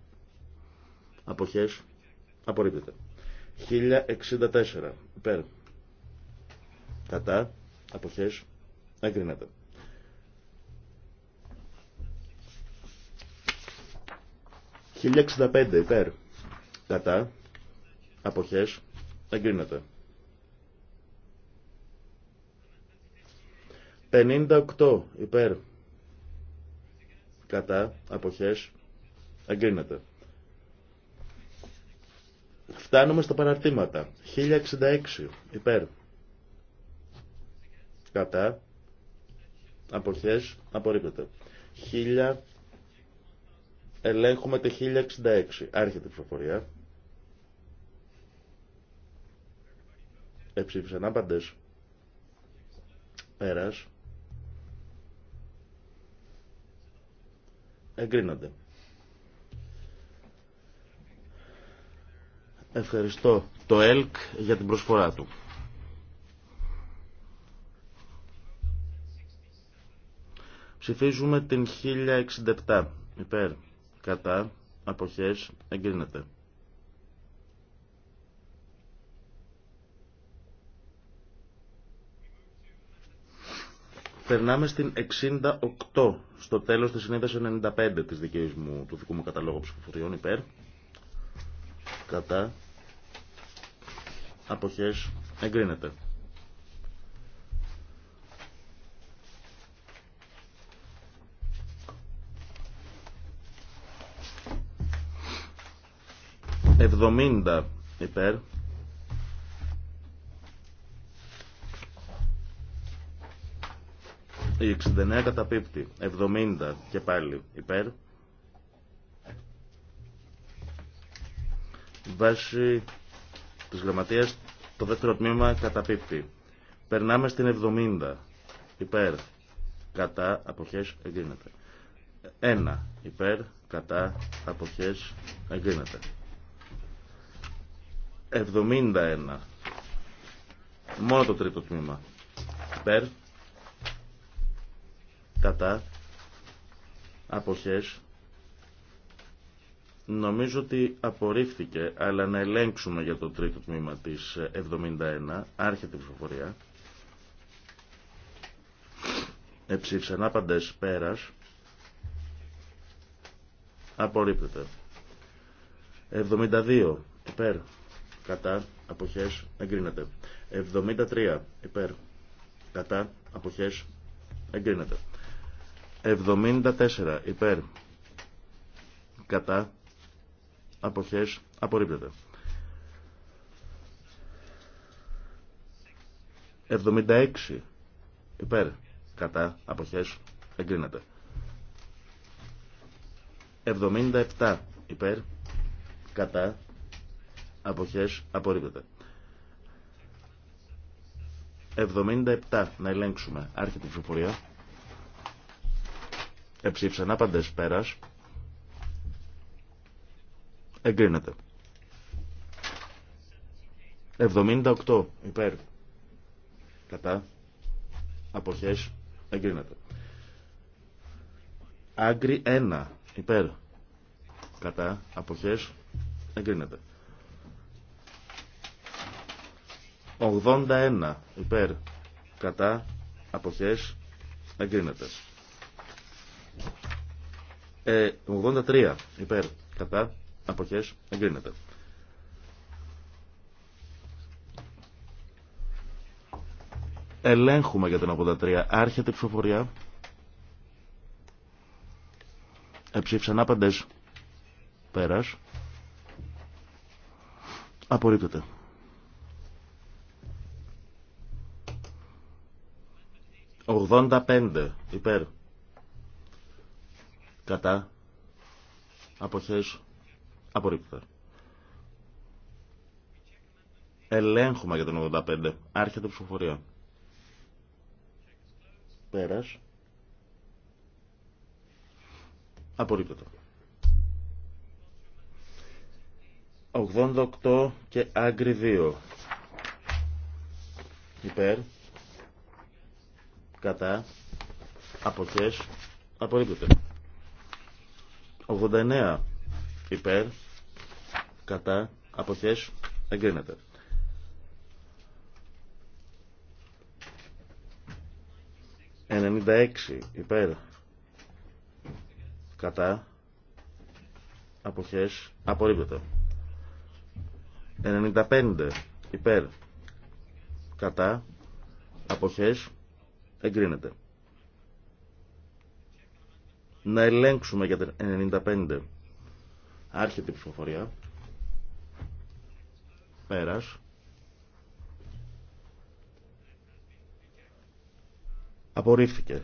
Αποχές απορρίπτεται. 1064 υπέρ. Κατά. Αποχές εγκρίνεται. 1065 υπέρ. Κατά. Αποχές. Εγκρίνεται. 58 υπέρ. Κατά. Αποχές. Εγκρίνεται. Φτάνουμε στα παραρτήματα. 1066 υπέρ. Κατά. Αποχές. Απορρίπτεται. 1000 Ελέγχουμε το 1066. Άρχεται η ψηφοφορία. Εψήφισαν άπαντες. Πέρας. Εγκρίνονται. Ευχαριστώ το ΕΛΚ για την προσφορά του. Ψηφίζουμε την 1067 υπέρ κατά αποχές εγκρίνεται. Περνάμε στην 68, στο τέλος της συνέδεσης 95 της δικής μου, του δικού μου καταλόγου ψηφοφοριών υπέρ, κατά, αποχές, εγκρίνεται. 70 υπέρ. Η 69 καταπίπτει. 70 και πάλι υπέρ. Βάσει της γραμματείας το δεύτερο τμήμα καταπίπτει. Περνάμε στην 70 υπέρ. Κατά αποχές εγκρίνεται. 1 υπέρ. Κατά αποχές εγκρίνεται. 71. Μόνο το τρίτο τμήμα. Υπέρ. Κατά. Αποχές. Νομίζω ότι απορρίφθηκε, αλλά να ελέγξουμε για το τρίτο τμήμα της 71. Άρχεται η ψηφοφορία. Εψήφισαν άπαντες πέρας. Απορρίπτεται. 72. Υπέρ κατά αποχές εγκρίνεται. 73 υπέρ κατά αποχές εγκρίνεται. 74 υπέρ κατά αποχές απορρίπτεται. 76 υπέρ κατά αποχές εγκρίνεται. 77 υπέρ κατά αποχές απορρίπτεται. 77 να ελέγξουμε. Άρχεται η ψηφοφορία. Εψήφισαν άπαντες πέρας. Εγκρίνεται. 78 υπέρ. Κατά. Αποχές. Εγκρίνεται. Άγκρι 1 υπέρ. Κατά. Αποχές. Εγκρίνεται. 81 υπέρ κατά αποχές εγκρίνεται. 83 ε, υπέρ κατά αποχές εγκρίνεται. Ελέγχουμε για την 83. Άρχεται η ψηφοφορία. Εψήφισαν άπαντες. Πέρας. Απορρίπτεται. 85 υπέρ κατά αποχές απορρίπτεται. Ελέγχουμε για τον 85. Άρχεται ψηφοφορία. Πέρας. Απορρίπτεται. 88 και άγκρι 2. Υπέρ κατά αποχές απορρίπτεται 89 υπέρ κατά αποχές εγκρίνεται 96 υπέρ κατά αποχές απορρίπτεται 95 υπέρ κατά αποχές Εγκρίνεται. Να ελέγξουμε για την 95. Άρχεται η ψηφοφορία. Πέρας. Απορρίφθηκε.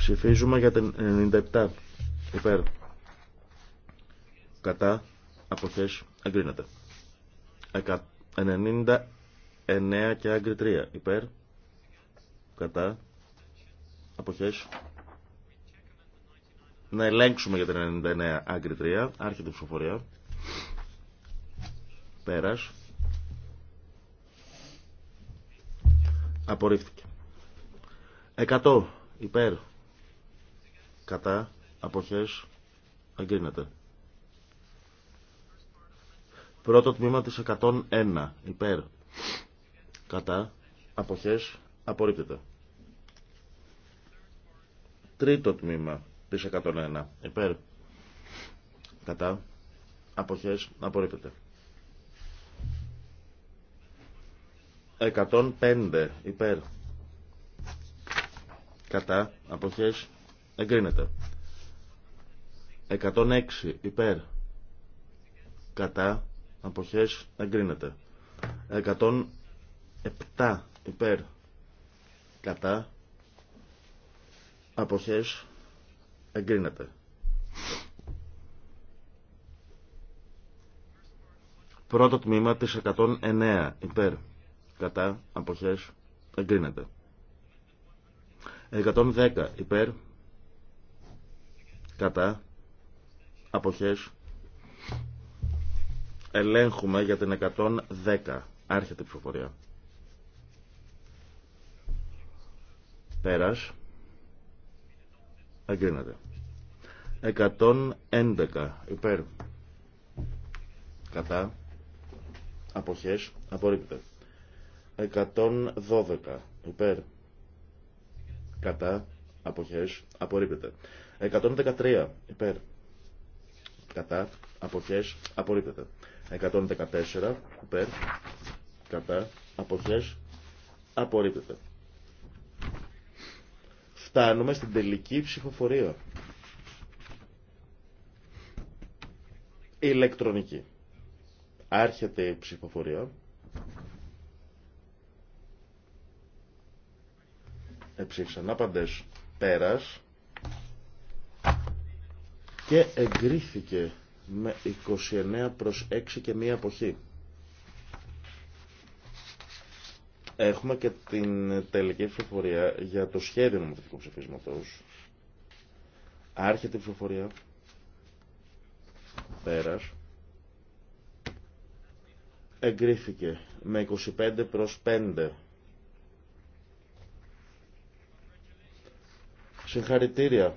Ψηφίζουμε για την 97 υπέρ. Κατά αποχές εγκρίνεται. 99 και άγκρι 3 υπέρ. Κατά αποχές. Να ελέγξουμε για την 99 άγκρι 3. Άρχεται ψηφοφορία. Πέρας. Απορρίφθηκε. 100 υπέρ κατά αποχές αγκρίνεται. Πρώτο τμήμα της 101 υπέρ κατά αποχές απορρίπτεται. Τρίτο τμήμα της 101 υπέρ κατά αποχές απορρίπτεται. 105 υπέρ κατά αποχές Εγκρίνεται. 106 υπέρ. Κατά. Αποχές. Εγκρίνεται. 107 υπέρ. Κατά. Αποχές. Εγκρίνεται. Πρώτο τμήμα της 109 υπέρ. Κατά. Αποχές. Εγκρίνεται. 110 υπέρ κατά αποχές ελέγχουμε για την 110 άρχεται η ψηφοφορία πέρας εγκρίνεται 111 υπέρ κατά αποχές απορρίπτεται 112 υπέρ κατά αποχές απορρίπτεται 113 υπέρ κατά αποχές απορρίπτεται. 114 υπέρ κατά αποχές απορρίπτεται. Φτάνουμε στην τελική ψηφοφορία. Ηλεκτρονική. Άρχεται η ψηφοφορία. Εψήφισαν άπαντες πέρας και εγκρίθηκε με 29 προς 6 και μία αποχή. Έχουμε και την τελική ψηφοφορία για το σχέδιο νομοθετικού ψηφίσματος. Άρχεται η ψηφοφορία. Πέρας. Εγκρίθηκε με 25 προς 5. Συγχαρητήρια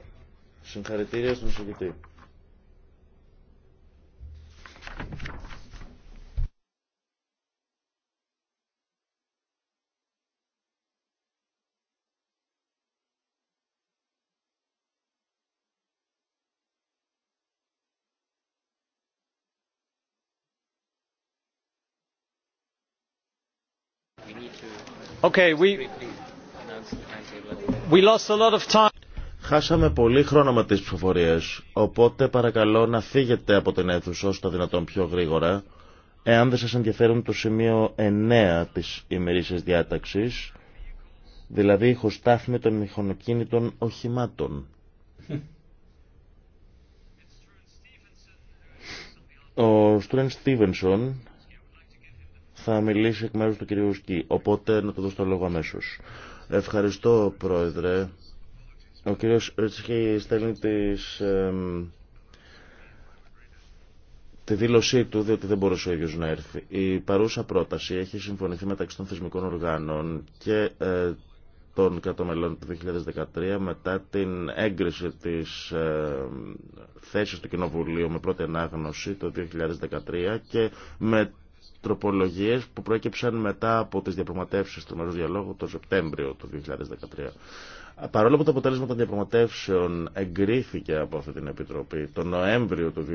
Συγχαρητήρια στον συγκεκριτή. Okay, we, we lost a lot of time. Χάσαμε πολύ χρόνο με τις ψηφοφορίες, οπότε παρακαλώ να φύγετε από την αίθουσα όσο το δυνατόν πιο γρήγορα, εάν δεν σας ενδιαφέρουν το σημείο 9 της ημερήσιας διάταξης, δηλαδή η χωστάθμη των μηχανοκίνητων οχημάτων. Ο Στρέν Στίβενσον θα μιλήσει εκ μέρους του κυρίου σκι, οπότε να το δώσω το λόγο αμέσως. Ευχαριστώ, Πρόεδρε. Ο κύριος Ριτσχή στέλνει τις, τη δήλωσή του, διότι δεν μπορούσε ο ίδιος να έρθει. Η παρούσα πρόταση έχει συμφωνηθεί μεταξύ των θεσμικών οργάνων και ε, των κατομελών του 2013 μετά την έγκριση της ε, θέσης του Κοινοβουλίου με πρώτη ανάγνωση το 2013 και με τροπολογίες που προέκυψαν μετά από τις διαπραγματεύσεις του Μερούς Διαλόγου το Σεπτέμβριο του 2013. Παρόλο που το αποτέλεσμα των διαπραγματεύσεων εγκρίθηκε από αυτή την Επιτροπή το Νοέμβριο του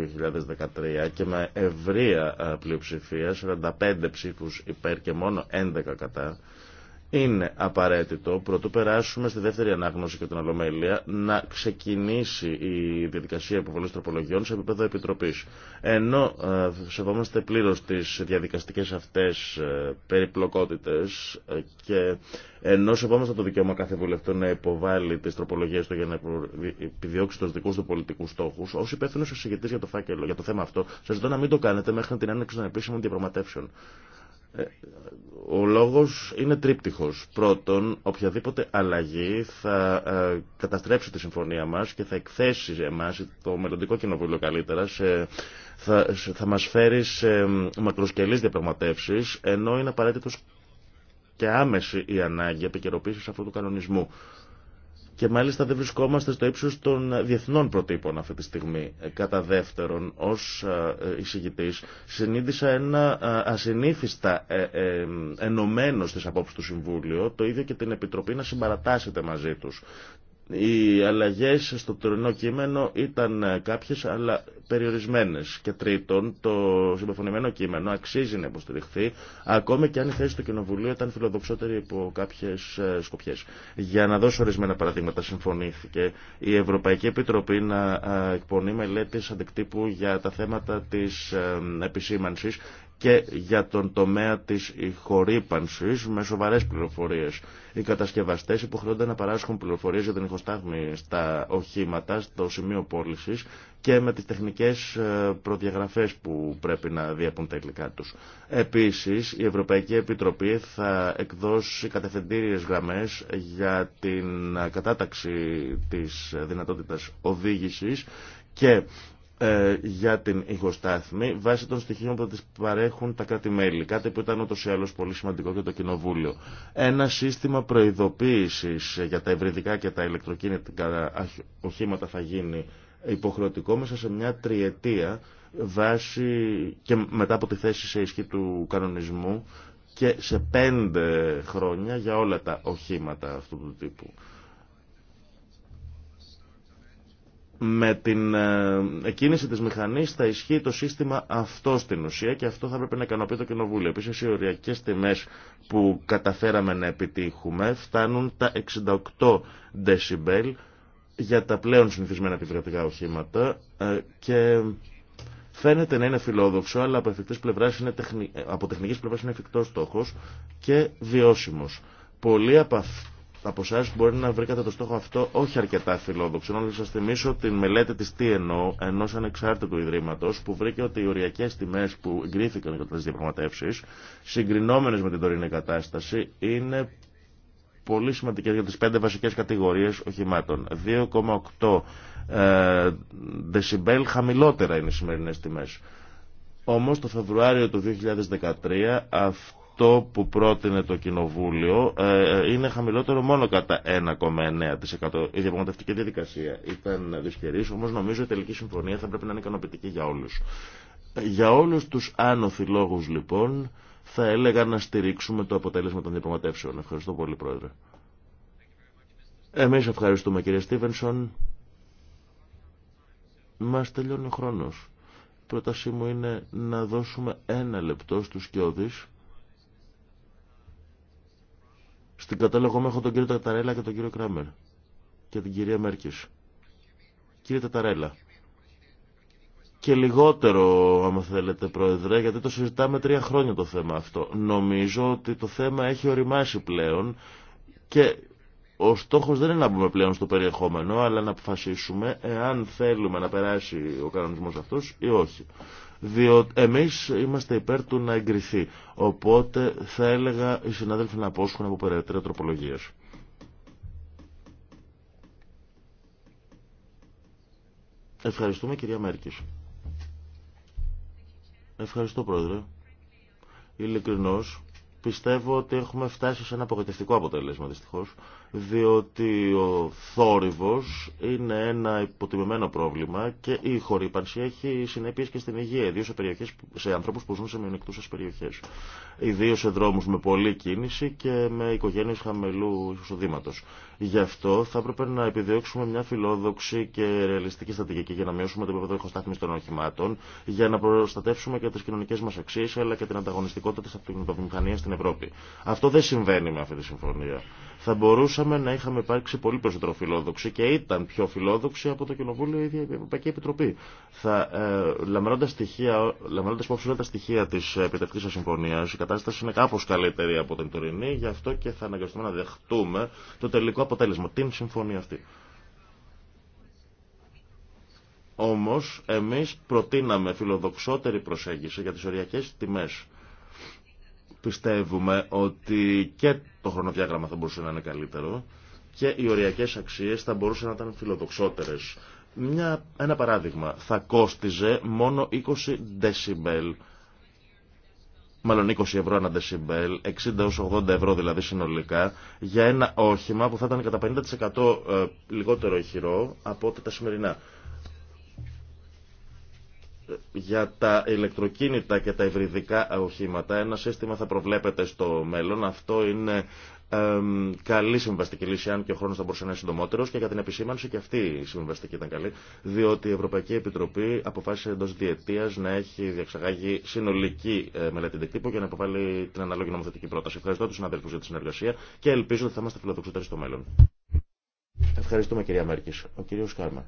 2013 και με ευρεία πλειοψηφία, 45 ψήφους υπέρ και μόνο 11 κατά, είναι απαραίτητο, πρωτού περάσουμε στη δεύτερη ανάγνωση και την ολομέλεια, να ξεκινήσει η διαδικασία υποβολή τροπολογιών σε επίπεδο επιτροπή. Ενώ ε, σεβόμαστε πλήρω τι διαδικαστικέ αυτέ ε, περιπλοκότητε ε, και ενώ σεβόμαστε το δικαίωμα κάθε βουλευτό να υποβάλει τι τροπολογίε του για να επιδιώξει του δικού του πολιτικού στόχου, ω υπεύθυνο εισηγητή για το φάκελο, για το θέμα αυτό, σα ζητώ να μην το κάνετε μέχρι την άνοιξη των επίσημων διαπραγματεύσεων. Ε, ο λόγος είναι τρίπτυχος. Πρώτον, οποιαδήποτε αλλαγή θα ε, καταστρέψει τη συμφωνία μας και θα εκθέσει εμάς, το μελλοντικό κοινοβούλιο καλύτερα, θα, θα μας φέρει σε μακροσκελείς διαπραγματεύσεις, ενώ είναι απαραίτητος και άμεση η ανάγκη επικαιροποίησης αυτού του κανονισμού και μάλιστα δεν βρισκόμαστε στο ύψος των διεθνών προτύπων αυτή τη στιγμή. Ε, κατά δεύτερον, ως ε, εισηγητής, συνείδησα ένα ε, ασυνήθιστα ενωμένο στις απόψεις του Συμβούλιο, το ίδιο και την Επιτροπή να συμπαρατάσσεται μαζί τους. Οι αλλαγές στο τωρινό κείμενο ήταν ε, κάποιες αλλά περιορισμένες. Και τρίτον, το συμπεφωνημένο κείμενο αξίζει να υποστηριχθεί, ακόμη και αν η θέση του Κοινοβουλίου ήταν φιλοδοξότερη από κάποιες ε, σκοπιές. Για να δώσω ορισμένα παραδείγματα, συμφωνήθηκε η Ευρωπαϊκή Επιτροπή να ε, εκπονεί μελέτης αντικτύπου για τα θέματα της επισήμανσης και για τον τομέα της ηχορύπανσης με σοβαρές πληροφορίες. Οι κατασκευαστές υποχρεώνται να παράσχουν πληροφορίες για την ηχοστάθμη στα οχήματα, στο σημείο πώλησης και με τις τεχνικές ε, προδιαγραφές που πρέπει να διαπούν τα υλικά τους. Επίσης, η Ευρωπαϊκή Επιτροπή θα εκδώσει κατευθυντήριες γραμμές για την κατάταξη της δυνατότητας οδήγησης και ε, για την ηχοστάθμη βάσει των στοιχείων που τις παρέχουν τα κράτη-μέλη. Κάτι που ήταν ούτως ή άλλως πολύ σημαντικό για το Κοινοβούλιο. Ένα σύστημα προειδοποίησης για τα ευρυδικά και τα ηλεκτροκίνητα οχήματα θα γίνει υποχρεωτικό μέσα σε μια τριετία βάση και μετά από τη θέση σε ισχύ του κανονισμού και σε πέντε χρόνια για όλα τα οχήματα αυτού του τύπου. με την ε, κίνηση της μηχανής θα ισχύει το σύστημα αυτό στην ουσία και αυτό θα έπρεπε να ικανοποιεί το Κοινοβούλιο. Επίση, οι οριακές τιμές που καταφέραμε να επιτύχουμε φτάνουν τα 68 δεσιμπέλ για τα πλέον συνηθισμένα επιβρατικά οχήματα ε, και φαίνεται να είναι φιλόδοξο αλλά από, είναι από τεχνικής πλευράς είναι εφικτός στόχος και βιώσιμος. Πολλοί από από εσά μπορεί να βρήκατε το στόχο αυτό όχι αρκετά φιλόδοξο. Να σα θυμίσω την μελέτη τη TNO, ενό ανεξάρτητου ιδρύματο, που βρήκε ότι οι οριακέ τιμέ που εγκρίθηκαν κατά τι διαπραγματεύσει, συγκρινόμενε με την τωρινή κατάσταση, είναι πολύ σημαντικέ για τι πέντε βασικέ κατηγορίε οχημάτων. 2,8 ε, δεσιμπέλ χαμηλότερα είναι οι σημερινές τιμές. Όμως το Φεβρουάριο του 2013 αυτό το που πρότεινε το Κοινοβούλιο ε, ε, είναι χαμηλότερο μόνο κατά 1,9%. Η διαπραγματευτική διαδικασία ήταν δυσκερή, Όμω νομίζω η τελική συμφωνία θα πρέπει να είναι ικανοποιητική για όλου. Ε, για όλου του άνωθοι λόγου, λοιπόν θα έλεγα να στηρίξουμε το αποτέλεσμα των διαπραγματεύσεων. Ευχαριστώ πολύ Πρόεδρε. Εμεί ευχαριστούμε κύριε Στίβενσον. Μα τελειώνει ο χρόνο. Η πρότασή μου είναι να δώσουμε ένα λεπτό στους κοιόδης στην κατάλογο μου έχω τον κύριο Ταταρέλα και τον κύριο Κράμερ και την κυρία Μέρκης. Κύριε Ταταρέλα. Και λιγότερο, αν θέλετε, Πρόεδρε, γιατί το συζητάμε τρία χρόνια το θέμα αυτό. Νομίζω ότι το θέμα έχει οριμάσει πλέον και ο στόχος δεν είναι να μπούμε πλέον στο περιεχόμενο, αλλά να αποφασίσουμε εάν θέλουμε να περάσει ο κανονισμός αυτός ή όχι διότι εμείς είμαστε υπέρ του να εγκριθεί. Οπότε θα έλεγα οι συνάδελφοι να απόσχουν από περαιτέρω τροπολογίες. Ευχαριστούμε κυρία Μέρκης. Ευχαριστώ πρόεδρε. Ειλικρινώς πιστεύω ότι έχουμε φτάσει σε ένα απογοητευτικό αποτέλεσμα δυστυχώς διότι ο θόρυβος είναι ένα υποτιμημένο πρόβλημα και η χορύπανση έχει συνέπειες και στην υγεία, ιδίω σε, περιοχές, σε ανθρώπους που ζουν σε μειονεκτούσες περιοχές. ιδίω σε δρόμους με πολλή κίνηση και με οικογένειες χαμελού εισοδήματο. Γι' αυτό θα έπρεπε να επιδιώξουμε μια φιλόδοξη και ρεαλιστική στρατηγική για να μειώσουμε το επίπεδο ηχοστάθμιση των οχημάτων, για να προστατεύσουμε και τι κοινωνικέ μα αξίε αλλά και την ανταγωνιστικότητα τη αυτοκινητοβιομηχανία στην Ευρώπη. Αυτό δεν συμβαίνει με αυτή τη συμφωνία θα μπορούσαμε να είχαμε υπάρξει πολύ περισσότερο φιλόδοξη και ήταν πιο φιλόδοξη από το Κοινοβούλιο η ίδια η Ευρωπαϊκή Επιτροπή. Θα, ε, στοιχεία, υπόψη όλα τα στοιχεία της επιτευχής της συμφωνίας, η κατάσταση είναι κάπως καλύτερη από την τωρινή, γι' αυτό και θα αναγκαστούμε να δεχτούμε το τελικό αποτέλεσμα, την συμφωνία αυτή. Όμως εμείς προτείναμε φιλοδοξότερη προσέγγιση για τις οριακές τιμές Πιστεύουμε ότι και το χρονοδιάγραμμα θα μπορούσε να είναι καλύτερο και οι οριακές αξίες θα μπορούσαν να ήταν φιλοδοξότερες. Μια, ένα παράδειγμα, θα κόστιζε μόνο 20 δεσιμπέλ, μάλλον 20 ευρώ ένα δεσιμπέλ, 60 80 ευρώ δηλαδή συνολικά, για ένα όχημα που θα ήταν κατά 50% ε, λιγότερο ηχηρό από ό,τι τα σημερινά για τα ηλεκτροκίνητα και τα υβριδικά οχήματα ένα σύστημα θα προβλέπεται στο μέλλον. Αυτό είναι καλή συμβαστική λύση, αν και ο χρόνο θα μπορούσε να είναι συντομότερο. Και για την επισήμανση και αυτή η συμβαστική ήταν καλή, διότι η Ευρωπαϊκή Επιτροπή αποφάσισε εντό διετία να έχει διαξαγάγει συνολική ε, μελέτη τύπου για να υποβάλει την ανάλογη νομοθετική πρόταση. Ευχαριστώ του συναδέλφου για τη συνεργασία και ελπίζω ότι θα είμαστε φιλοδοξότεροι στο μέλλον. Ευχαριστούμε κυρία Μέρκη. Ο κύριο Κάρμα.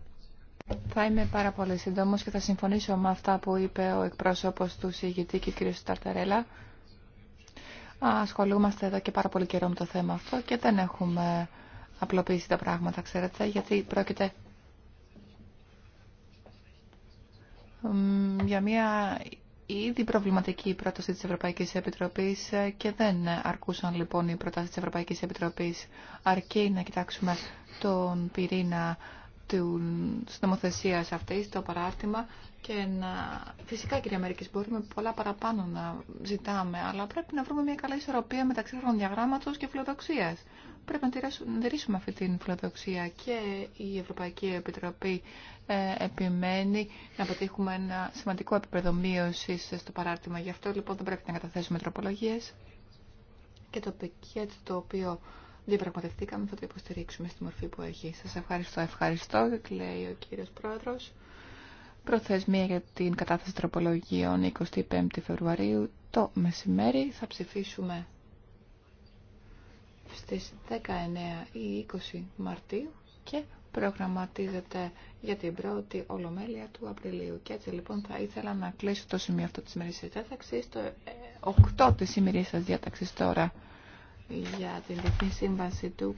Θα είμαι πάρα πολύ σύντομο και θα συμφωνήσω με αυτά που είπε ο εκπρόσωπος του συγητή και ο κ. Σταρταρέλα. Ασχολούμαστε εδώ και πάρα πολύ καιρό με το θέμα αυτό και δεν έχουμε απλοποιήσει τα πράγματα, ξέρετε, γιατί πρόκειται για μια ήδη προβληματική πρόταση της Ευρωπαϊκής Επιτροπής και δεν αρκούσαν λοιπόν οι προτάσεις της Ευρωπαϊκής Επιτροπής αρκεί να κοιτάξουμε τον πυρήνα της νομοθεσίας αυτή στο παράρτημα και να... Φυσικά, κυρία Μερικής, μπορούμε πολλά παραπάνω να ζητάμε, αλλά πρέπει να βρούμε μια καλή ισορροπία μεταξύ χρονοδιαγράμματος και φιλοδοξίας. Πρέπει να τηρήσουμε αυτή την φιλοδοξία και η Ευρωπαϊκή Επιτροπή ε, επιμένει να πετύχουμε ένα σημαντικό επίπεδο μείωση στο παράρτημα. Γι' αυτό λοιπόν δεν πρέπει να καταθέσουμε τροπολογίες και το πικέτ το οποίο διαπραγματευτήκαμε, θα το υποστηρίξουμε στη μορφή που έχει. Σας ευχαριστώ, ευχαριστώ, λέει ο κύριος Πρόεδρος. Προθεσμία για την κατάθεση τροπολογίων 25 Φεβρουαρίου το μεσημέρι θα ψηφίσουμε στις 19 ή 20 Μαρτίου και προγραμματίζεται για την πρώτη ολομέλεια του Απριλίου. Και έτσι λοιπόν θα ήθελα να κλείσω το σημείο αυτό της διάταξης, το 8 ε, της σημερινής διάταξης τώρα για την Διεθνή Σύμβαση του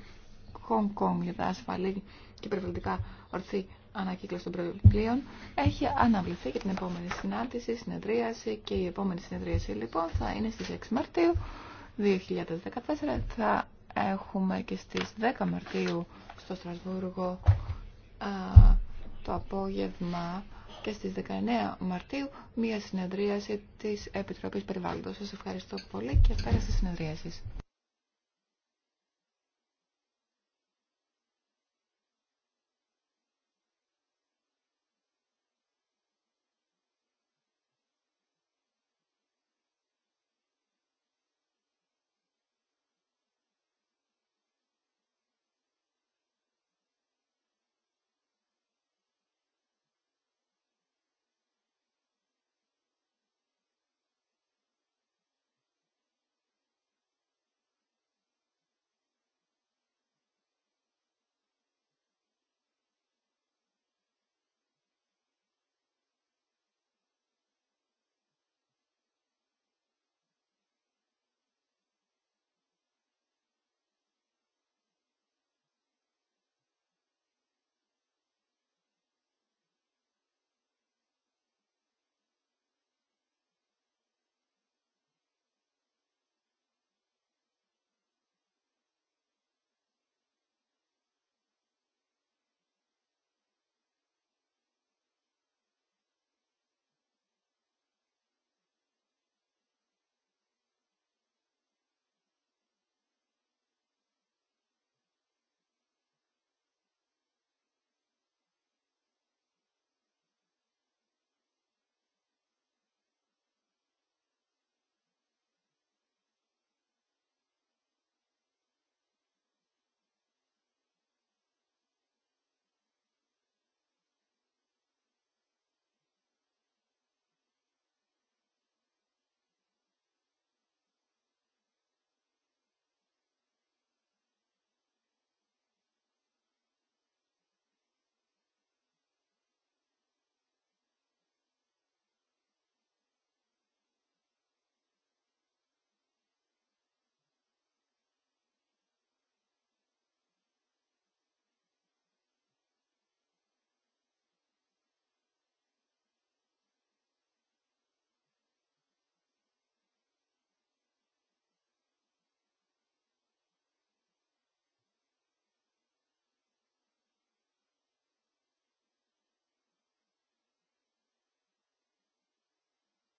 Hong Kong για τα ασφαλή και περιβαλλοντικά ορθή ανακύκλωση των προβλήων έχει αναβληθεί και την επόμενη συνάντηση, συνεδρίαση και η επόμενη συνεδρίαση λοιπόν θα είναι στις 6 Μαρτίου 2014. Θα έχουμε και στις 10 Μαρτίου στο Στρασβούργο α, το απόγευμα και στις 19 Μαρτίου μία συνεδρίαση της Επιτροπής Περιβάλλοντος. Σας ευχαριστώ πολύ και πέρα στη συνεδρίαση.